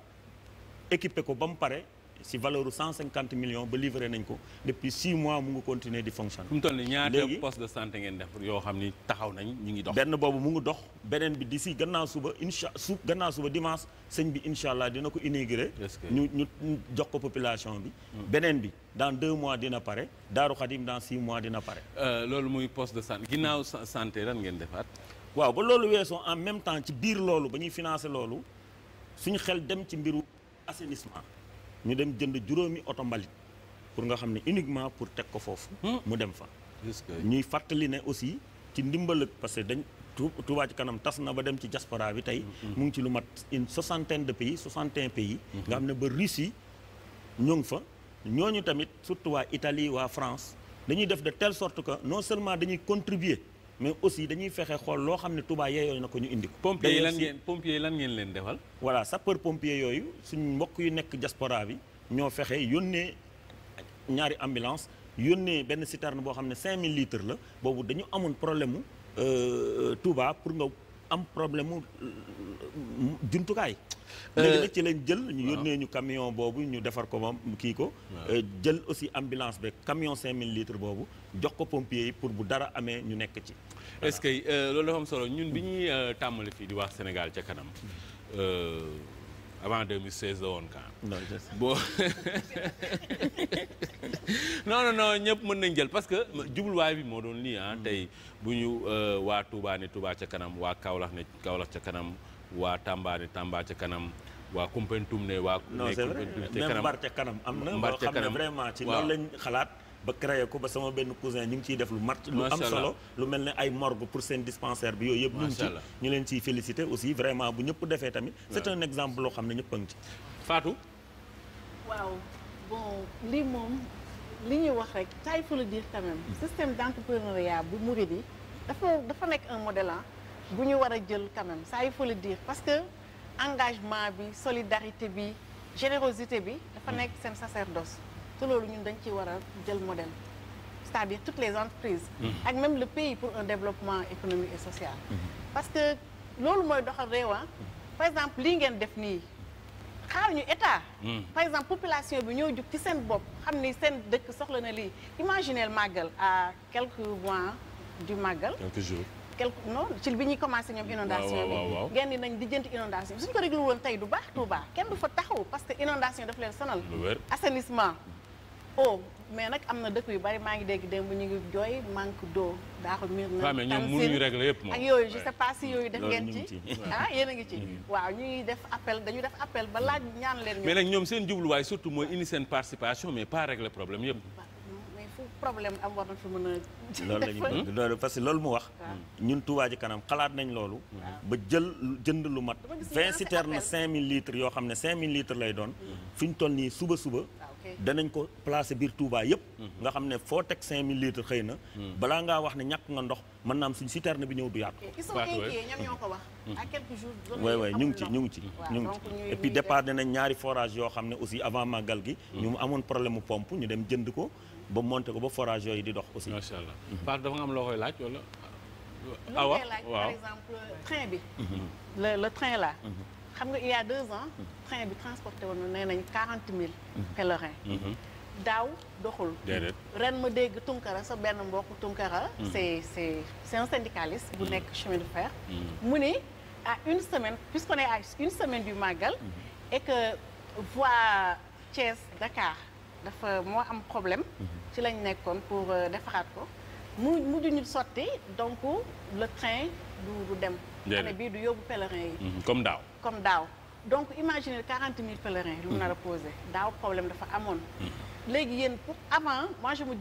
équipé ko ba mu pare si valeur bu 150 millions ba livré nañ ko depuis 6 mois mu ngi continuer di fonctionner. fu mu toll nii ñaata poste de santé ngeen def yoo xam ni taxaw nañ ñu ngi dox. benn boobu mu ngi dox beneen bi d'ici gannaaw suba incha su gannaaw suba dimanche bi incha allah dina ko inaugurer. ñu ñu jox ko population bi. Hmm. beneen bi dans 2 mois dina pare Daaru Xadim dans 6 mois dina pare. Euh, loolu muy poste de santé ginnaaw santé lan ngeen defaat. waaw ba loolu weesoo en même temps ci biir loolu ba ñuy financer loolu suñu xel dem ci mbiru assainissement. ñu dem jënd juróomi oto mbalit pour nga xam ne uniquement pour teg ko foofu hmm. mu dem fa ñuy fàttali ne aussi ci ndimbal parce que dañ Touba ci kanam tas na ba dem ci diaspora bi tey hmm. mu ngi ci lu mat une soixantaine de pays soixante et hmm. nga xam ne ba Russie ñoo ngi fa ñooñu tamit surtout waa itali waa France dañuy def de telle sorte que non seulement dañuy contribuer mais aussi dañuy fexe xool loo xam ne tubaa Touba yooyu na ko ñu indi ko. pompier yi lan ngeen leen defal. voilà sapeur pompier yooyu suñ mbokk yu nekk diaspora bi ñoo fexe yónnee ñaari ambulance yónnee benn citerne boo xam ne 5000 litres la boobu dañu amoon problème mu euh, Touba pour nga. am problème mu euh, jumtukaay. Euh, léegi nag ci lañ jël. ñu yónnee ñu camion boobu ñu defar ko moom kii ko. Euh, jël aussi ambulance beeg camion 5000 litre boobu jox ko pompier yi pour bu dara amee ñu nekk ci. est-ce que loolu dafa am solo ñun bi ñuy tàmbali fii di wax Sénégal ca kanam. avant 2016 la woon quand même. boo non non non ñëpp mën nañ jël parce que jubluwaay bi moo doon lii ah mm-hmm. tey bu ñu euh, waa Touba ne Touba ca kanam waa Kaolack ne Kaolack ca kanam waa Tamba ne Tamba ca kanam. waa Koumpentoum ne waa. non c'est vrai même Mbar ca kanam am na. Mbar ca kanam boo xam ne vraiment ci loolu lañ xalaat. ba créé ko ba sama benn cousin ñu ngi ciy def lu mat lu am solo lu mel ne ay morgue pour seen dispensaire bi yooyu yëpp ñu ngi ci ñu leen ciy félicité aussi vraiment bu ñëpp defee tamit c'est exemple loo xam ne ñëpp a ngi ci Fatou waaw bon lii moom li ñuy wax rek ça il faut le dire quand même système d'entrepreneuriat bu murid yi dafa dafa nekk un modèle ah, bu ñu war a jël quand même ça il faut le parce que engagement bi solidarité bi générosité bi dafa nekk seen sacerdoce te loolu ñun dañ ci war a jël modèle c'est-à-dire toutes les entreprises mm-hmm. ak même le pays pour un développement économie et social mm-hmm. parce que loolu mooy doxal réew mm-hmm. par exemple lii ngeen def nii xaar ñu état par exemple population bi ñoo jug ci seen bopp xam ni seen dëkk soxla na lii imaginez le màggal à quelques mois du màggal quelques jours quelque non ci bi ñuy commencé di jënt inondation bi woon tey du baax Touba kenn du fa taxaw parce que inondation daf leen sonal assainissement oh mais nag am na dëkk yu bari maa ngi dégg dem démb ñu ngi jooy manque d'eau daaxul miir na mais ñoom mënuñu régler yëpp moom ak yooyu je sais pas si yooyu def ngeen ci ah yéen a ngi ci mm-hmm. waaw ñu ngi def appel dañu def appel ba laaj ñaan leen mais nag ñoom seen jubluwaay surtout mooy indi seen participation mais pas régler problème yëpp mais fu problème am war na fi mën a loolu loolu parce que loolu mu wax ñun Touba ji kanam xalaat nañ loolu ba jël jënd lu mat vingt citernes cinq mille litres yoo xam ne cinq mille lay doon mm-hmm. fi ñu toll nii suba suba danañ ko placer biir Touba yëpp. Mhm. nga xam ne foo teg 5000 litres xëy na. Mhm. balaa ngaa wax ne ñàkk nga ndox mën naa am suñ terne bi ñëw du yaatu. Eh, ko wax. Mhm. à quelques jours. ñu ngi ci ñu ngi ci ñu ngi ci nañ ñaari forage yoo xam ne aussi avant màggal gi. ñu amoon problème mu pompe ñu dem jënd ko ba monter ko ba forage yooyu di dox aussi. macha allah Fatou dafa nga am loo koy laaj wala. Ah, awa train bi. le train là. xam nga il y a deux ans hmm. train bi transporté woon nee nañ quarante mille hmm. pèlerins hmm. daaw doxul ren ma dégg Tunkara sa benn mbokk Tunkara c'est c'est c'est un syndicaliste bu nekk chemin de fer mu ne à une semaine puisqu'on est à une semaine du màggal et que voie Thiès Dakar dafa moo am problème ci lañ nekkoon pour euh, defaraat ko mu mujj ñu sotti donc le train du dem année bii du yóbbu pèlerins yi. Mhm, comme daaw comme daaw. donc imaginez quarante mille pèlerins. lu mun a reposer daaw problème dafa amoon. Mhm. léegi yéen pour avant moi je me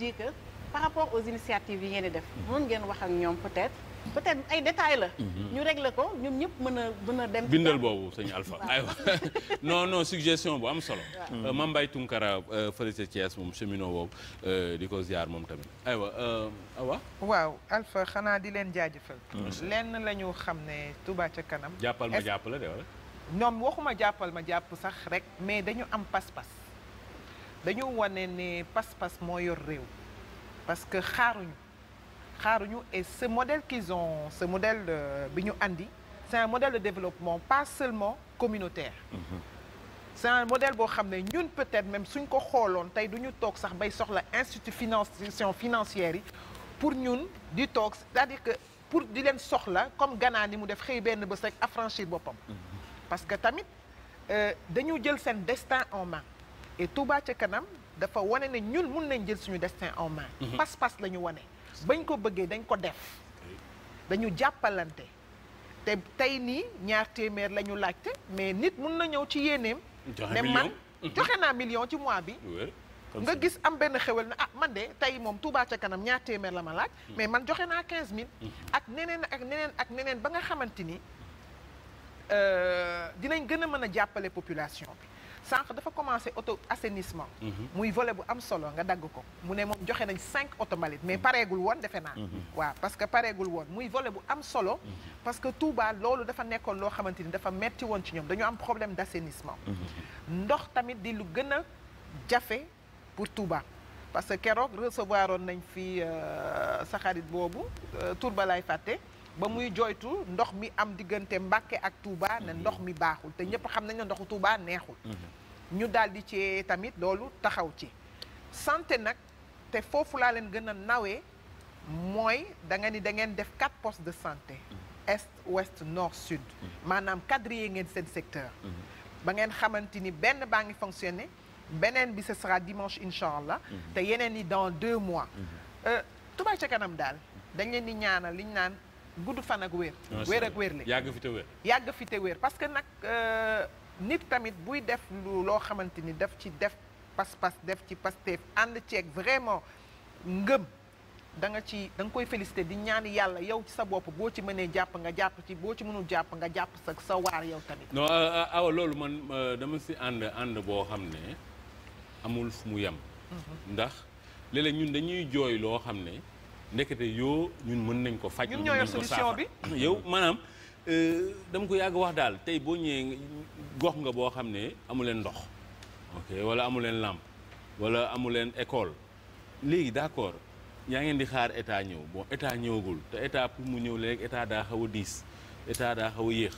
par rapport aux initiatives yi ngeen di def. Mhm. mënoon ngeen wax ak ñoom peut-être. peut-être ay détails la. Mhm. ñu régler ko ñoom ñëpp mën a mën a dem. bindal boobu sëñ Alpha. aywa no non suggestion bu am solo. waaw euh, Mame Mbaye Tunkara euh, fële ca moom cheminot boobu euh, di ko ziar moom tamit aywa waaw alfa xanaa di leen jaajëfal. lenn la ñu xam ne Touba ca kanam. jàppal ma jàppale de wala. ñoom waxuma jàppal ma jàpp sax rek. mais dañu am pas-pas dañu wane ne pas-pas moo yor réew parce que xaaruñu. xaaruñu et ce modèle qu'ils ont ce modèle euh, bi ñu indi c'est un modèle de développement pas seulement communautaire mm-hmm. c'est un modèle boo xam ne ñun peut-être même suñ ko xooloon tey du ñu toog sax bay soxla institut institution financière yi pour ñun di toog c'est-à-dire que pour di leen soxla comme Ghana ni mu def xëy benn bés rek affranchir boppam mm-hmm. parce que tamit euh, dañu jël seen destin en main et Touba ca kanam dafa wane ne ñun mun nañ jël suñu destin en main mm-hmm. pas-pas la ñu wane bañ ko bëggee dañ ko def dañu jàppalante te tey nii ñaar téeméer la ñu laajte mais nit mun na ñëw ci yéeneem ne man mhm. joxe naa million ci mois bi nga gis am benn xewel na ah man de tey moom Touba ca kanam ñaar téeméer la ma laaj mhm. mais man joxe naa quinze mille mhm. ak neneen ak neneen ak neneen ba nga xamante ni euh, dinañ gën a mën a jàppale population bi sànq dafa commencé auto assainissement. Mhm. muy volet bu am solo nga dagg ko mu ne moom joxe nañ cinq auto mbalit mais mhm. pareegul woon defe naa. Mhm. waaw parce que pareegul woon muy volet bu am solo. parce que Touba loolu dafa nekkoon loo xamante ni dafa metti woon ci ñoom dañu am problème d' assainissement. ndox tamit di lu gën a jafe pour Touba. parce que keroog recevoir oon nañ fi euh, sa xarit boobu euh, Touba laay fàtte. ba muy jooytu ndox mi am diggante Mbàkke ak tuuba ne ndox mi baaxul te ñëpp xam nañ ne ndoxu Touba neexul. Mhm. ñu daal di ci tamit loolu taxaw ci. santé nag te foofu laa leen gën a nawee mooy da nga ni da ngeen def quatre postes de santé. Mhm. est ouest nord sud. Mhm. maanaam quadrillé ngeen seen secteur. ba ngeen xamante ni benn baa ngi fonctionné beneen bi ce sera dimanche incha allah. te yeneen yi dans deux mois. Euh, Touba ca kanam daal dañ leen di ñaanal liñ naan. gudd fan ak wér. wér ak wér li yàgg fi te wér. yàgg fi te wér parce que nag euh, nit tamit buy def loo xamante ni def ci def pas-pas def ci pasteef ànd ceeg vraiment ngëm danga ci da nga koy félicité di ñaan yàlla yow ci sa bopp boo ci mënee jàpp nga jàpp ci boo ci mënul jàpp nga jàpp sa sa waar yow tamit. noo euh, euh, awa loolu man dama si ànd ànd boo xam ne amul fu mu yem. Mhm. ndax léeg ñun dañuy jooy loo xam ne. ndekete yoo ñun mën nañ ko faj. ñun ñoo solution bi yow maanaam euh, dam ko yàgg wax daal tey boo ñëwee gox nga boo xam ne amu leen ndox. ok wala amu leen làmp wala amu leen école léegi d'accord yaa ngeen di xaar état ñëw bon état ñëwagul te état pour mu ñëw léegi état daa xaw a diis état daa xaw a yéex.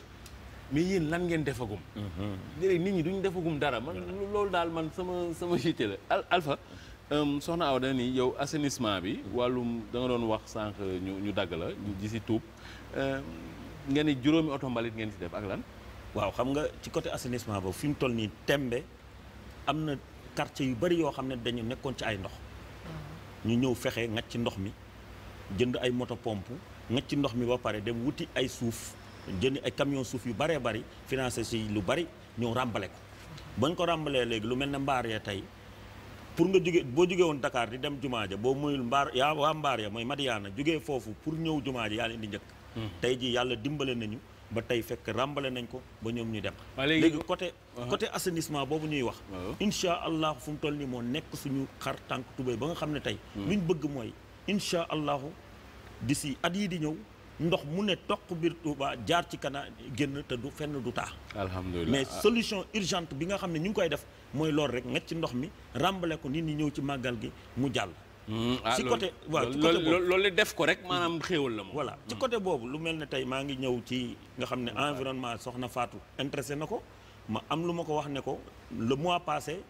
mais yéen lan ngeen defagum. Mm-hmm. léegi nit ñi duñ defagum dara man loolu daal man sama sama yitte la Alpha. soxna aw dana ni yow assainissement bi wàllum da doon wax sànq ñu ñu dagg la ñu ji si tuub nga ni juróomi oto mbalit ngeen si def ak lan. waaw xam nga ci côté assainissement boobu fi mu toll nii tembe am na quartier yu bari yoo xam ne dañu nekkoon ci ay ndox. ñu ñëw fexe nga ci ndox mi jënd ay moto pomp nga ci ndox mi ba pare dem wuti ay suuf jënd ay camion suuf yu baree bari finance si lu bari ñëw ràmbale ko. bañ ko ràmbalee léegi lu mel ne mbaar ya tey. pour nga jóge boo jóge woon Dakar di dem jumaa ja boo muyul mbaar yaa waa mbaar ya mooy Madiyaana jógee foofu pour ñëw jumaa ja yaa leen di njëkk hmm. tey jii yàlla dimbale nañu ba tey fekk ràmbale nañ ko ba ñoom ñu dem léegi côté uh-huh. côté assainissement boobu ñuy wax insha allahu fu mu toll nii moo nekk suñu xar tànk tubéy ba nga xam ne tey hmm. luñ bëgg mooy insha allahu d'ici at yii di ñëw ndox mu ne toq biir Touba jaar ci kana génn te du fenn du taa. alhamdulilah mais solution urgente bi nga xam ne ñu ngi koy def mooy loolu rek nga ci ndox mi ràmbale ko nit ñi ñëw ci màggal gi mu jàll. ci hmm, ah, côté waaw ci côté boobu def ko rek maanaam xéewal la moom. voilà ci côté boobu lu mel ne tey maa ngi ñëw ci nga xam ne environnement soxna faatu intéressé na ko ma am lu ma ko wax ne ko le mois passé.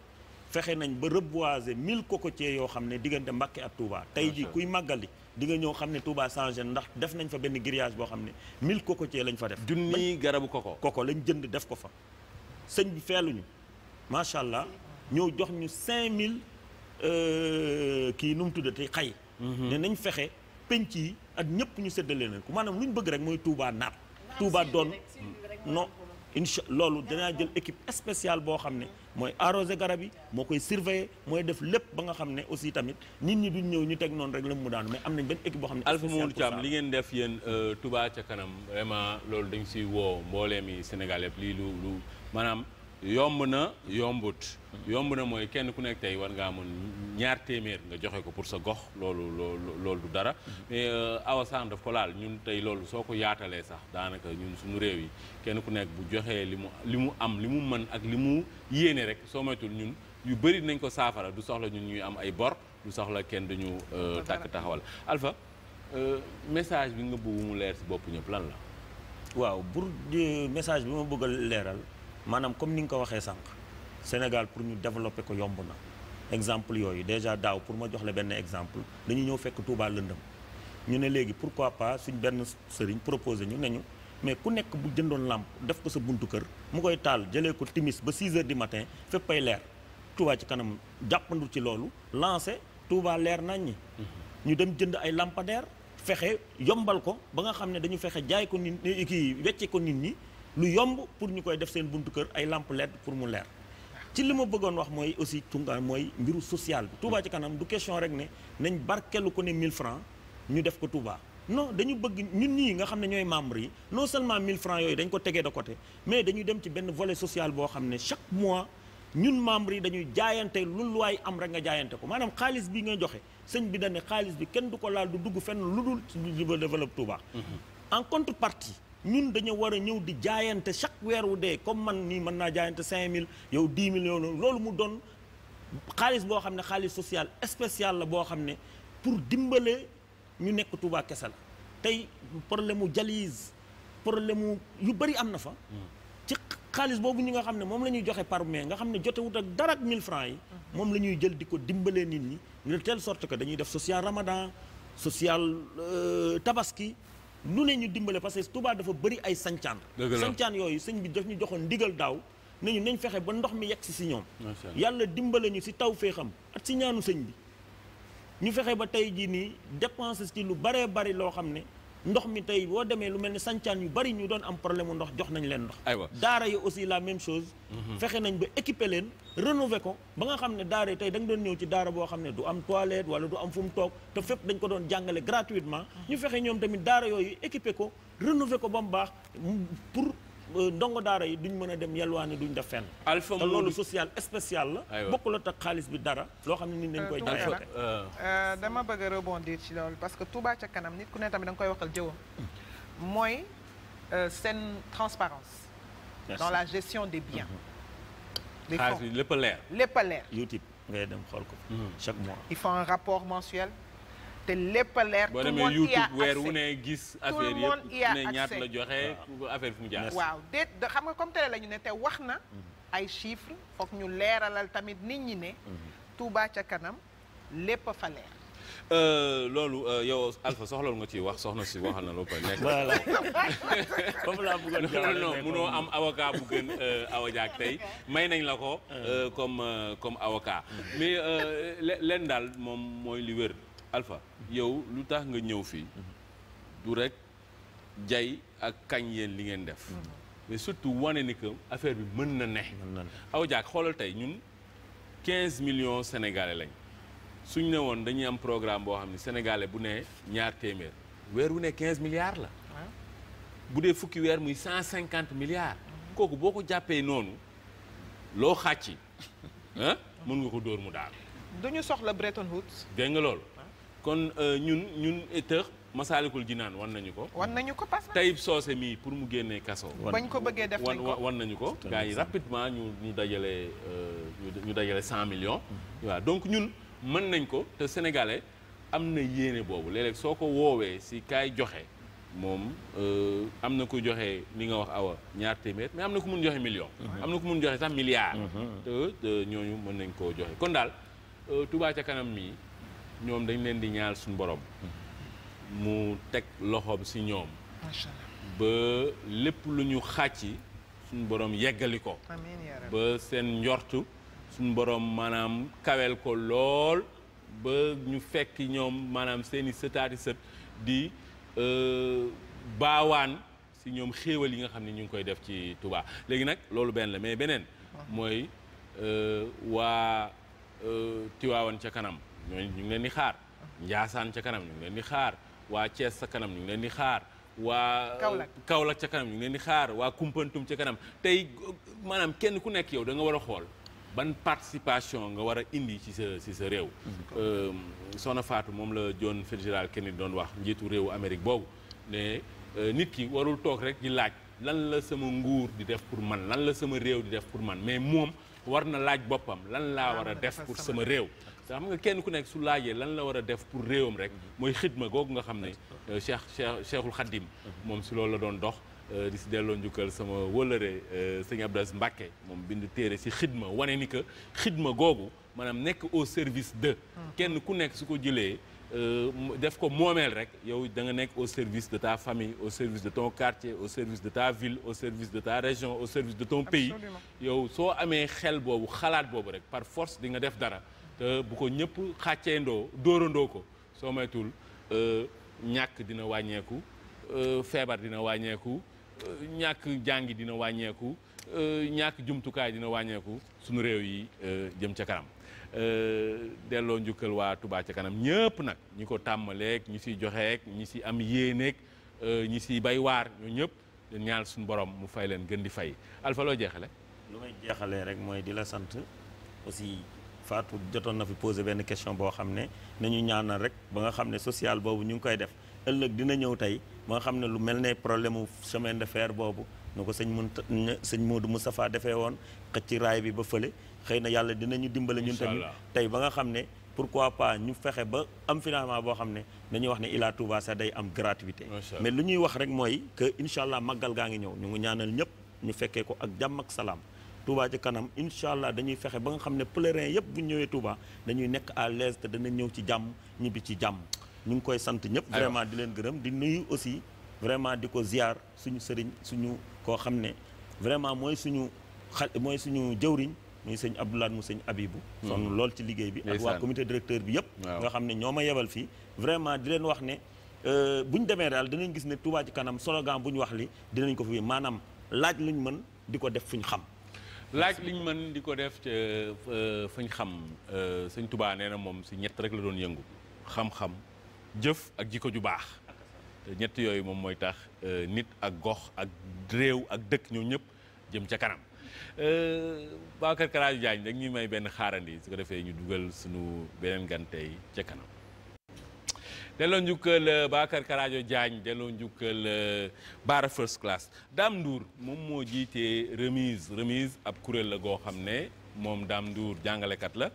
fexe nañ ba reboiser mille cocotiers yoo xam ne diggante Mbàkke ak Touba tey ji kuy màggali di nga ñëw xam ne Touba changé ndax def nañ fa benn grillage boo xam ne mille cocotiers lañ fa def. junni garabu koko koko lañ jënd def ko fa. sëñ bi feeluñu macha allah ñëw jox ñu cinq mille euh, kii nu mu tuddati xay. Mhm. ne nañ fexe penc yi ak ñëpp ñu séddale leen ku maanaam lu ñu bëgg rek mooy Touba naat. Touba doon non. incha loolu danaa jël équipe spéciale boo xam ne mooy arrosé garab yi moo koy surveiller mooy def lépp ba nga xam ne aussi tamit nit ñi duñ ñëw ñu teg noonu rek la mu daanu mais am nañ benn équipe boo xam ne. Alpha Mamadou Thiam li ngeen def yéen euh, Touba ca kanam vraiment loolu dañu si woo mbooleem yi Sénégal yëpp lii lu lu maanaam. yomb na yombut. yomb na mooy kenn ku nekk tey war ngaa amoon ñaar téeméer nga joxe ko pour sa gox loolu loolu loolu du dara. mais euh, awa saan daf ko laal ñun tey loolu soo ko yaatalee sax daanaka ñun suñu réew yi kenn ku nekk bu joxee li mu li mu am li mu mën ak li mu yéene rek soo moytul ñun yu bëri nañ ko saafara du soxla ñun ñuy am ay bor du soxla kenn duñu euh, takk taxawal Alpha euh, message bi nga bëgg mu leer si bopp ñëpp lan la. waaw pour message bi ma bëgg leeral. maanaam comme ni nga ko waxee sànq Sénégal pour ñu développer ko yomb na exemple yooyu déjà daaw pour ma jox la benn exemple dañu ñëw fekk Touba lëndëm ñu ne léegi pourquoi pas suñ benn sëriñ proposé ñu ne ñu mais ku nekk bu jëndoon làmp def ko sa buntu kër mu koy taal jëlee ko timis ba 6 heures di matin fépp ay leer Touba ci kanam jàppandu ci loolu lancé Touba leer nañ ñi mhm. ñu dem jënd ay lampadaire fexe yombal ko ba nga xam ne dañu fexe jaay ko nit kii nit ñi lu yomb pour ñu koy def seen buntu kër ay lampe LED pour mu leer ci li ma bëggoon wax mooy aussi tunga mooy mbiru social bi Touba ci kanam du question rek ne nañ barkeelu ko ne mille francs ñu def ko Touba non dañu bëgg ñun nii nga xam ne ñooy membre yi no seulement mille francs yooyu dañ ko tegee de côté mais dañu dem ci benn volet social boo xam ne chaque mois ñun membre yi dañuy jaayante lu luwaay am rek nga jaayante ko maanaam xaalis bi nga joxe sëñ bi dañ xaalis bi kenn du ko laal du dugg fenn lu dul développe Touba mhm. en ñun dañu war a ñëw di jaayante chaque weer wu dee comme man nii mën naa jaayante cinq mille yow 10 million loolu mu doon xaalis boo xam ne xaalis social spécial la boo xam ne pour dimbale ñu nekk Touba kese la tey problème mu dialyse problème mu yu bëri am na fa. ci xaalis boobu ñi nga xam ne moom la ñuy joxe par mois nga xam ne jotewut ak dara ak 1000 francs yi. moom lañuy jël di ko dimbalee nit ñi de telle sorte que dañuy def social Ramadan social euh, Tabaski. lu ne ñu dimbale parce que Touba dafa bari ay sancaan sancaan yooyu sëñ bi daf ñu joxoon ndigal daaw nañu nañ fexe ba ndox mi yegg si si ñoom yàlla dimbale ñu si taw fee xam ak si ñaanu sëñ bi ñu fexe ba tey jii nii dépense ci lu baree bari loo xam ne ndox mi tey boo demee lu mel ni sancaan yu bari ñu doon am problème mu ndox jox nañ leen ndox daara yi aussi la même chose mhm. fexe nañ ba équiper leen rénover ko ba nga xam ne daara yi tey danga nga doon ñëw ci daara boo xam ne du am toilette wala du am fu mu toog te fépp dañ ko doon jàngale gratuitement mhm. ñu fexe ñoom tamit daara yooyu équiper ko rénover ko ba mu baax pour ndongo daara yi duñ mën a dem yalwaani duñ def fenn. alpha te loolu social spécial la. aywa bokkul ak xaalis bi dara. loo xam ne nit nañ koy euh, jaayee euh. euh, dama bëgg a rebondir ci loolu parce que Touba ca kanam nit ku nee tamit da nga koy waxal jëwam mooy seen transparence dans la gestion des biens. Mhm. des lépp a leer. lépp YouTube ngay dem xool ko. Mhm. chaque mois. il font un rapport mensuel. te lépp leer. tout le monde y a accès boo demee YouTube weer wu ne gis affaire yëpp ne ñaata la joxe affaire fu mu jaar. waaw déet da comme télé ne te wax na. Mhm. ay chiffres ñu leeralal tamit nit ñi ne. Mhm. ca kanam lépp a leer. Euh, loolu euh, yow Alpha soxla nga ciy wax soxna si waxal na loo koy nekk. voilà laa bëggoon jaarale non munoo am avocat euh, may nañ la ko. comme comme avocat. Mhm. daal moom mooy li wér. Alpha yow lu tax nga ñëw fii du rek jay ak kañ yéen li ngeen def mm-hmm. mais surtout wane ni que affaire bi mën na ne aw jaak xoolal tey ñun quinze millions sénégalais lañ suñ ne woon dañuy am programme boo xam ne sénégalais bu ne ñaar téeméer weer wu ne quinze milliards la bu dee fukki weer muy cent cinquante milliards mm-hmm. kooku boo ko jàppee noonu loo xàcci mën nga ko dóor mu daal. duñu soxla Bretton Woods. dégg loolu kon euh, ñun ñun tëx Masaalikul Jinaan wan nañu ko. wan nañu ko parce que Tayib Socé mii pour mu génnee kaso. bañ ko bëggee def nañ ko wan nañu ko. gars yi rapidement ñu ñu dajale euh, ñu dajale cent million waaw mm-hmm. donc ñun mën nañ ko te sénégalais am na yéene boobu léeg soo ko woowee si kaay joxe moom euh, am na ko joxe li nga wax awa ñaar téeméer mais am na ku mun joxe million. Mm-hmm. am na ko mun joxe sax milliard. Mm-hmm. te ñooñu mën nañ koo joxe kon daal tubaa ca kanam mii. ñoom dañ leen di ñaal suñu borom. mu teg loxoom si ñoom. ba lépp lu ñu xàcci suñ borom yeggali ko. ba seen njortu suñ borom maanaam kawel ko lool ba ñu fekk ñoom maanaam seen i sëtaati sët di euh, baawaan si ñoom xéewal yi nga xam ni ñu ngi koy def ci tubaa léegi nag loolu benn la mais beneen. mooy euh, waa euh, Tiwaawan ca kanam. ñu ngeen di xaar Njaasaan ca kanam ñu ngi leen di xaar waa Cees sa kanam ñu ngi leen di xaar waa Kaolack ca kanam ñu ngeen di xaar waa Kumpantum ca kanam tey maanaam kenn ku nekk yow da nga war a xool ban participation nga war a indi ci sa ci sa réew euh, soxna faatu moom la John kenn Kennedy doon wax njiitu réewu Amérique boobu ne euh, nit ki warul toog rek di laaj lan la sama nguur di def pour man lan la sama réew di def pour man mais moom war na laaj boppam lan laa war a def pour sama réew xam nga kenn ku nekk su laajee lan la war a def pour réewam rek mooy xidma googu nga xam ne euh, cheikh cheikh cheikhul xadim moom si loolu la doon dox euh, di si delloo njukkal sama wëlëre euh, sëñ Abdou Aziz Mbacke moom bind téere si xidma wane ni que xidma googu maanaam nekk au service de kenn ku nekk su ko jëlee def ko moomeel rek yow danga nekk au service de ta famille au service de ton quartier au service de ta ville au service de ta région au service de ton pays yow soo amee xel boobu xalaat boobu rek par force di nga def dara te bu ko ñëpp xàcceendoo dóorandoo ko soo maytul euh, ñàkk dina wàññeeku euh, feebar dina wàññeeku euh, ñàkk jàngi dina wàññeeku ñàkk jumtukaay dina wàññeeku sunu réew yi jëm ca kanam delloo njukkal waa Touba ca kanam ñëpp nag ñi ko tàmmaleeg ñi siy joxeek ñi si am yéeneeg ñi siy bay waar ñoo ñëpp ñaar suñu borom mu fay leen gën di fay Alpha loo jeexale lu may jeexalee rek mooy di la sant aussi Fatou jotoon na fi posé benn question boo xam ne nañu ñaanal rek ba nga xam ne social boobu ñu ngi koy def ëllëg dina ñëw tey ba nga xam ne lu mel ne problème mu chemin de fer boobu nu ko sëñ mun sëñ Modou Moustapha defee woon xëcc raay bi ba fële xëy na yàlla dinañu dimbale ñun tamit tey ba nga xam ne pourquoi pas ñu fexe ba am financement boo xam ne dañuy wax ne Ila Touba sax day am gratuité mais lu ñuy wax rek mooy que incha allah màggal gaa ngi ñëw ñu ngi ñaanal ñëpp ñu fekkee ko ak jàmm salaam Touba ci kanam incha allah dañuy fexe ba nga xam ne pèlerin yëpp bu ñëwee Touba dañuy nekk à l'aise te danañ ñëw ci jàmm ñibbi ci jàmm ñu ngi koy sant ñëpp vraiment di leen gërëm di nuyu aussi vraiment di ko ziar suñu sëriñ suñu koo xam ne vraiment mooy suñu xal mooy suñu jëwriñ muy sëñ Abdoulaye mu sëñ Abibu hmm. sonn lool ci liggéey bi ak waa comité directeur bi yëpp nga xam ne ñoo ma yebal fii vraiment di leen wax ne euh, bu ñu demee daal danañ gis ne Touba ci kanam slogan bu ñu wax li dinañ ko fi maanaam laaj luñ mën di ko def fuñ xam laaj liñ mën di ko def ca euh, fañ xam euh, sëñ Tuubaa nee na moom si ñett rek la doon yëngu xam-xam jëf ak jikko ju baax ñett yooyu moom mooy tax euh, nit ak gox ak réew ak dëkk ñoom ñëpp jëm ca kanam Babacar Karaaju Jaañ rek ñuy may benn xaarandi su ko defee ñu dugal suñu beneen gan ca kanam delloo njukkal euh, Bakar Karajo Diagne delloo njukkal euh, Bara First Class Dame Ndour moom moo jiitee remise remise ab kuréel la goo xam ne moom Dame Ndour jàngalekat la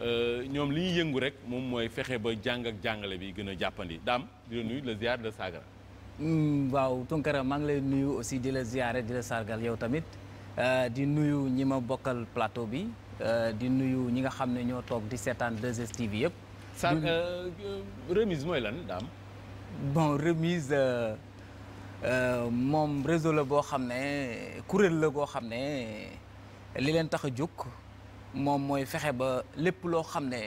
euh, ñoom li ñuy yëngu rek moom mooy fexe ba jàng ak jàngale bi gën a jàppandi Dame di la nuyu la ziar de Sagara. Mm, waaw Tunkara maa ngi leen nuyu aussi di la ziare di la sargal yow tamit di nuyu ñi ma bokkal plateau bi di nuyu ñi nga xam ne ñoo toog di seetaan 2STV yëpp. sa euh, remise mooy lan daam. bon remise euh, euh, moom réseau la boo xam ne kuréel la goo xam ne li leen tax a jóg moom mooy fexe ba lépp loo xam ne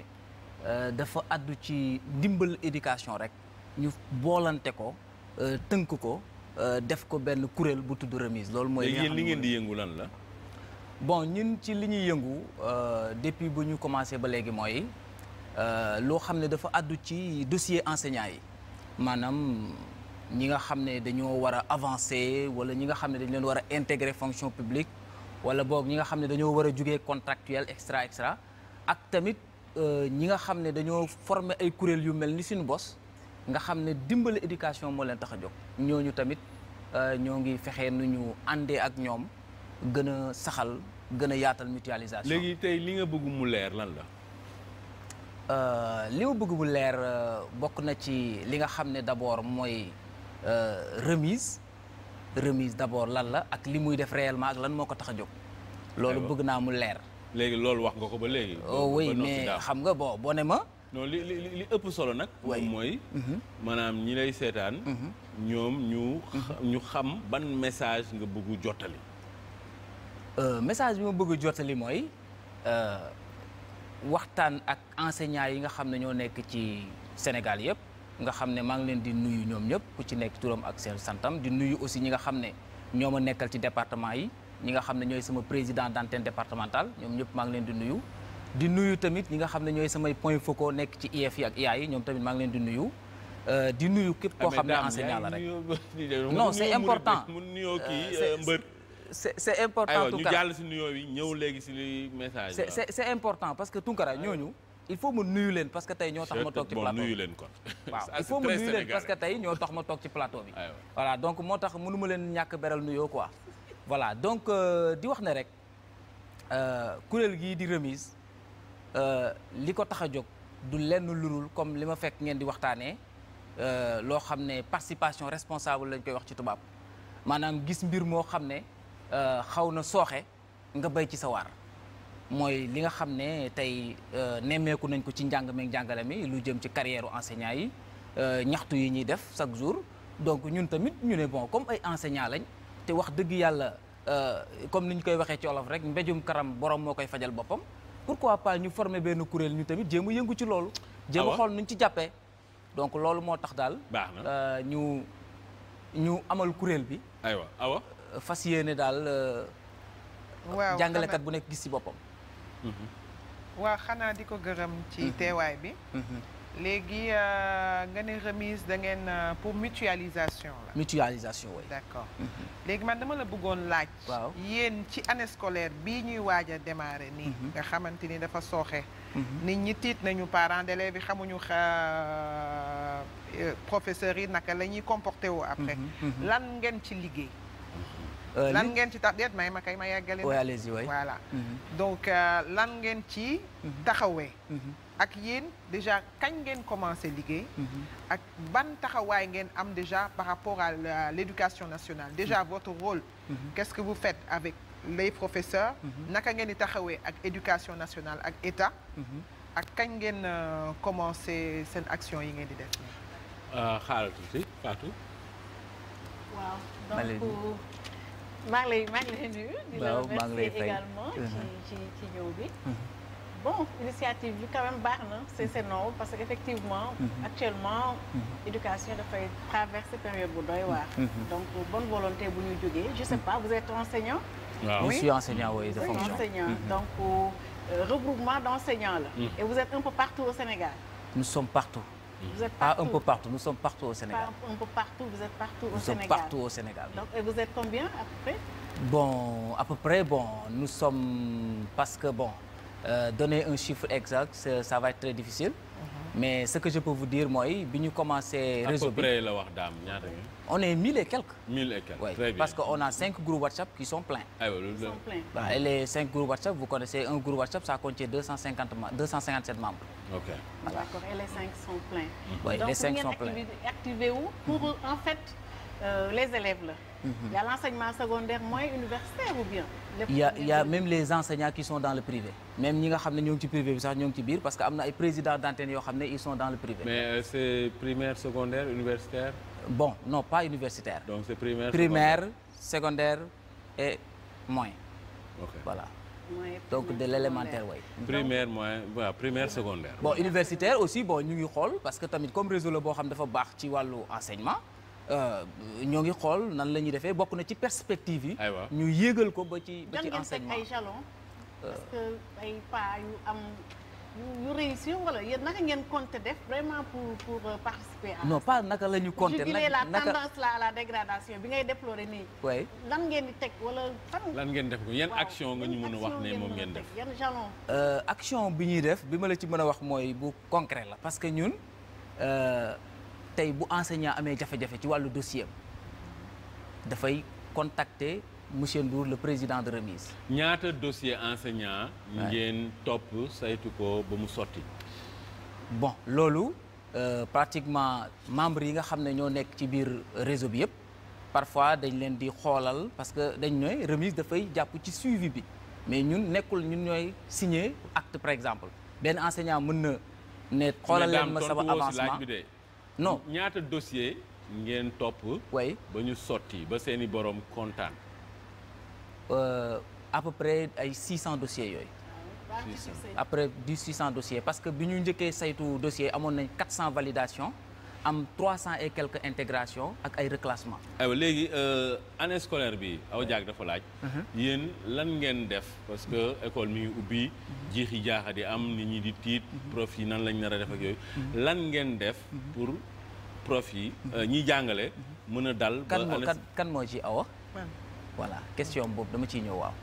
dafa addu ci ndimbal éducation rek ñu boolante ko tënk ko def ko benn kuréel bu tudd remise. loolu mooy yéen li ngeen di yëngu lan la. bon ñun ci li ñuy yëngu depuis bu ñu commencé ba léegi mooy. Euh, loo xam ne dafa àddu ci dossier enseignant yi maanaam ñi nga xam ne dañoo war a avancer wala ñi nga xam ne dañ leen war a intégrer fonction publique wala boog ñi nga xam ne dañoo war a jugee contractuel extra extra ak tamit euh, ñi nga xam ne dañoo former ay kuréel yu mel ni suñu bos nga xam ne dimbali éducation moo leen tax a jóg ñooñu tamit euh, ñoo ngi fexe nu ñu àndee ak ñoom gën a saxal gën a yaatal mutualisation. léegi tey li nga bëgg mu leer lan la. Euh, li ma bëgg bu leer euh, bokk na ci li nga xam ne d'abord mooy euh, remise remise d'abord lan la ak li muy def réellement ak lan moo ko tax a jóg. loolu bëgg naa mu leer. léegi loolu wax nga ko ba léegi. Oh oui mais xam nga bon boo ne ma. non li ëpp solo nag. moom mooy. Mhm. maanaam ñi lay seetaan. Mhm. ñoom ñu. Mhm. ñu xam ban message nga bëgg jottali. message bi ma bëgg jottali mooy. waxtaan ak enseignants yi nga xam ne ñoo nekk ci Sénégal yëpp nga xam ne maa ngi leen di nuyu ñoom ñëpp ku ci nekk turam ak seen santam di nuyu aussi ñi nga xam ne ñoo ma nekkal ci département yi ñi nga xam ne ñooy sama président d'antenne départementale ñoom ñëpp maa ngi leen di nuyu di nuyu tamit ñi nga xam ne ñooy samay point focaux nekk ci IEF yi ak yaay yi ñoom tamit maa ngi leen di nuyu euh, di nuyu képp koo ah, xam ne enseignant la rek non c'est important c'est c'est important Tunkara ñu yi ñëw léegi si message bi. c'est c'est parce que Tunkara ñooñu. il faut ma nuyu leen parce que tey ñoo tax ma toog ci plateau nuyu leen kon waaw parce que tey ñoo tax ma toog ci plateau donc moo tax mënu ma leen ñàkk beral nuyoo ko voilà donc euh, di wax na rek euh, kuréel gii di remise euh, li ko tax a jóg du lenn lurul comme li ma fekk ngeen di waxtaanee loo xam ne participation responsable lañ koy wax ci tubaab maanaam gis mbir moo xam ne Euh, xaw na sooxe nga bay ci sa waar mooy li nga xam ne tey euh, nemmeeku nañ ko ci njàng meeg njàngale mi lu jëm ci carrière enseignant yi euh, ñaxtu yi ñuy def chaque jour donc ñun tamit ñu ne bon comme ay enseignant lañ te wax dëgg yàlla comme ni ñu koy waxee ci olof rek mbéjum karam borom moo koy fajal boppam pour pourquoi pas ñu former benn kuréel ñu tamit jéem yëngu ci loolu ah jéem a xool nuñ ci jàppee donc loolu moo tax daal baax na ñu ñu amal kuréel bi ah fas yéene daal. Euh, waaw jàngalekat bu nekk gis ci boppam. Mhm. waaw xanaa di ko gërëm ci mhm. teewaay bi. Mhm. léegi euh, nga ne remise da ngeen euh, pour mutualisation la. mutualisation oui. d'accord léegi man dama la bëggoon laaj. waaw yéen ci anne scolaire bii ñuy waaj a démarrer nii. nga xamante ni dafa sooxe. nit ñi tiit nañu parents d'élèves yi xamuñu professeurs yi naka la ñuy comporté woo après. lan ngeen ci liggéey. lan ngeen ci tax deet may ma kay ma yàggale allez-y waay mm-hmm. donc euh, lan ngeen ci mm-hmm. taxawee mm-hmm. ak yéen déjà kañ ngeen commencé liggéey ak ban taxawaay ngeen am déjà par rapport à l'éducation nationale déjà votre rôle qu'est-ce que vous faites avec les professeurs naka ngeen di taxawee ak éducation nationale ak état ak kañ ngeen euh, commencé seen action yi ngeen di def euh, xaaral maa ngi lay maa ngi lay nuyu. di la remercier également ci uh-huh. ci ci ñëw bi. Uh-huh. bon initiative bi quand même baax na c'est c'est uh-huh. non parce que effectivement. actuellement. éducation dafay traverser période bu doy waar. donc volonté bu ñu jógee je sais pas vous êtes enseignant. waaw je suis enseignant oui fonction donc euh, regroupement d'enseignants là. et vous êtes un peu partout au Sénégal. nous sommes partout. vous êtes partout. Pas ah, un peu partout, nous sommes partout au Sénégal. Pas un peu partout, vous êtes partout nous au Sénégal. Nous sommes partout au Sénégal. Donc, et vous êtes combien à peu près Bon, à peu près, bon, nous sommes... Parce que, bon, euh, donner un chiffre exact, ça va être très difficile. mais ce que je peux vous dire mooy bi ñu commencé. réseau bi à la wax daam ñaata ñu. on est mille et quelques. parce que on a cinq groupes WhatsApp qui sont pleins. aywa ah loolu la waaw et les cinq groupes WhatsApp vous connaissez un groupe WhatsApp ça contient deux cent d'accord et les cinq sont pleins. oui les cinq sont pleins donc ngeen activé pour en fait euh, les élèves la. Mm-hmm. y a l'enseignement secondaire mooy universitaire ou bien. il y a il y a même les enseignants qui sont dans le privé. même ñi nga xam ne ñoo ngi ci privé bi sax ñoo ngi ci biir parce que am na ay présidents d'antenne yoo xam ne ils sont dans le privé. mais euh, c'est primaire secondaire universitaire. bon non pas universitaire. donc c'est primaire primaire secondaire et moyen. ok voilà. donc de l'élémentaire way ouais. primaire moyen waaw primaire secondaire. bon universitaire aussi bon ñu ngi xool parce que tamit comme réseau la boo xam dafa baax ci wàllu enseignement. Euh, ñoo ngi xool nan la ñuy defee bokk na ci perspective yi. ñu yéegal ko ba ci ba ci enseignement ay jalon euh. parce que ay am yu réussir wala yéen naka ngeen compter def vraiment pour pour euh, participer am non pas naka lañu ñu compter. naka la tendance là à la dégradation bi ngay déplorer nii. oui lan ngeen di teg wala fan. lan ngeen def ko yan action nga ñu mën a wax ne moom ngeen def yan jalon. action bi ñuy def bi ma la ci mën a wax mooy bu concret la parce que ñun. tey bu enseignant amee jafe-jafe ci wàllu dossier am dafay contacter monsieur Ndour le président de remise. ñaata dossier enseignant. ngeen topp saytu ko ba mu sotti. bon loolu euh, pratiquement membres yi nga xam ne ñoo nekk ci biir réseau bi yëpp parfois dañ leen di xoolal parce que dañ ñooy remise dafay jàpp ci suivi bi mais ñun nekkul ñun ñooy signer acte par exemple benn enseignant mën na ne. xoolal leen ma sama avancement non ñaata dossier ngeen topp. way ba ñu sotti ba seeni borom kontaan. Euh, à peu près ay 600 dossiers yooyu. après du 600 dossiers parce que bi ñu njëkkee saytu dossier amoon nañ 400 validations. am trois cent et quelques intégration ak ay reclassement aywa léegi euh, année scolaire bi aw jaag dafa laaj mhm. yéen lan ngeen def parce que mhm. école mi ngi ubbi yi mhm. jaaxa di am nit ñi di tiit prof nan lañ nar a def ak yooyu lan ngeen def pour prof yi euh, jàngale mën a dal kan moo kan moo ci awa voilà question boobu dama ciy ñëw waaw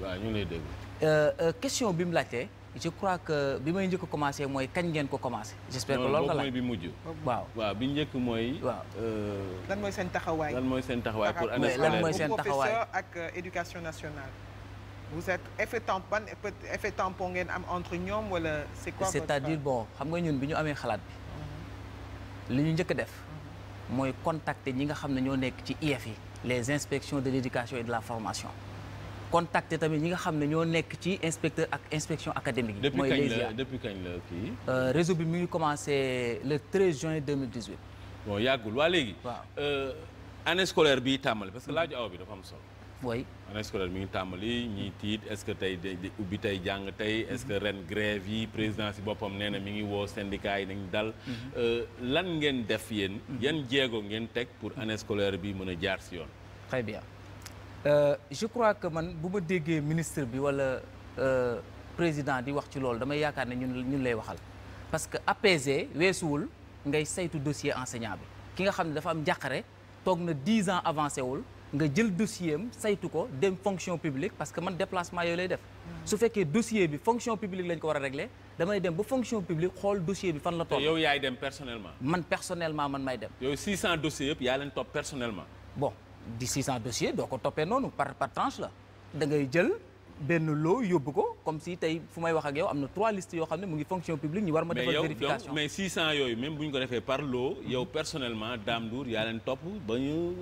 waaw ñu lay dégg euh, question bi mu laajtee je crois que bi may njëkk a commencé mooy kañ ngeen ko commencé. j'espère que loolu la bi mujj. waaw waaw bi njëkk mooy. waaw euh, lan mooy seen taxawaay. lan mooy seen taxawaay pour année scolaire lan mooy seen taxawaay ak euh, éducation nationale. vous êtes effet tampon ban effet tampon ngeen am entre ñoom wala c'est quoi. c'est-à-dire euh, bon xam nga ñun bi ñu amee xalaat bi. Mhm. li ñu njëkk a def. mooy contacter ñi nga xam ne ñoo nekk ci IEF yi. les inspections de l'éducation et de la formation. contacter tamit ñi nga xam ne ñoo nekk ci inspecteur ak inspection académique yi. mooy léegi depuis kañ la depuis kañ la kii. Euh, réseau bi mu ngi commencé le 13 juin 2018. bon yàggul waa léegi. waaw euh, année scolaire bi tàmbali parce que laaju aw bi dafa am solo. oui année scolaire mi ngi tàmbali ñiy tiit est-ce que tey di ubbi tey jàng tey est-ce que ren grève yi président si boppam nee na mi ngi woo syndicat yi na nañ dal. Mhm. Euh, lan ngeen def yéen. Mhm. yan jéego ngeen teg pour année scolaire bi mën a jaar si yoon. très bien. Euh, je crois que man bu ma déggee ministre bi wala euh, président di wax ci loolu damay yaakaar ne ñun ñun lay waxal parce que apaiser weesuwul ngay saytu dossier enseignant bi ki nga xam ne dafa am njàqare toog na 10 ans avancé wul nga jël dossier am saytu ko dem fonction publique parce que man déplacement yooyu lay def. Hmm. su fekkee dossier bi fonction publique lañ ko war a régler damay dem ba fonction publique xool dossier bi fan la toll. yow yaay dem personnellement. man personnellement man may dem. yow 600 dossiers yëpp di 600 dossiers doo ko toppee noonu par par tranche la da ngay jël benn loo yóbbu ko comme si tey fu may wax ak yow am na trois listes yoo xam ne mu ngi fonction publique ñu war ma defal vérification mais 600 yooyu même bu ñu ko defee par loo yow personnellement Dame Ndour yaa leen topp ba ñu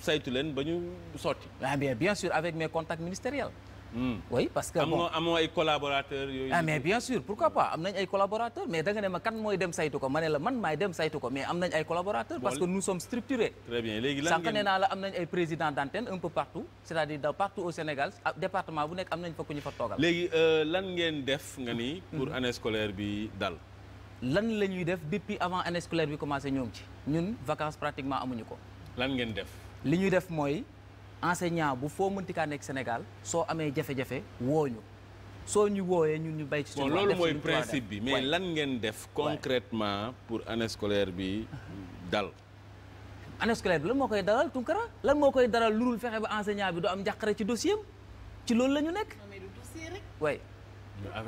saytu leen ba ñu sotti ah bien bien sûr avec mes contacts ministériels Hmm. oui parce que bon amoo ay yooyu. ah mais bien sûr pourquoi pas am ay collaborateurs mais danga ne ma kan mooy dem saytu ko ma ne la man maay dem saytu ko mais am nañ ay collaborateurs. parce que nous sommes structurés. très bien léegi lan naa am nañ ay président d'antenne un peu partout c'est-à-dire dans partout au Sénégal ah, département bu nekk am nañ fa ku ñu fa toogal. Euh, lan ngeen def nga ni. pour mhm. année scolaire bi dal. lan la ñuy def depuis avant année scolaire bi commencé ñoo ci ñun vacances pratiquement amuñu ko. lan ngeen def. li ñuy def mooy. enseignant bu foo mënti nekk Sénégal soo amee jafe-jafe woo ñu soo ñu wooyee ñu ñu bay ci suñu loolu mooy principe bi mais lan ngeen def concrètement pour année scolaire bi dal année bi lan moo koy dalal Tunkara lan moo koy dalal lu fexe ba enseignant bi du am njàqare ci dossier am ci loolu la ñu nekk way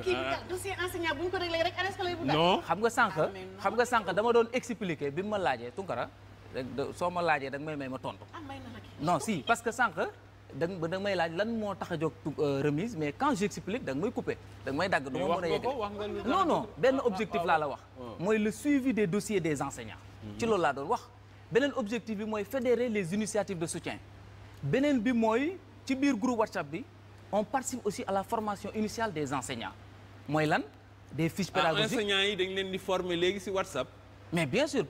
kii dossier bu ñu ko réglé rek année scolaire bu sànq ah, xam nga sànq dama doon expliquer bi ma laajee Tunkara soo ma laajee da nga may may ma tontu ah, non si parce que sànq da nga may laaj lan moo tax a jog jóg euh, remise mais quand j'explique da nga may couper da nga may dagg. du ma a yegg non non benn objectif laa la wax. Ah, ah, ah. mooy le suivi des dossiers des enseignants. ci loolu laa doon wax. beneen objectif bi mooy fédérer les initiatives de soutien beneen bi mooy ci biir groupe WhatsApp bi on participe aussi à la formation initiale des enseignants mooy lan. des fiches pédagogiques ah enseignants yi dañ leen di former léegi si WhatsApp. mais bien sûr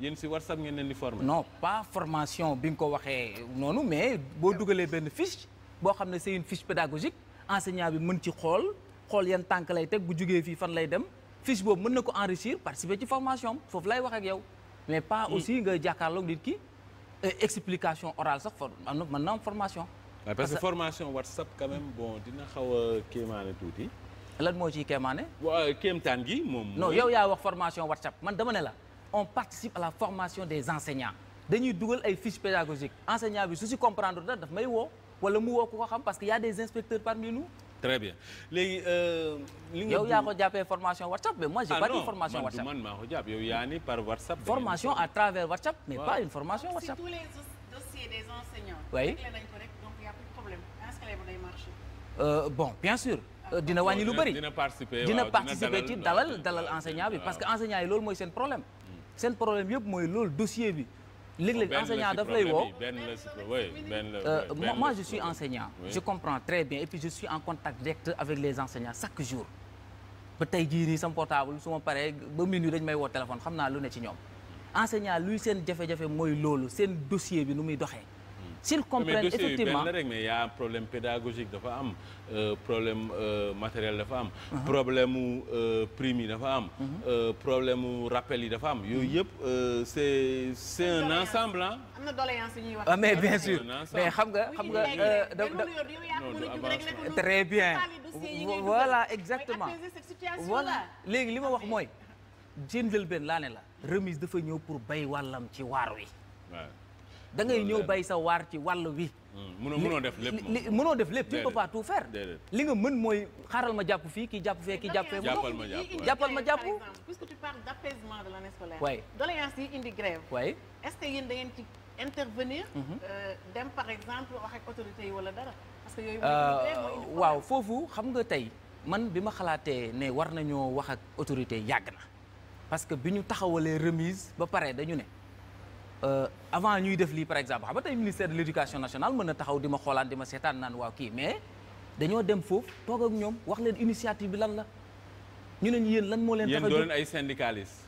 yéen si WhatsApp ngeen leen di former. non pas formation bi nga ko waxee noonu mais boo dugalee benn fiche boo xam ne c'est une fiche pédagogique enseignant bi mën ci xool xool yan tànk lay teg bu jugee fii fan lay dem fiche boobu mën na ko enrichir participer ci formation foofu lay wax ak yow. mais pas mm. aussi nga jàkkaarloog nit ki euh, explication orale sax for am na formation. parce, que formation WhatsApp quand même bon dina xaw a tuuti. lan moo ciy kéemaane. waaw kéemtaan gi moom. non yow yaa wax formation WhatsApp man dama ne la. on participe à la formation des enseignants dañuy dugal ay fiches pédagogiques enseignant bi su si comprendre da daf may woo wala mu woo ku ko xam parce que y a des inspecteurs parmi nous. très bien léegi. Euh, li ko jàppee formation WhatsApp mais moi j'ai ah pas dit formation WhatsApp par WhatsApp. à travers WhatsApp mais pas une formation WhatsApp. si tous les dossiers des enseignants. oui réglé a plus de problème est que day marché. Euh, bon bien sûr. Ah, euh, dina wàññi lu dina participer dina dalal dalal enseignant bi parce que enseignant yi loolu mooy seen problème. seen problème yëpp mooy loolu dossier bi. léeg-léeg enseignant daf lay woo euh, moi je suis enseignant oui. je comprends très bien et je suis en contact direct avec les enseignants chaque jour ba tey jii nii sama portable su ma paree ba minuit dañ may woo téléphone xam naa lu ne ci ñoom enseignant luy seen jafe-jafe mooy loolu seen dossier bi nu muy doxee s'ils comprennent mais effectivement mais benn problème pédagogique dafa am euh, problème euh, matériel dafa am. Uh-huh. problème mu euh, prime yi dafa am. Uh-huh. problème mu rappel yi dafa am. yooyu uh-huh. yëpp c' est est un ensemble ah. na mais bien sûr mais xam nga xam nga. très bien. voilà exactement. voilà léegi li ma wax mooy. jëndal benn laa la remise dafa ñëw pour bay wàllam ci waar wi. da ngay ñëw bay sa waar ci wàll wi. Hmm, mënoo def lépp li mënoo def lépp tu ne tout faire. li nga mën mooy xaaral ma jàpp fii kii jàpp fee kii jàpp fee. jàppal ma jàpp jàppal ma jàpp. puisque tu parles d'apaisement de l'année scolaire. waay ce que yéen da ngeen ci intervenir. Mm-hmm. Euh, dem par yi wala dara. parce euh, waaw foofu xam nga tey man bi ma xalaatee ne war nañoo wax ak autorités yàgg na parce que bi ñu taxawalee remise ba pare dañu ne. Euh, avant ñuy def lii par exemple xam tey ministère de l' éducation nationale mën a taxaw di ma xoolaan di ma seetaan naan waaw kii mais dañoo dem foofu toog ak ñoom wax leen initiative bi lan la ñu ne ñu yéen lan moo leen. tax a jóg yéen doo leen ay euh, syndicaliste.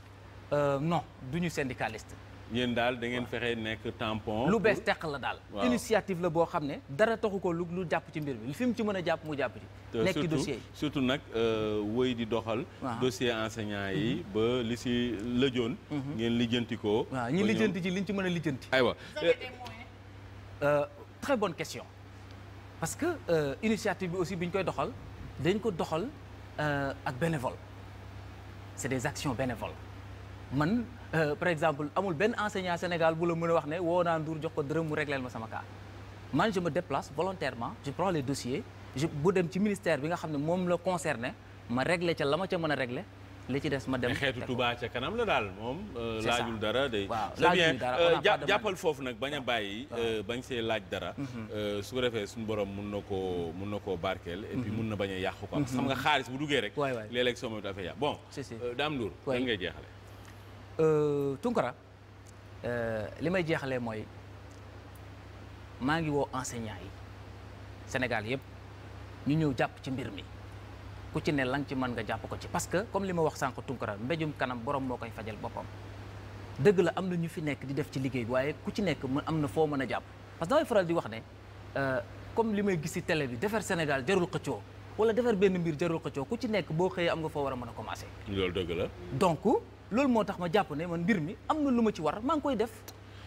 non duñu syndicaliste. yéen daal da ngeen fexe nekk tampon. lu bees teq la daal. initiative la boo xam ne. dara taxu ko lu lu jàpp ci mbir mi fi mu ci mën a jàpp mu jàpp ci. nekk ci dossier yi surtout nag euh, wëy di doxal. dossier enseignant yi mhm. ba li si lëjoon. Mhm. ngeen lijjanti ko. waaw ñi lijjanti ci liñ ci mën a lijjanti. aywa euh, très bonne question parce que euh, initiative bi aussi biñ koy doxal dañ ko doxal ak bénévole c'est des actions bénévoles Euh, par exemple amul benn enseignant Sénégal bu la mën a wax ne woo naa Ndour jox ko dërëm mu régleel ma sama cas man je me déplace volontairement je prends les dossiers je bu dem ci ministère bi nga xam ne moom la concerné ma réglé ca la ma ca mën a réglé li ci des ma dem xeetu Touba ca kanam la daal moom euh, laajul dara day c'est bien euh, jàppal foofu nag bañ a bàyyi bañ see laaj dara mhm. su ko defee suñu borom mun na koo mun na koo barkeel et puis mhm. mun na bañ a yàqu ko mhm. am nga xaalis bu duggee rek léeg-léeg soo moytu affaire yàq bon Dame Ndour dañ ngay jeexale Euh, Tunkara euh, li may jeexalee mooy maa ngi woo enseignant yi Sénégal yëpp ñu ñëw jàpp ci mbir mi ku ci ne lan ci man nga jàpp ko ci parce que comme li ma wax sànq Tunkara mbéjum kanam borom moo koy fajal boppam dëgg la am na ñu fi nekk di def ci liggéey waaye ku ci nekk mën am na foo mën a jàpp parce que damay di wax ne euh, comme li may gis ci télé bi defar Sénégal jarul xëccoo wala defar benn mbir jarul xëccoo ku ci nekk boo xëyee am nga foo war a mën a commencer. loolu dëgg la loolu moo tax ma jàpp ne man mbir mi am na lu ma ci war maa koy def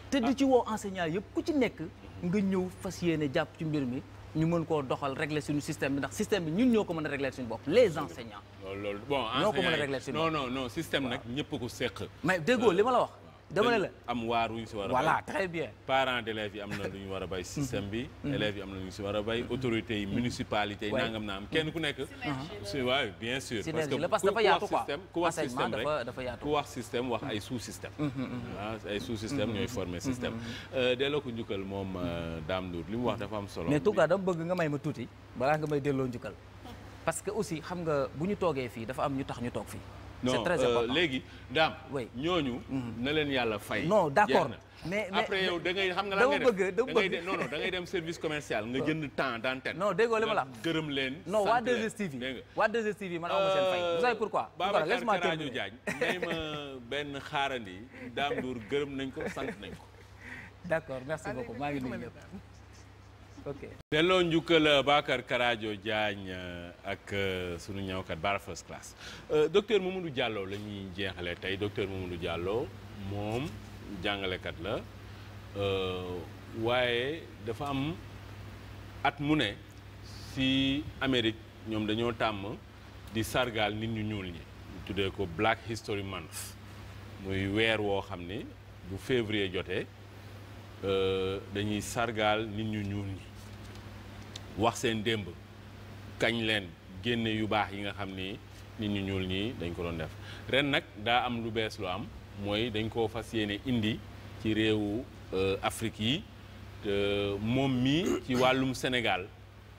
te di ci woo enseignant yëpp ku ci nekk nga ñëw fas yéene jàpp ci mbir mi ñu mën koo doxal régler suñu système bi ndax système bi ñun ñoo ko mën a régler suñu bopp les enseignants. loolu bon enseignants ñoo ko mën a régler suñu bopp no non non nag ñëpp ko seq mais déggoo li ma la wax. dama ne la am waar wu ñu si war a bay voilà très bien parents d'élèves yi am na lu ñu war a bay système bi mm-hmm. élèves yi am na lu ñu si war a bay mm-hmm. autorités yi mm-hmm. municipalité yi nangam na am kenn ku nekk si waaw bien sûr parce que parce que dafa yaatu quoi système wax système rek ku ay sous système waaw ah, ay sous système ñooy former système euh, delloo ko njukkal moom euh, daam Ndour li mu wax dafa am solo mais en tout dama bëgg nga may ma tuuti balaa nga may delloo njukkal parce que aussi xam nga bu ñu toogee fii dafa am ñu tax ñu toog fii c'est très euh, important léegi daam. ñooñu. Mhm. na leen yàlla fay. non d'accord mais mais après yow da ngay xam nga lan ngay def da ngay non non dem service commercial nga jënd temps d'antenne. non déggoo li ma la gërëm leen. no waa 2STV dégg nga waa 2 ma seen fay. vous savez pourquoi. pourquoi laisse-moi terminer Diagne may ma benn xaarandi Dame Ndour gërëm nañ ko sant nañ ko. d'accord merci beaucoup maa ngi nuyu ñëpp. ok delloo njukkal euh, Bakar Karajo Diagne euh, ak euh, sunu ñawkat Bara First Class docteur Mamadou Diallo la ñuy jeexalee tey docteur Mamadou Diallo moom jàngalekat la waaye dafa am at mu ne si amerique ñoom dañoo tàmm di sargaal nit ñu ñuul ñi. tuddee ko Black History Month muy weer woo xam ni bu février jotee dañuy sargaal nit ñu ñuul ñi. wax seen démb kañ leen génne yu baax yi nga xam ni nit ñu ñuul ñii dañ ko doon def ren nag daa am lu bees lu am mooy dañ koo fas yéene indi ci réewu euh, Afrique yi moom mii ci wàllum Sénégal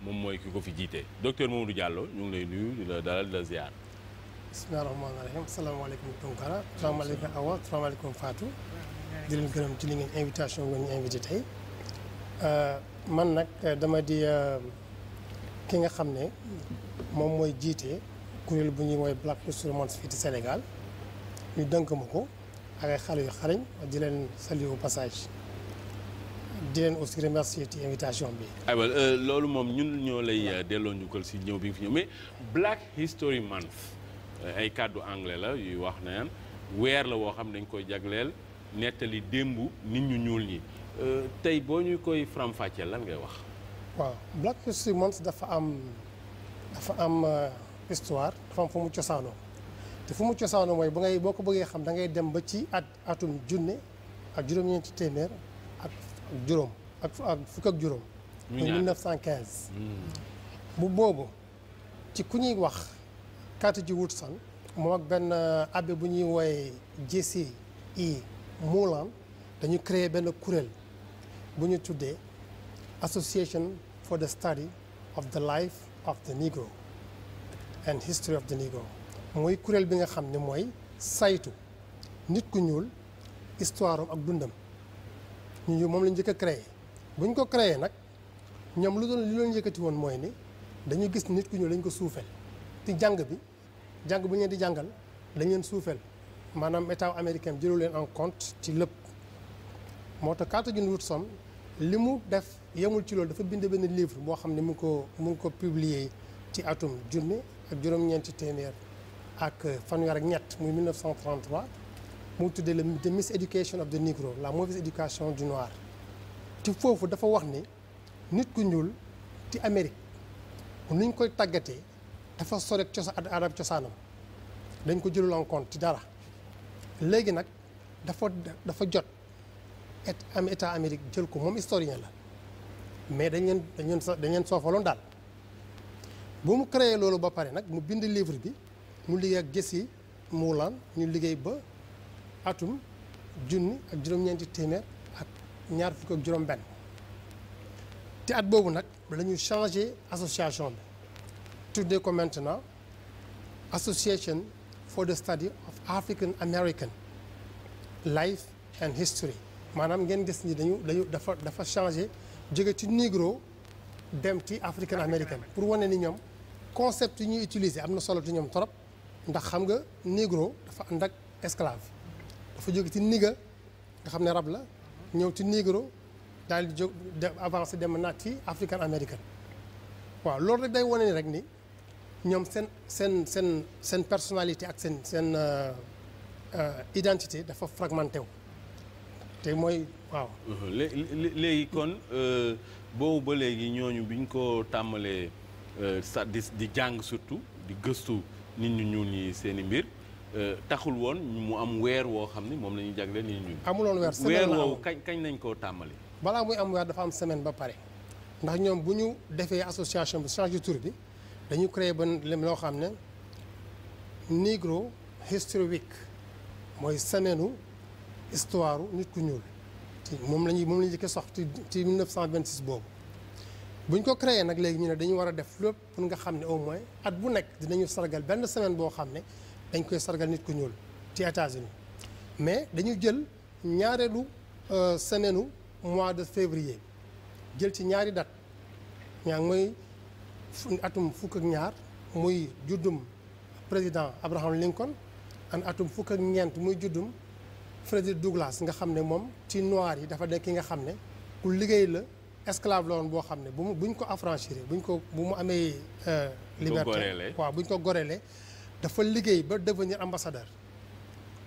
moom mooy ki ko fi jiite docteur Mamadou Diallo ñu ngi lay nuyu di la dalal di la ziar. bismillah rahmaani rahim salaamaaleykum Tounkara salaamaaleykum Awa salaamaaleykum Fatou di leen gërëm ci li ngeen invitation nga ñu invité man nag euh, dama di euh, ki nga xam ne moom mooy jiite kuréel bu ñuy mooy Black History Month fii ci Sénégal ñu dënk ma ko ak ay xale yu xarañ di leen saluer au passage di leen aussi remercier ci invitation bi. aywa euh, loolu moom ñun ñoo lay delloo njukkal si ñëw bi nga fi ñëw mais Black History Month ay kàddu anglais la yuy wax naan weer la woo xam dañ koy jagleel nettali démb nit ñu ñuul ñi. Euh, tey boo ñu koy faram-fàccee lan ngay wax. waaw Black History dafa am dafa am euh, histoire dafa am fu mu cosaanoo te fu mu cosaanoo mooy bu ngay boo ko bëggee xam da ngay dem ba ci at atum junne ak juróom-ñeenti téeméer ak juróom ak ak fukk ak juróom. muy 1915. Hmm. bu boobu ci ku ñuy wax Carnegie Woodson moom ak benn abbé bu ñuy woowee J.C. E. Moulin dañu créer benn kuréel. bu ñu tuddee association for the study of the life of the negro and history of the negro mooy kuréel bi nga xam ne mooy saytu nit ku ñuul histoire ak dundam ñu moom lañ njëkk a créé bu ñu ko créer nag ñoom lu doon li loolu njëkkati woon mooy ni dañu gis nit ku ñuul lañ ko suufeel ci jàng bi jàng bu ñu leen di jàngal dañ leen suufeel maanaam état américain jëlu leen en compte ci lépp moo tax kaata jun wut som li mu def yemul ci loolu dafa bind benn livre boo xam ne mu ngi ko mu ngi ko publier ci atum junne ak juróom-ñeenti téeméer ak fanweer ak ñett muy mu tuddee le the miseducation of the negro la mauvaise éducation du noir ci foofu dafa wax ni nit ku ñuul ci Amérique nuñ koy tàggatee dafa sore cosa arab cosaanam dañ ko jëlul en compte ci dara léegi nag dafa dafa jot am état Amérique jël ko moom historien la mais dañ leen dañ leen dañ leen soofaloon daal bu mu créer loolu ba pare nag mu bind livre bi mu liggéey ak Jesse Moorland ñu liggéey ba atum junni ak juróom-ñeenti téeméer ak ñaar fukk ak juróom-benn te at boobu nag la ñu changé association bi tuddee ko maintenant Association for the Study of African American Life and History maanaam ngeen gis ni dañu dañu dafa dafa changé jóge ci négro dem ci africain américain pour wane ni ñoom concept yi ñuy utiliser am na solo ci ñoom trop ndax xam nga négro dafa ànd ak esclave dafa jóge ci niga nga xam ne rab la ñëw ci négro daal di jóg avancé dem naat ci africain américain waaw loolu rek day wane ni rek ni ñoom seen seen seen seen personnalité ak seen seen euh, euh, identité dafa fragmenté wu te mooy waaw. Uh-huh. léegi kon euh, boobu ba léegi ñooñu bi ñu ko tàmbalee euh, sa di di jàng surtout di gëstu nit ñu ñuul ñi seeni i mbir euh, taxul woon mu am weer woo xam ne moom la ñuy jagle nit ñu. amuloon weer semaine weer woowu kañ kañ nañ koo tàmbali. balaa muy am weer dafa am semaine ba pare ndax ñoom bu ñu defee association bi changé tur bi dañu créé ba loo xam ne Negro History Week mooy semaine histoire nit ku ñuul moom la ñuy moom la ñuy sox ci ci 1926 boobu bu ñu ko créer nag léegi ñu ne dañu war a def lépp pour nga xam ne au moins at bu nekk dinañu sargal benn semaine boo xam ne dañ koy sargal nit ku ñuul ci états mais dañu jël ñaareelu euh, semaine mois de février jël ci ñaari dat ñaar mooy atum fukk ak ñaar muy juddum président Abraham Lincoln an atum fukk ak ñeent muy juddum. Frederick Douglass nga xam ne moom ci noir yi dafa nekk ki nga xam ne ku liggéey la esclave la woon boo xam ne bu mu bu ñu ko affranchir bu ñu ko bu mu amee. Euh, liberté waaw bu ñu ko gorelee dafa liggéey ba devenir ambassadeur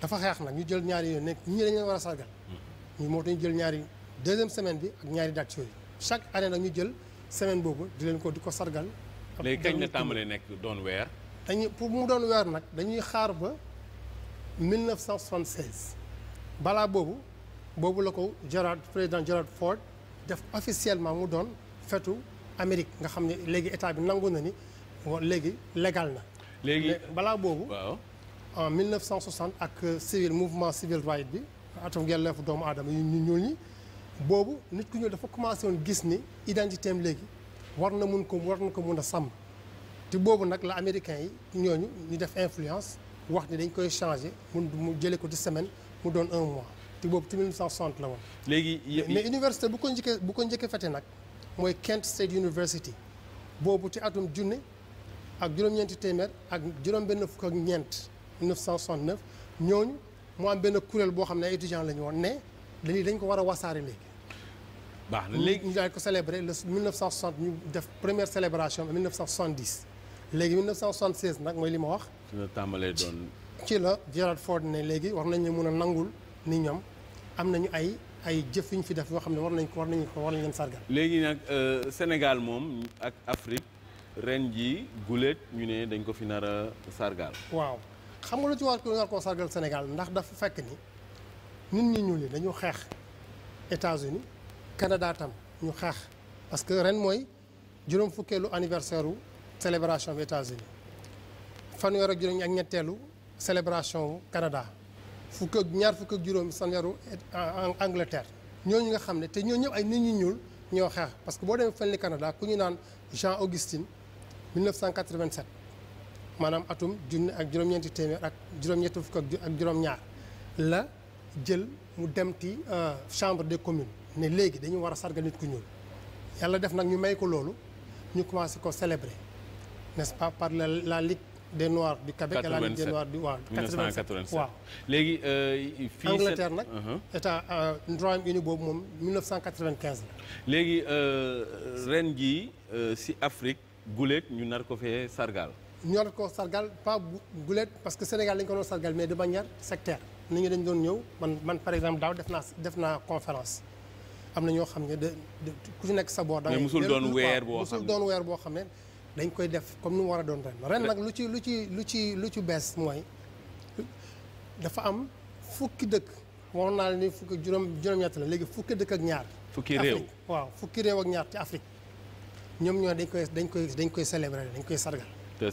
dafa xeex nag ñu jël ñaari nekk ñii dañu war a sargal. Mm-hmm. moo tax ñu jël ñaari deuxième semaine bi ak ñaari dates yooyu chaque année nag ñu jël semaine boobu di leen ko di ko sargal. léegi kañ la tàmbalee nekk doon weer. dañuy pour mu doon weer nag dañuy xaar ba 1976. balaa boobu boobu la ko Gerald président Gerald Ford def officiellement mu doon fetu Amérique nga xam ne léegi état bi nangu na ni léegi légal na. léegi balaa boobu. waaw en 1960 ak euh, civil mouvement civil right bi atum fu doomu aadama yi ñu ñuul ñi. boobu nit ku ñuul dafa commencé woon gis ni identité am léegi war na mun ko war na ko mun a sàmm te boobu nag la américains yi ñooñu ñu def influence wax ni dañ koy changé mun mu jëlee ko di semaine. mu doon un mois te boobu ci 1960 la woon. léegi mais université bu ko njëkkee bu ko njëkkee fete nag mooy Kent State University boobu ci atum junne ak juróom-ñeenti téeméer ak juróom-benn fukk ak ñeent 1969 ñooñu mu am benn kuréel boo xam ne ay étudiants la ñu woon ne dañuy dañ ko war a wasaare léegi. baax na léegi ñu daal ko célébrer le 1960 ñu def première célébration léegi nag mooy li ma wax. dina tàmbalee doon. ci la Gerald Ford ne léegi war nañu mun a nangul ni ñoom am nañu ay ay jëf yu fi def yoo xam ne war nañ ko war nañu ko war nañ leen sargal. léegi nag euh, Sénégal moom ak Afrique ren ji guléet ñu ne dañ ko fi nara a sargal. waaw xam nga lu ci war ko war sargal Sénégal ndax dafa fekk ni nit ñi ñuul yi dañu xeex États-Unis Canada ñu xeex parce que ren mooy juróom fukkeelu anniversaire u célébration bi États-Unis fanweer juróom ak ñetteelu. célébration wu Canada fukk ak ñaar fukk ak juróomi sanweeru Angleterre ñu nga xam ne te ñoo ñëpp ay nit ñu ñuul ñoo xeex parce que boo demee fenn ni Canada ku ñu naan Jean Augustine 1987 maanaam atum junni ak juróom-ñeenti téeméer ak juróom-ñetti fukk ak juróom-ñaar la jël mu dem ci euh, chambre des communes ne léegi dañu war a sargal nit ku ñuul yàlla def nag ñu may ko loolu ñu commencé ko célébrer nest pas par la la de noirs du Québec et la Ligue des noirs du waaw 1987 waaw léegi euh, fii Angleterre nag uh-huh. état euh, Royaume-Uni boobu moom 1995 la léegi euh, ren jii si Afrique guléet ñu nar ko fee sargal ñu nar ko sargal pas guléet parce que Sénégal lañ ko doon sargal mais de manière sectaire nit ñi dañ doon ñëw man man par exemple daaw def naa def naa conférence am na ñoo xam ne de ku ci nekk sa boor da musul doon weer boo xam ne dañ koy def comme nu mu war a doon ren ren nag lu ci lu ci lu ci lu ci bees mooy dafa am fukki dëkk wax naa la ni fukki juróom juróom-ñett la léegi fukki dëkk ak ñaar fukki waaw fukki réew ñaar ci Afrique ñoom ñoo dañ koy dañ koy dañ koy célébrer dañ koy sargal te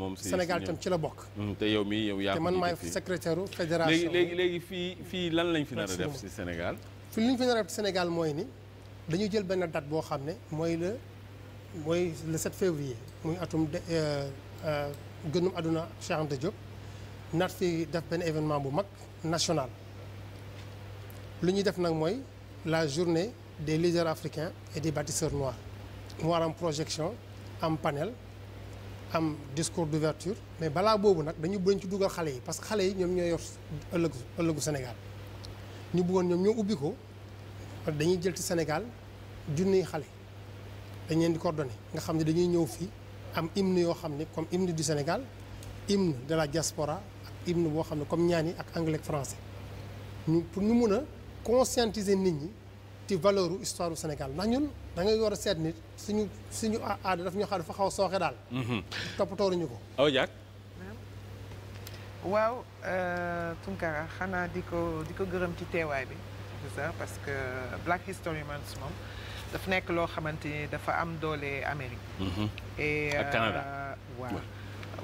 moom si Sénégal tam ci la bokk. Mm, te yow mi yow yaa man maay secrétaire fédération. léegi léegi léegi fii fii lan lañ fi nar a def si Sénégal. fi li ñu fi nar a def ci Sénégal mooy ni dañu jël benn date boo xam ne mooy la mooy le 7 février muy atum de euh, euh, gënum àdduna Cheikh de Diop naat fi def benn événement bu mag national lu ñuy def nag mooy la journée des leaders africains et des bâtisseurs noirs mu war am projection am panel am discours d'ouverture mais balaa boobu nag dañu bëñ ci dugal xale yi parce que xale yi ñoom ñoo yor ëllëgu ëllëgu Sénégal ñu bëggoon ñoom ñoo ubbi ko dañuy jël ci Sénégal junniy xale dañ leen di coordonné nga xam ne dañuy ñëw fii am hymne yoo xam ne comme hymne du Sénégal hymne de la diaspora ak hymne boo xam ne comme ñaan yi ak anglais ak français ñu pour ñu mën a conscientiser nit ñi ci valeur u histoire Sénégal ndax ñun da ngay war a seet nit suñu suñu aada daf ñu xam dafa xaw a sooxe daal. Mhm. toppatoo nañu ko. aw oh, jaag. waaw euh, Tunkara xanaa di ko di ko gërëm ci teewaay bi. c'est parce que Black History daf nekk loo xamante ni dafa am doole Amérique. Mhm. et ak Canada euh, waaw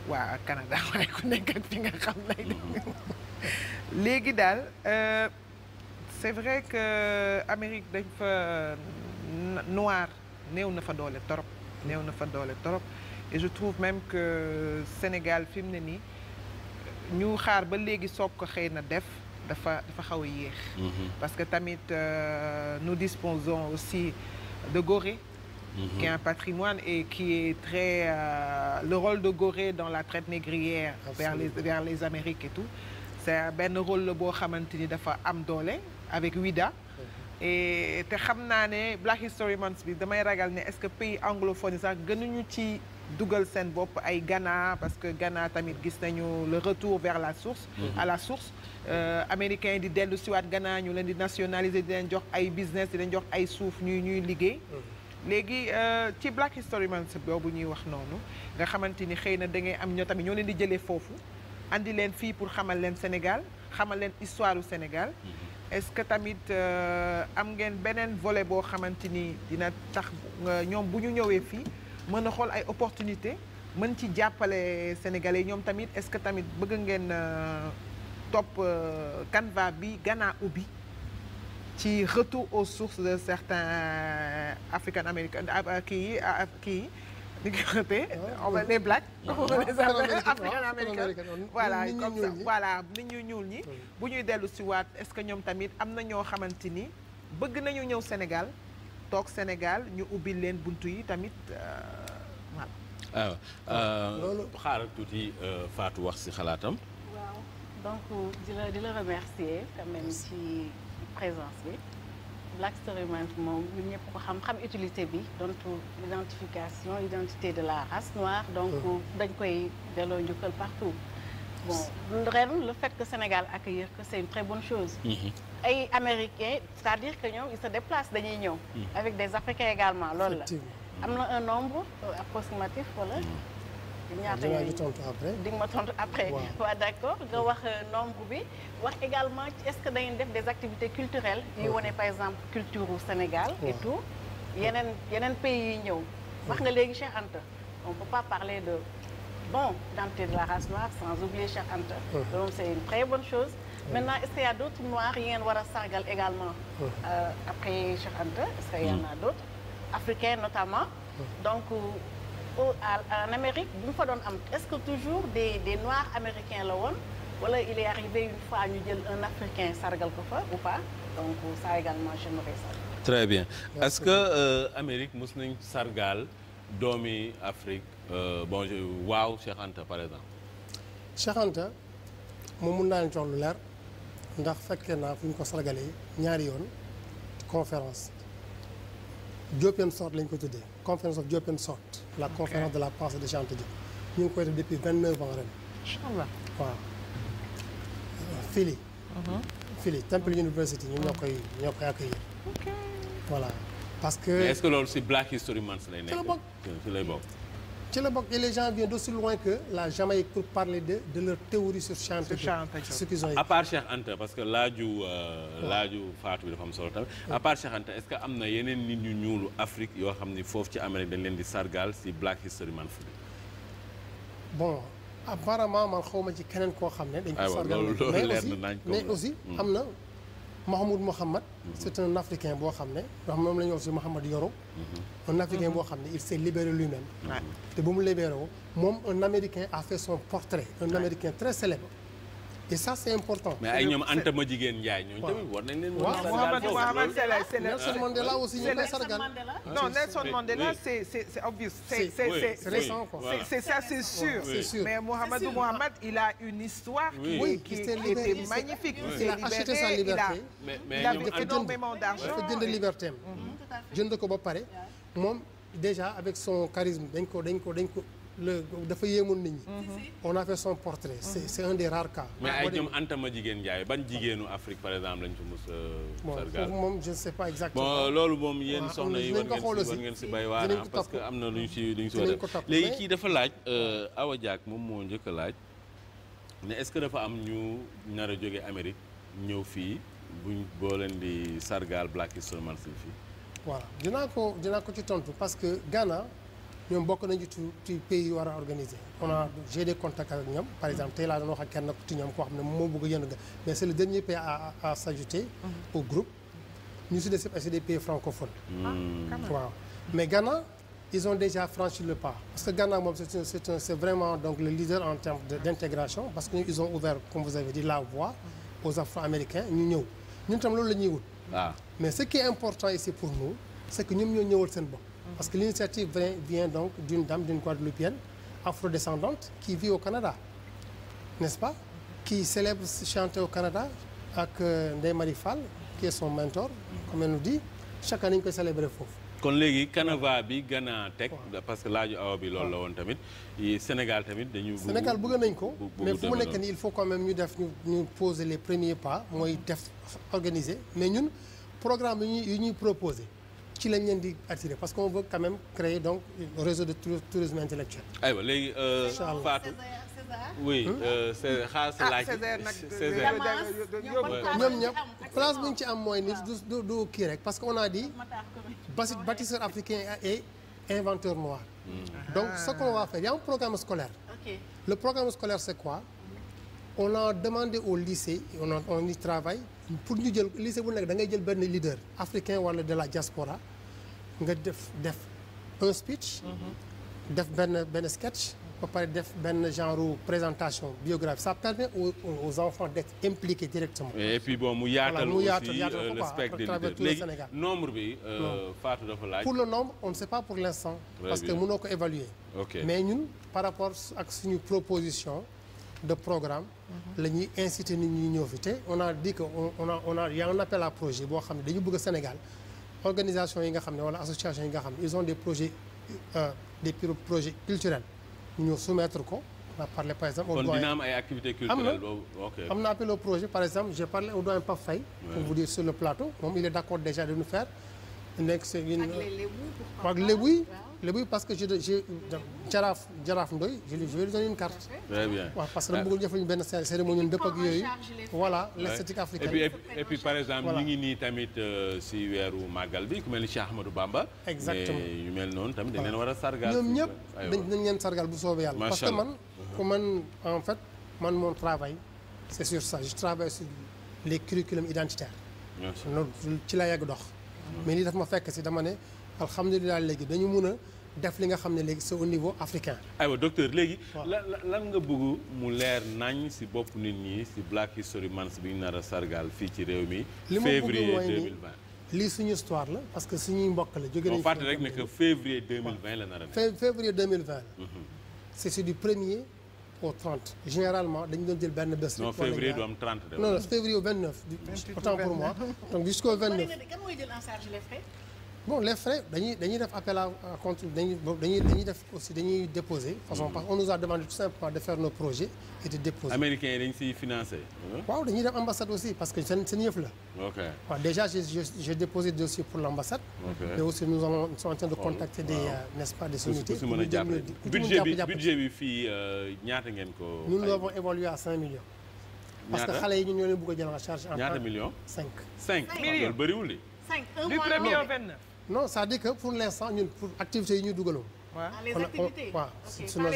waaw mhm. léegi daal euh, c'est vrai que Amérique dañ fa euh, noir néew na fa doole torop néew na fa doole torop et je trouve même que Sénégal fi mu ne nii ñu xaar ba léegi soog ko xëy na def. dafa dafa xaw a yéex. Mhm. parce que tamit nous disposons aussi de Gorée. Mm -hmm. qui est un patrimoine et qui est très euh, le rôle de Gorée dans la traite négrière. vers les vers les Amériques et tout. c'est benn rôle la boo xamante ni dafa am doole avec Ouida. Mhm. et te xam naa ne Black History Month bi damay ragal ne est-ce que pays anglophone sax gënuñu ci dugal seen bopp ay Ghana parce que Ghana tamit gis nañu le retour vers la source. Mhm. à la source. Euh, américain di dellu siwaat gannaaw ñu leen di nationaliser di leen jox ay business di leen jox ay suuf ñuy ñuy liggéey mm-hmm. léegi euh, ci Black History Month boobu ñuy wax noonu nga xamante ni xëy na da ngay am ñoo tamit ñoo leen jëlee foofu andi leen fii pour xamal leen Sénégal xamal leen histoire du Sénégal mm-hmm. est-ce que tamit euh, am ngeen beneen volet boo xamante ni dina tax ñoom bu ñu ñëwee fii mën a xool ay opportunité mën ci jàppale Sénégalais ñoom tamit est-ce que tamit bëgg ngeen topp euh, canevas bi Ghana ubbi ci retour aux sources de certains euh, africain américain euh, kii kii di gërëmee ah, on va les blacks. africain américain comme voilà nit ñu ñuul ñi. Ah. bu ñuy dellu si waat est-ce que ñoom tamit am na ñoo xamante ni bëgg nañu ñëw Sénégal toog Sénégal ñu ubbi leen buntu yi tamit voilà. Ah, xaaral tuuti Fatou wax ci xalaatam. donc di la remercier quand même ci présence bi Black Story Month moom ñun ñëpp ko xam xam utilité bi donc l'identification identité de la race noire donc hmm. dañ koy delloo njukkal partout bon ren le fait que Sénégal accueillir que c'est une très bonne chose hmm. ay américains c'est-à-dire que ñoom ils se déplacent dañuy ñëw hmm. avec des africains également loolu la am na un nombre approximatif wala ñaata yooyu tontu après di nga nga wax euh, nombre bi. wax également est ce que da ngeen def des activités culturelles. yuy wane par exemple culture ru Sénégal. et tout yeneen yeneen pays yi ñëw. wax nga léegi Cheikh Anta on peut pas parler de bon identité de la race noire sans oublier Cheikh Anta. donc c' est une très bonne chose. maintenant est ce que y' a d' autres noirs ngeen war a sargal également. Euh, après Cheikh Anta est ce que y' notamment donc. Euh, en Amérique bu mu fa doon am est-ce que toujours des des noirs la woon wala il est arrivé une fois ñu jël un africain sargal ko fa ou pas donc ça également j'aimerais bien est que euh, Amérique mos nañ sargal doomi Afrique euh, bon waaw Cheikh par exemple. Cheikh moom mun naa leen jox lu leer ndax fekkee naa fu ñu ko sargalee ñaari yoon conférence. Diopen Sort lañ ko tëdde conférence of Diopen Sort. la conférence de la pensée de Cheikh Anta Diop ñu ngi koy def depuis vingt neuf ans ren. Fili. Mhm. Fili Temple University ñoom ñoo koy ñoo koy accueillir. voilà parce que. Mais est-ce que loolu ci Black History Month la bokk ci la bokk et les gens viennent d'aussi loin que pour parler de leur théorie sur Cheikh Anta à part Cheikh Anta parce que laaju euh, laaju faatu bi dafa am solo tamit à part Cheikh Anta est-ce que am na yeneen nit ñu ñuulu Afrique yoo xam ni foofu ci Amérique dañ leen di sargal si Black History Month bi bon apparemment man xawma ci keneen koo xam ne dañ ko ah sargal mais aussi hmm. am na Mahmoud Mohamed. c' est un africain boo xam ne ndax moom la ñu wax si Mohamed Yoro. un africain boo xam ne il s' est libéré lui même. te bu mu libéré woo moom un américain a fait son portrait. un américain très célèbre. et ça c' est important. mais ay ñoom Anta ma jigéen Ndiaye ñooñu tamit war nañ leen. waaw waaw waaw Mandela c' est Nelson Mandela aussi ñu koy sargal. Ah, Nelson Mandela c' obvious. c' est sûr. c' sûr mais Mouhamadou Mouhamad il a une histoire. qui était magnifique. il a liberté. il liberté am. Mm-hmm. jënd ko ba pare moom déjà avec son charisme dañ ko dañ ko dañ ko. le dafa yéemoon nit ñi. Mm-hmm. on a fait son portrait. c'est mm-hmm. c'est un des rares cas. mais ay ñoom Antama jigéen Ndiaye ban jigéenu Afrique par exemple lañ fi mos a. bon moom je ne sais loolu moom yéen ah, soxna yi war ngeen si war ngeen si bay waana parce am na lu ñu si lu ñu si war a def léegi kii dafa laaj euh, Awa moom moo njëkk a laaj ne est-ce que dafa am ñu nar a jóge Amérique ñëw fii buñ boo leen di sargal Black History Month fii. dinaa ko dinaa ko ci tontu parce Ghana. ñoom bokk nañu ci ci pays war a organiser on a j'ai des contacts ak par exemple tey laa doon wax ak kenn ci ñoom koo xam ne moom bëgg yënd ga mais c'est le dernier pays à à mm-hmm. au groupe ñu si des c'est des pays francophones ah, mais Ghana ils ont déjà franchi le pas parce que Ghana moom c'est vraiment donc le leader en termes d'intégration parce que ils ont ouvert comme vous avez dit la voie mm-hmm. aux Afro-Américains ñu ñëw ñun tam loolu la ñuy wut ah. mais ce qui est important pour nous ñoo ñëwal seen bopp Parce que l'initiative vient donc d'une dame, d'une Guadeloupéenne, afrodescendante, qui vit au Canada, n'est-ce pas Qui célèbre chanter au Canada avec euh, Ndeye Marifal, qui est son mentor, comme elle nous dit. Chaque nañ on célèbre foofu. kon léegi canevas bi gën a teg. parce que laaju awa bi loolu la woon tamit. Sénégal tamit dañu. Sénégal bëgg nañ ko. mais fu mu nekk nii il faut quand même ñu def ñu ñu poser les premiers pas mooy def organiser mais ñun programme yi ñuy yi ñuy proposé. ci lañ leen di attirer parce qu'on veut quand même créer donc un réseau de tourisme intellectuel. aywa léegi euh, Fatou. oui hmm? euh, xaar ah, sa ci am mooy nit kii rek parce que on a dit basi bâtisseur africain et inventeur noir. Hmm. donc ce qu'on va faire il y a un programme scolaire. le programme scolaire c'est quoi. on a demandé au lycée on a y travaille pour ñu jël lycée bu nekk da ngay jël benn leader africain wala de la diaspora nga def def un speech. Mm-hmm. def benn benn sketch. ba pare def benn genre présentation biographie ça permet aux, aux enfants d'être impliqués directement. mu yaatal aussi euh, le spectre des leaders léegi nombre bi. Euh, Fatou dafa laaj. pour le nombre on ne sait pas pour l'instant parce que mënoo ko évaluer. mais ñun par rapport ak suñu proposition de programme. Mm-hmm. la ñuy nit ñi ñëw fi te on a dit que on a on a y a un projet boo xam ne dañu bëgg Sénégal. organisation yi nga xam ne wala association yi nga xam ne ils ont des projets euh, des projets culturels ñu soumettre ko on a par exemple. au doyen kon am ay activités culturelles. am na am na appel au projet par exemple j'ai parlé au doyen Pape Faye. pour vous dire sur le plateau moom il est d'accord déjà de nous faire. nekk c'est une ak lébu yi lébu parce que je je jaraaf jaraaf ndoy je lui je vais lui donner une carte. bien waaw parce que dama ah. bëggoon jëfandikoo benn cérémonie ñu dëpp ak yooyu. voilà l'esthétique africaine. et puis et ngi nii tamit euh, si weeru màggal bi ku mel ni Cheikh Ahmadou Bamba. exactement mais yu mel noonu tamit dañ leen war a sargal. ñoom ñëpp dañ leen sargal bu soobee yàlla. parce que man ku man en fait man mon travail. c'est sur ça je travaille sur les curriculums identitaires. loolu ci la yàgg dox. mais lii daf ma fekk si dama ne alhamdulilah léegi dañu mun a def li nga xam ne léegi c'est au niveau africain. aywa docteur léegi. lan nga bëgg mu leer nañ si bopp nit ñi si Black History Month bi ñu nara a fii ci réew mi. mooy 2020 lii suñu histoire la parce que suñuy mbokk la. jóge nañu fàttali rek ne que la nar a nekk. février 2020. Mhm. c'est du premier. au 30 généralement dañu doon jël benn bés. non février du am 30 de. non non février au 29. autant pour moi donc jusqu'au 29. bon les frais dañuy dañuy def appel à compte dañuy dañuy dañuy def aussi dañuy déposer façon parce qu'on mm. nous a demandé tout simplement de faire nos projets et de déposer. américains yi dañ financé. dañuy dem ambassade aussi parce que se seen yëf la. ok waaw déjà j'ai déposé dossier pour l'ambassade. mais aussi nous avons nous en train de contacter des euh, n'est-ce pas des sociétés. ku mën a jàppale budget budget bi fii euh, ñaata ngeen ko. nous nous avons évolué à 5 millions. parce que xale yi ñun ñoo leen a jël en charge. en tant que non c'est-à-dire que pour l'instant ñun pour activités yi ñu dugaloon. waaw ah, les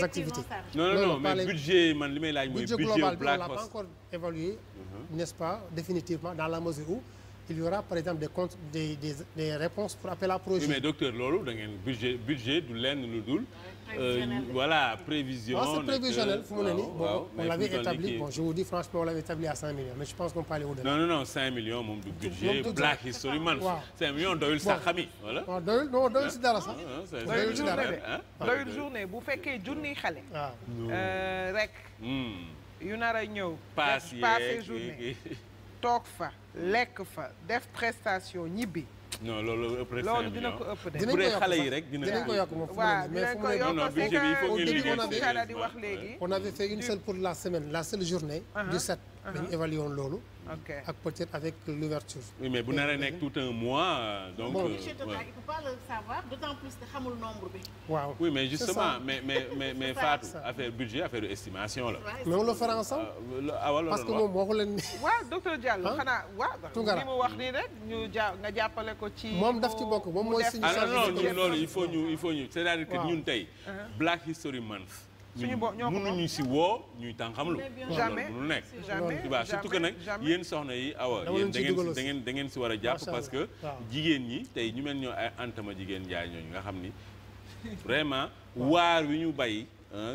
activités waaw non non non mais budget man li may laaj mooy. budget global bi on l'a pas encore évalué. Mhm. n'est-ce pas définitivement dans la mesure où. il y aura par exemple des comptes des réponses pour appel à projet. docteur loolu da ngeen budget budget du lenn lu dul. Euh, voilà prévision. non c'est prévisionnel fu mu ne nii. waaw on l'avait établi bon je vous dis franchement on l'avait établi à 5 millions mais je pense qu'on peut aller au-delà. non non non 5 millions moom du budget. black history man. waaw 5 millions doyul sa xami. voilà waaw doyul non doyul si dara sax. doyul si dara doyul journée bu fekkee junniy xale. waaw euh, rek. Hmm. yu nar a ñëw. paase yeeg paase journée toog fa lekk fa def prestation ñibbi. non loolu ëpp rek loolu dina ko ëpp de. dinañ ko yokk xale yi rek dinañ ko yokk moom. waaw dinañ ko yokk parce que au début on avait on avait fait une seule pour la semaine la seule journée. du 7. Uh-huh. dañu uh-huh. évaluer woon loolu. ak peut-être avec l'ouverture oui mais bu naree nekk tout un mois. donc bon euh, monsieur Total il peut pas le savoir d'autant plus que xamul nombre bi. waaw oui mais justement mais mais mais mais Fatou affaire budget affaire estimation la. mais on le fera ensemble. Ah, ah, parce que moom waxu leen. waaw docteur Diallo xanaa waaw. Tounkara li mu wax nii rek ñu ja nga jàppale ko ci. moom daf ci bokk moom mooy suñu. ah non non loolu il faut ñu il faut ñu c'est-à-dire que ñun tey. Uh-huh. Black History Month. suñu bo ñoo mënuñu si woo ñuy tànqamlu. jamais mënul nekk. jamais tu vois surtout que nag yéen soxna yi awa yéen da ngeen da ngeen da ngeen si war a jàpp parce que jigéen ñi tey ñu mel ñoo ay antama jigéen njaay ñooñu nga xam ni vraiment waar wi ñu bay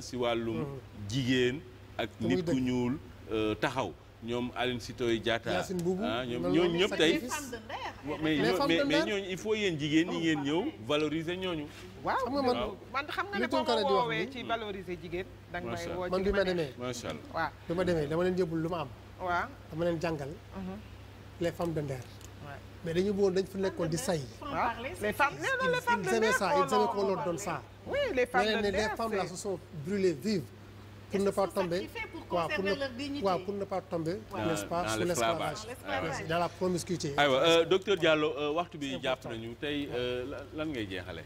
si wàllum jigéen ak nit ku ñuul euh, taxaw ñoom Aline Sitoé Diatta Yacine Boubou ah, ñoom ñooñu ñëpp tey mais mais ñooñu il faut yéen jigéen ñi ngeen ñëw valoriser ñooñu. waaw xam nga man man xam nga ne boo ma woowee ci valoriser jigéen. danga may woo man bi ma demee macha allah waaw bi ma demee dama leen yóbbul lu ma am. waaw dama leen jàngal. Mhm. les femmes de Nder. mais dañu bëggoon dañ fi nekkoon di say. les femmes les femmes de Nder ils savaient ça ils savaient qu'on leur donne les femmes de Nder les femmes là se sont brûlées pour ne pas tomber waaw pour ne waaw pour ne pas tomber n'est-ce pas sous l'esclavage dans la promiscuité aywa euh, docteur Diallo euh, waxtu bi jàpp nañu tey euh, lan ngay jeexale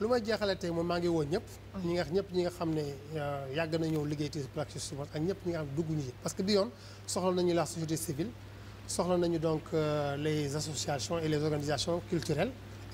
lu may jeexale tey moom maa ngi woon ñëpp mm-hmm. ñi nga ñëpp ñi nga xam ne yàgg na ñëw liggéey ci Plaque Suisse ak ñëpp ñi nga xam dugg ñu ci parce que bi yoon soxla nañu la société civile soxla nañu donc les associations et les organisations culturelles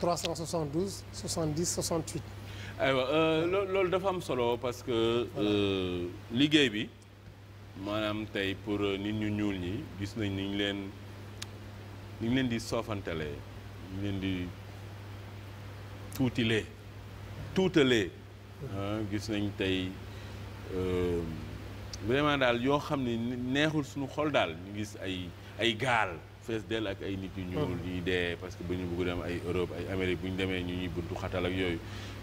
372 70 68. aywa euh, loolu dafa am solo parce que euh, liggéey bi maanaam tey pour euh, nit ñu ñuul ñi gis nañ niñ leen ni ñu leen di soofantalee ñu leen di tuutilee tuutalee. gis nañ tey vraiment daal yoo xam ne neexul suñu xool daal ñu gis ay ay gaal. fees dell ak ay nit yu mm. ñuul ñuy dee parce que ba ñu bëgg dem ay Europe ay Amérique bu ñu demee ñu ñuy buntu xatal ak yooyu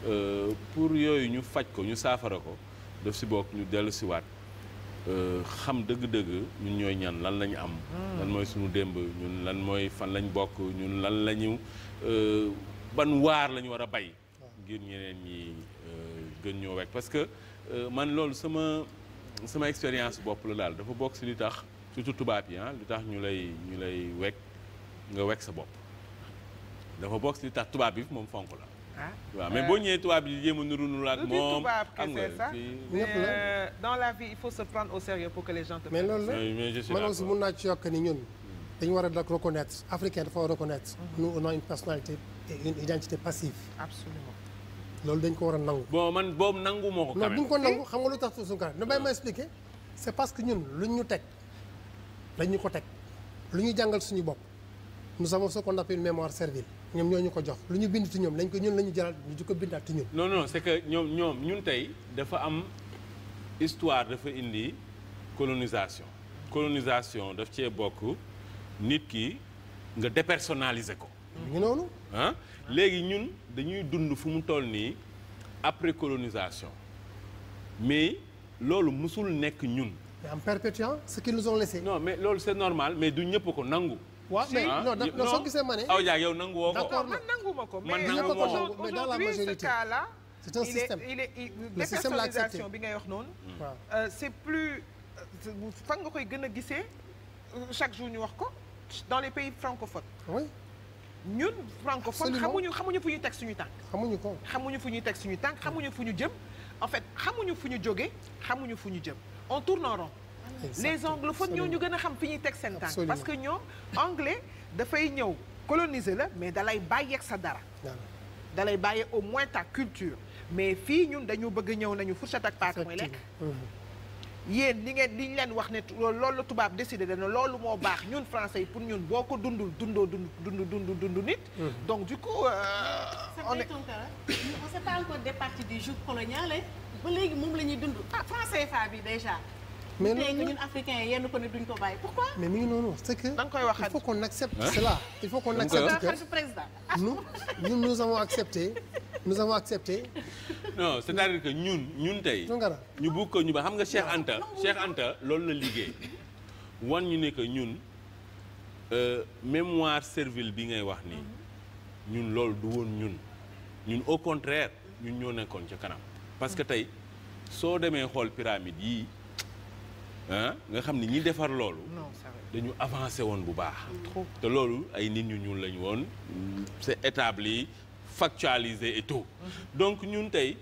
euh, pour yooyu ñu faj ko ñu saafara ko def si bokk ñu dellu siwaat euh, xam dëgg-dëgg ñun ñooy ñan lan la ñu am mm. lan mooy suñu démb ñu lan mooy fan lañ bokk ñun lan la ñu euh, ban waar lañu ñu war a bay ngir ñeneen ñi gën ñoo wekk parce que man loolu sama sama expérience bopp la daal dafa bokk si li tax surtout tubaab yi ah lu tax ñu lay ñu lay wekk nga wekk sa bopp dafa bokk si tax tubaab bi moom fonk la. Ah, waaw mais euh, boo ñëwee yi jéem a nuru moom xam nga euh, la vie il faut se prendre la man aussi mun naa ci yokk ni ñun hmm. dañu war a dak reconnaître a reconnaître hmm. nous on a une personnalité et ko war a nangu bon man boobu nangu moo ko non duñ ko nangu xam nga lu tax suñu kanam damay hmm. ma expliquer c'est parce ñun luñ ñu teg dañu ko teg lu ñu jàngal suñu bopp nous sama ce qu'on appelle mémoire servile ñoom ñoo ñu ko jox lu ñu bind ci ñoom lañ ko ñun lañu ñu jëlaat ñu di ko bindaat ci ñun. non non c'est que ñoom ñoom ñun tey dafa am histoire dafa indi colonisation. colonisation daf cee bokk nit ki nga dépersonnaliser ko. ñu noonu. ah léegi ñun dañuy dund fu mu toll nii après colonisation mais loolu mosul nekk ñun. mais en perpétuant ce qu'ils nous ont laissé. non mais loolu c'est normal mais du ñëpp ko nangu. waaw mais ah, non soo gisee ma ne. aw ah, yow nangu woo ko d'accord man ah, nanguma ko. man nangu ko mais dans la majorité c'est un système il est il est bi ngay wax noonu. waaw mm. euh, c'est plus euh, fan nga koy gën a gisee euh, chaque jour ñu wax ko dans les pays francophones. oui. ñun francophone xamuñu xamuñu fu ñu teg suñu tànk. xamuñu ko xamuñu fu ñuy teg suñu tànk xamuñu fu ñu jëm en fait xamuñu fu ñu jóge xamuñu fu ñu jëm. on tourne en rond les anglophones ñoo ñu gën a xam fi ñuy teg seen parce que ñoom anglais dafay ñëw coloniser la mais dalay bàyyeek sa dara dalay bàyyeeg au moins ta culture mais fii ñun dañu bëgg ñëw nañu fourchette ak paaka mooy lekk mm-hmm. yéen li ngeen li ñu leen wax ne loolu la tubaab décidé dana loolu moo baax ñun français yi pour ñun boo ko dundul dundoo dund dund dund dund nit. Mm-hmm. donc du ko Euh, on est on s'est pas encore départi du joug colonial ba léegi moom la ñuy dund ah franc CFA mais loolu ñun africains yi yenn ko ko bàyyi mi ngi noonu c'est que. koy waxaat il faut qu'on accepte cela. il faut qu'on accepte que président. nous ñun nous avons accepté nous avons accepté. non c'est-à-dire que ñun ñun tey. ñu bugg ko ñu ba xam nga Cheikh Anta. Cheikh Anta loolu la liggéey. wan ñu ne que ñun euh, mémoire servile bi ngay wax nii. ñun loolu du woon ñun. ñun au contraire ñun ñoo nekkoon ca kanam. parce que tey soo demee xool pyramide yii nga xam ni ñi defar loolu. dañu avancé woon bu baax. te loolu ay nit ñu ñuul lañu woon c'est étable factualisé et tout. Mm-hmm. donc ñun tey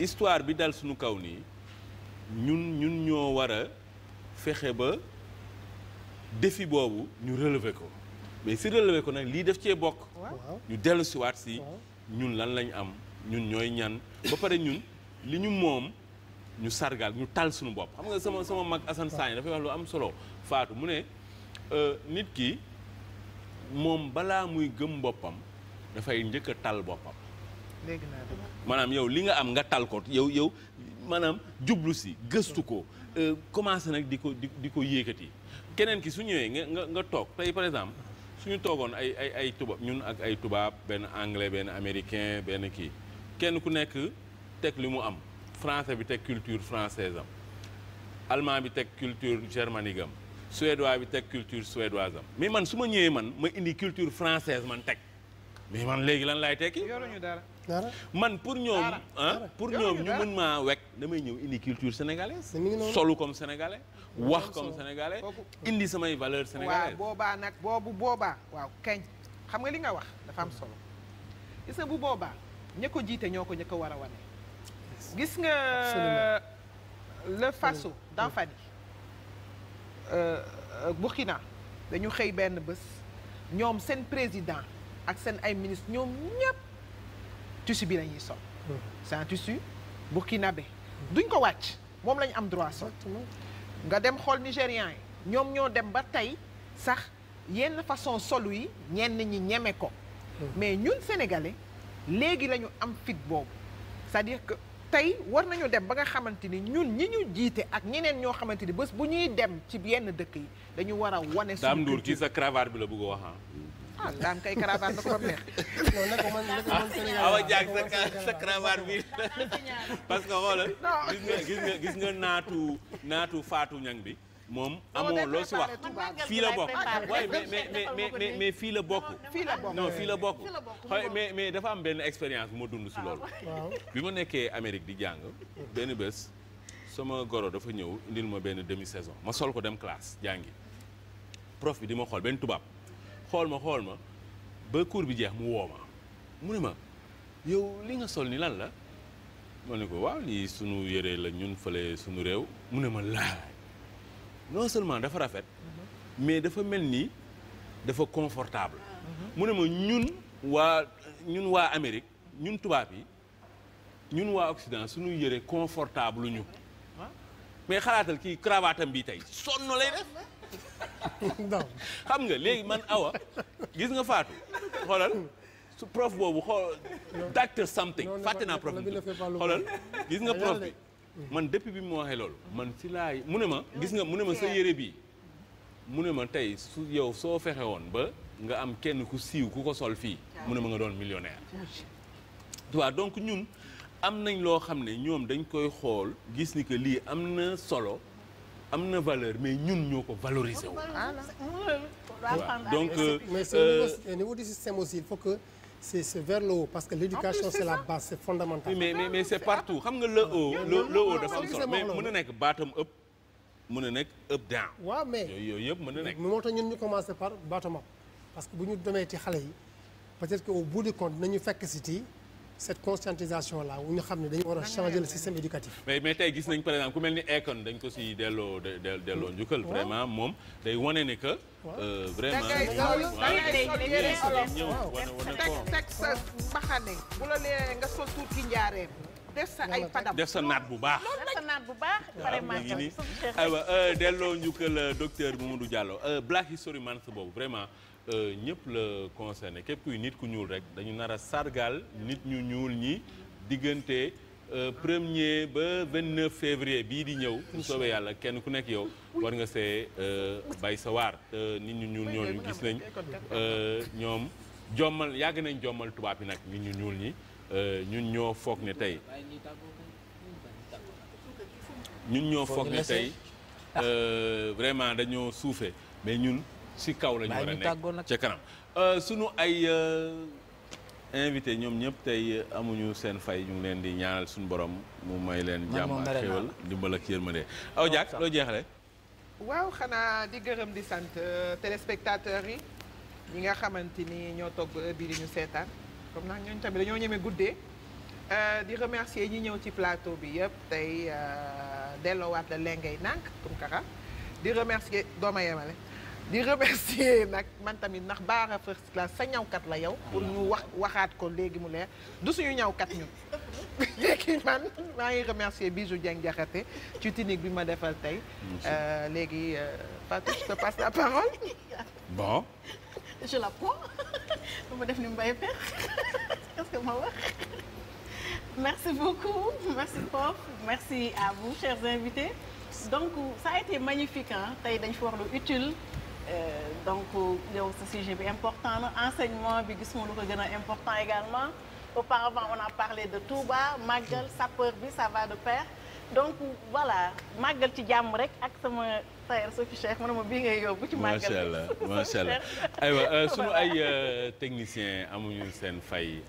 histoire bi dal suñu kaw nii ñun ñun ñoo war a fexe ba défi boobu ñu relever ko mais si relever ko nag lii def cee bokk. ñu dellu siwaat si ñun lan lañ am ñun ñooy ñan. ba pare ñun li ñu moom ñu sargal ñu tal suñu bopp xam nga sama sama mag Assane Sagne dafay wax lu am solo faatu mu ne euh, nit ki moom balaa muy gëm boppam dafay njëkk a tal boppam. dégg maanaam yow li nga am nga tal ko yow yow maanaam jublu si gëstu ko euh, commencé nag di ko di di ko yéekati keneen ki su ñëwee nga nga nga toog tey par exemple su ñu toogoon ay ay ay tubaab ñun ak ay tubaab benn anglais benn américain benn kii. kenn ku nekk teg li mu am français bi teg culture française am allemand bi teg culture germanique am suédois bi teg culture suédoise am mais man su ma ñëwee man ma indi culture française man teg mais man léegi lan laay tekki. yoruñu dara dara man pour ñoom. ah pour ñoom ñu mën maa wekk damay ñëw indi culture sénégalaise. solu comme sénégalais. wax comme sénégalais indi samay valeur sénégalaise. waaw boobaa nag boobu boobaa. waaw kañ xam nga li nga wax dafa am solo gis bu boobaa. ña ko jiite ñoo ko ña ko war a wane. gis nga le Faso d'en Fadi euh, euh, Burkina dañu xëy benn bés ñoom seen président ak seen ay ministre ñoom ñëpp tissu bi la ñuy sol. Hmm. c'est un tissu hmm. duñ ko wàcc moom lañu am droit sol. nga dem xool nigérian yi ñoom ñoo dem ba tey sax yenn façon solu yi ñenn ñi ñeme ko. Hmm. mais ñun sénégalais. léegi la am fit boobu cest di dire tey war nañu dem ba nga xamante ni ñun ñi ñu jiite ak ñeneen ñoo xamante ni bés bu ñuy dem ci yenn dëkk yi dañu war a wane. suñu Ndour ci sa cravate bi la bëgg a wax ah daam kay cravate na ko ba neex. a naka sa sa bi parce que xoolal. gis nga gis nga naatu naatu faatu ñang bi. moom amoo loo si wax fii la bokk waaye mais fii la bokk. fii la bokk non mais mais dafa am benn expérience bu ma dund si ah, loolu. bi ma nekkee Amérique di jàng. benn bés sama goro dafa ñëw indil ma benn demi saison ma sol ko dem classe jàngi. prof bi di ma xool benn tubaab xool ma xool ma ba cours bi jeex mu woo ma mu ne ma yow li nga sol ni lan la ma ne ko waaw lii sunu yére la ñun fële sunu réew mu ne ma laaj. non seulement dafa rafet mais dafa mel nii dafa confortable mu ne ma ñun waa ñun waa amerique ñun tubaab yi ñun waa Occident suñu yëre confortable ñu mais xalaatal kii cravaatam bi tey sonn lay def xam nga léegi man awa gis nga faatu xoolal su prof boobu xool docteur something fàtte naa prof bi xoolal gis nga prof bi man depuis bi mu waxee loolu. man si laay mu ne ma. gis nga mu ne ma sa yére bii. mu ne ma tey su yow soo fexe woon ba nga am kenn ku siiw ku ko sol fii. mu ne ma nga doon millionnaire. waaw donc ñun am nañ loo xam ne ñoom dañ koy xool gis ni que lii am na solo am na valeur mais ñun ñoo ko valoriser wu. donc. mais c'est un euh, niveau système aussi il c'est vers le haut parce que l'éducation c'est la base c'est fondamental. mais mais mais c'est partout xam nga le haut. le haut dafa am solo mais mën na nekk bottom up. mën na nekk up down. waaw mais yooyu yëpp mën na nekk. moo tax ñun ñu commencé par bottom up parce que bu ñu demee ci xale yi peut-être que au bout du compte nañu fekk si ti cette conscientisation là wu ñu xam ne dañu war a changer le système éducatif. mais mais tey gis nañ par exemple ku mel ni Akon dañ ko si delloo delloo njukkal. vraiment moom day wane ne que. vraiment teg sa mbaxane bu la def sa ay padam def sa naat bu baax. def sa naat bu baax. vraiment aywa delloo njukkal docteur Mamadou Diallo Black History Month boobu vraiment. Euh, ñëpp la concerné képp kuy nit ku ñuul rek dañu nar a sargal nit ñu ñuul ñi diggante euh, premier ba 29 février bii di ñëw bu soobee yàlla kenn ku nekk yow war nga see euh, bay sa waar nit ñu ñuul ñooñu gis nañ ñoom jommal yàgg nañ jommal tubaab yi nag nit ñu ñuul ñi ñun ñoo foog ne tey ñun ñoo foog ne tey vraiment dañoo suufe mais ñun si kaw la ñu war a nekk ca kanam euh, sunu ay euh, invité ñoom ñëpp tey euh, amuñu seen fay ñu leen di ñaanal suñu borom mu may leen jàmm ak xéwal dimbal ak yërmande aw jaak loo jeexale waaw xanaa di gërëm di sant téléspectateurs yi ñi nga xamante ni ñoo toog ba di ñu seetaan comme nag ñooñu tamit dañoo ñeme guddee di remercier ñi ñëw ci plateau bi yëpp tey delloowaat la lengay nànk Tunkara di remercier dooma yemale di remercier nag man tamit ndax Baara first class sa ñawkat la yow pour ñu wax waxaat ko léegi mu leer du suñu ñawkat ñun léegi man maa ngi remercier Bijou Dieng Diakhaté ci technique bi ma defal tey euh, léegi euh, Fatou je te passe la parole bon je la prends def ni Mbaye que ma wax merci beaucoup merci prof merci à vous chers invités donc ça a été magnifique ah tey dañ fi wax lu utile Euh, donc yow sa sujet bi important na enseignement bi gis mu lu ko gën a important également auparavant on a parlé de Touba màggal sapeur bi ça de pair donc voilà màggal ci jàmm rek ak sama tailleur Sophie Cheikh ma ne ma bii ngay yóbbu ci màggal macha allah macha euh, euh, seen fay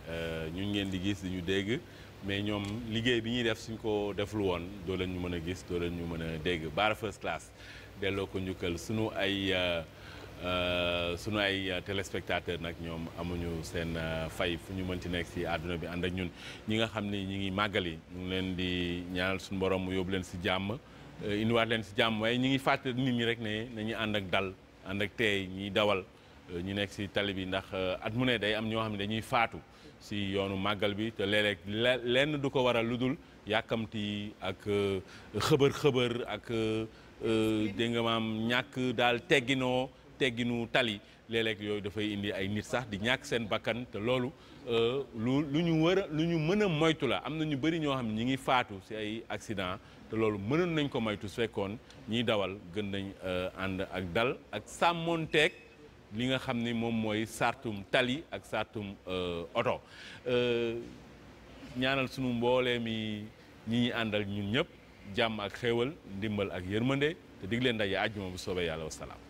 ñun ngeen di gis di ñu dégg mais ñoom liggéey bi ñuy def suñ ko deful woon doo leen ñu mën a gis doo leen ñu mën a dégg baara first class delloo ko njukkal sunu ay euh, euh, sunu ay euh, téléspectateur nag ñoom amuñu seen fay fu ñu mënti nekk ci àdduna bi ànd ak ñun ñi nga xam ni ñi ngi màggali ñu ngi leen di ñaanal suñu borom mu yóbbu leen ci jàmm indiwaat leen ci jàmm waaye ñi ngi fàttali nit ñi rek ne na nañu ànd ak dal ànd ak teey ñiy dawal ñu nekk ci tali bi ndax at mu ne day am ñoo xam ne dañuy faatu si yoonu màggal bi te léeg-léeg lenn du ko waral lu dul yàkkamti ak xëbër xëbër ak Euh, dégg nga ñàkk daal tegginoo tegginu tali léeg-léeg yooyu dafay indi ay nit sax di ñàkk seen bakkan te loolu euh, lu lu ñu war lu ñu mën a moytu la am na ñu bëri ñoo xam ne ñi ngi faatu si ay accident te loolu mënoon nañ ko moytu su fekkoon ñiy dawal gën nañ euh, ànd ak dal ak sàmmoonteeg li nga xam ni moom mooy sartum tali ak sartum oto ñaanal sunu mboolee mi ñi àndal ñun ñëpp jàmm ak xéewal ndimbal ak yërmande te dig leen ndaje àjjuma bu soobee yàlla wasalaam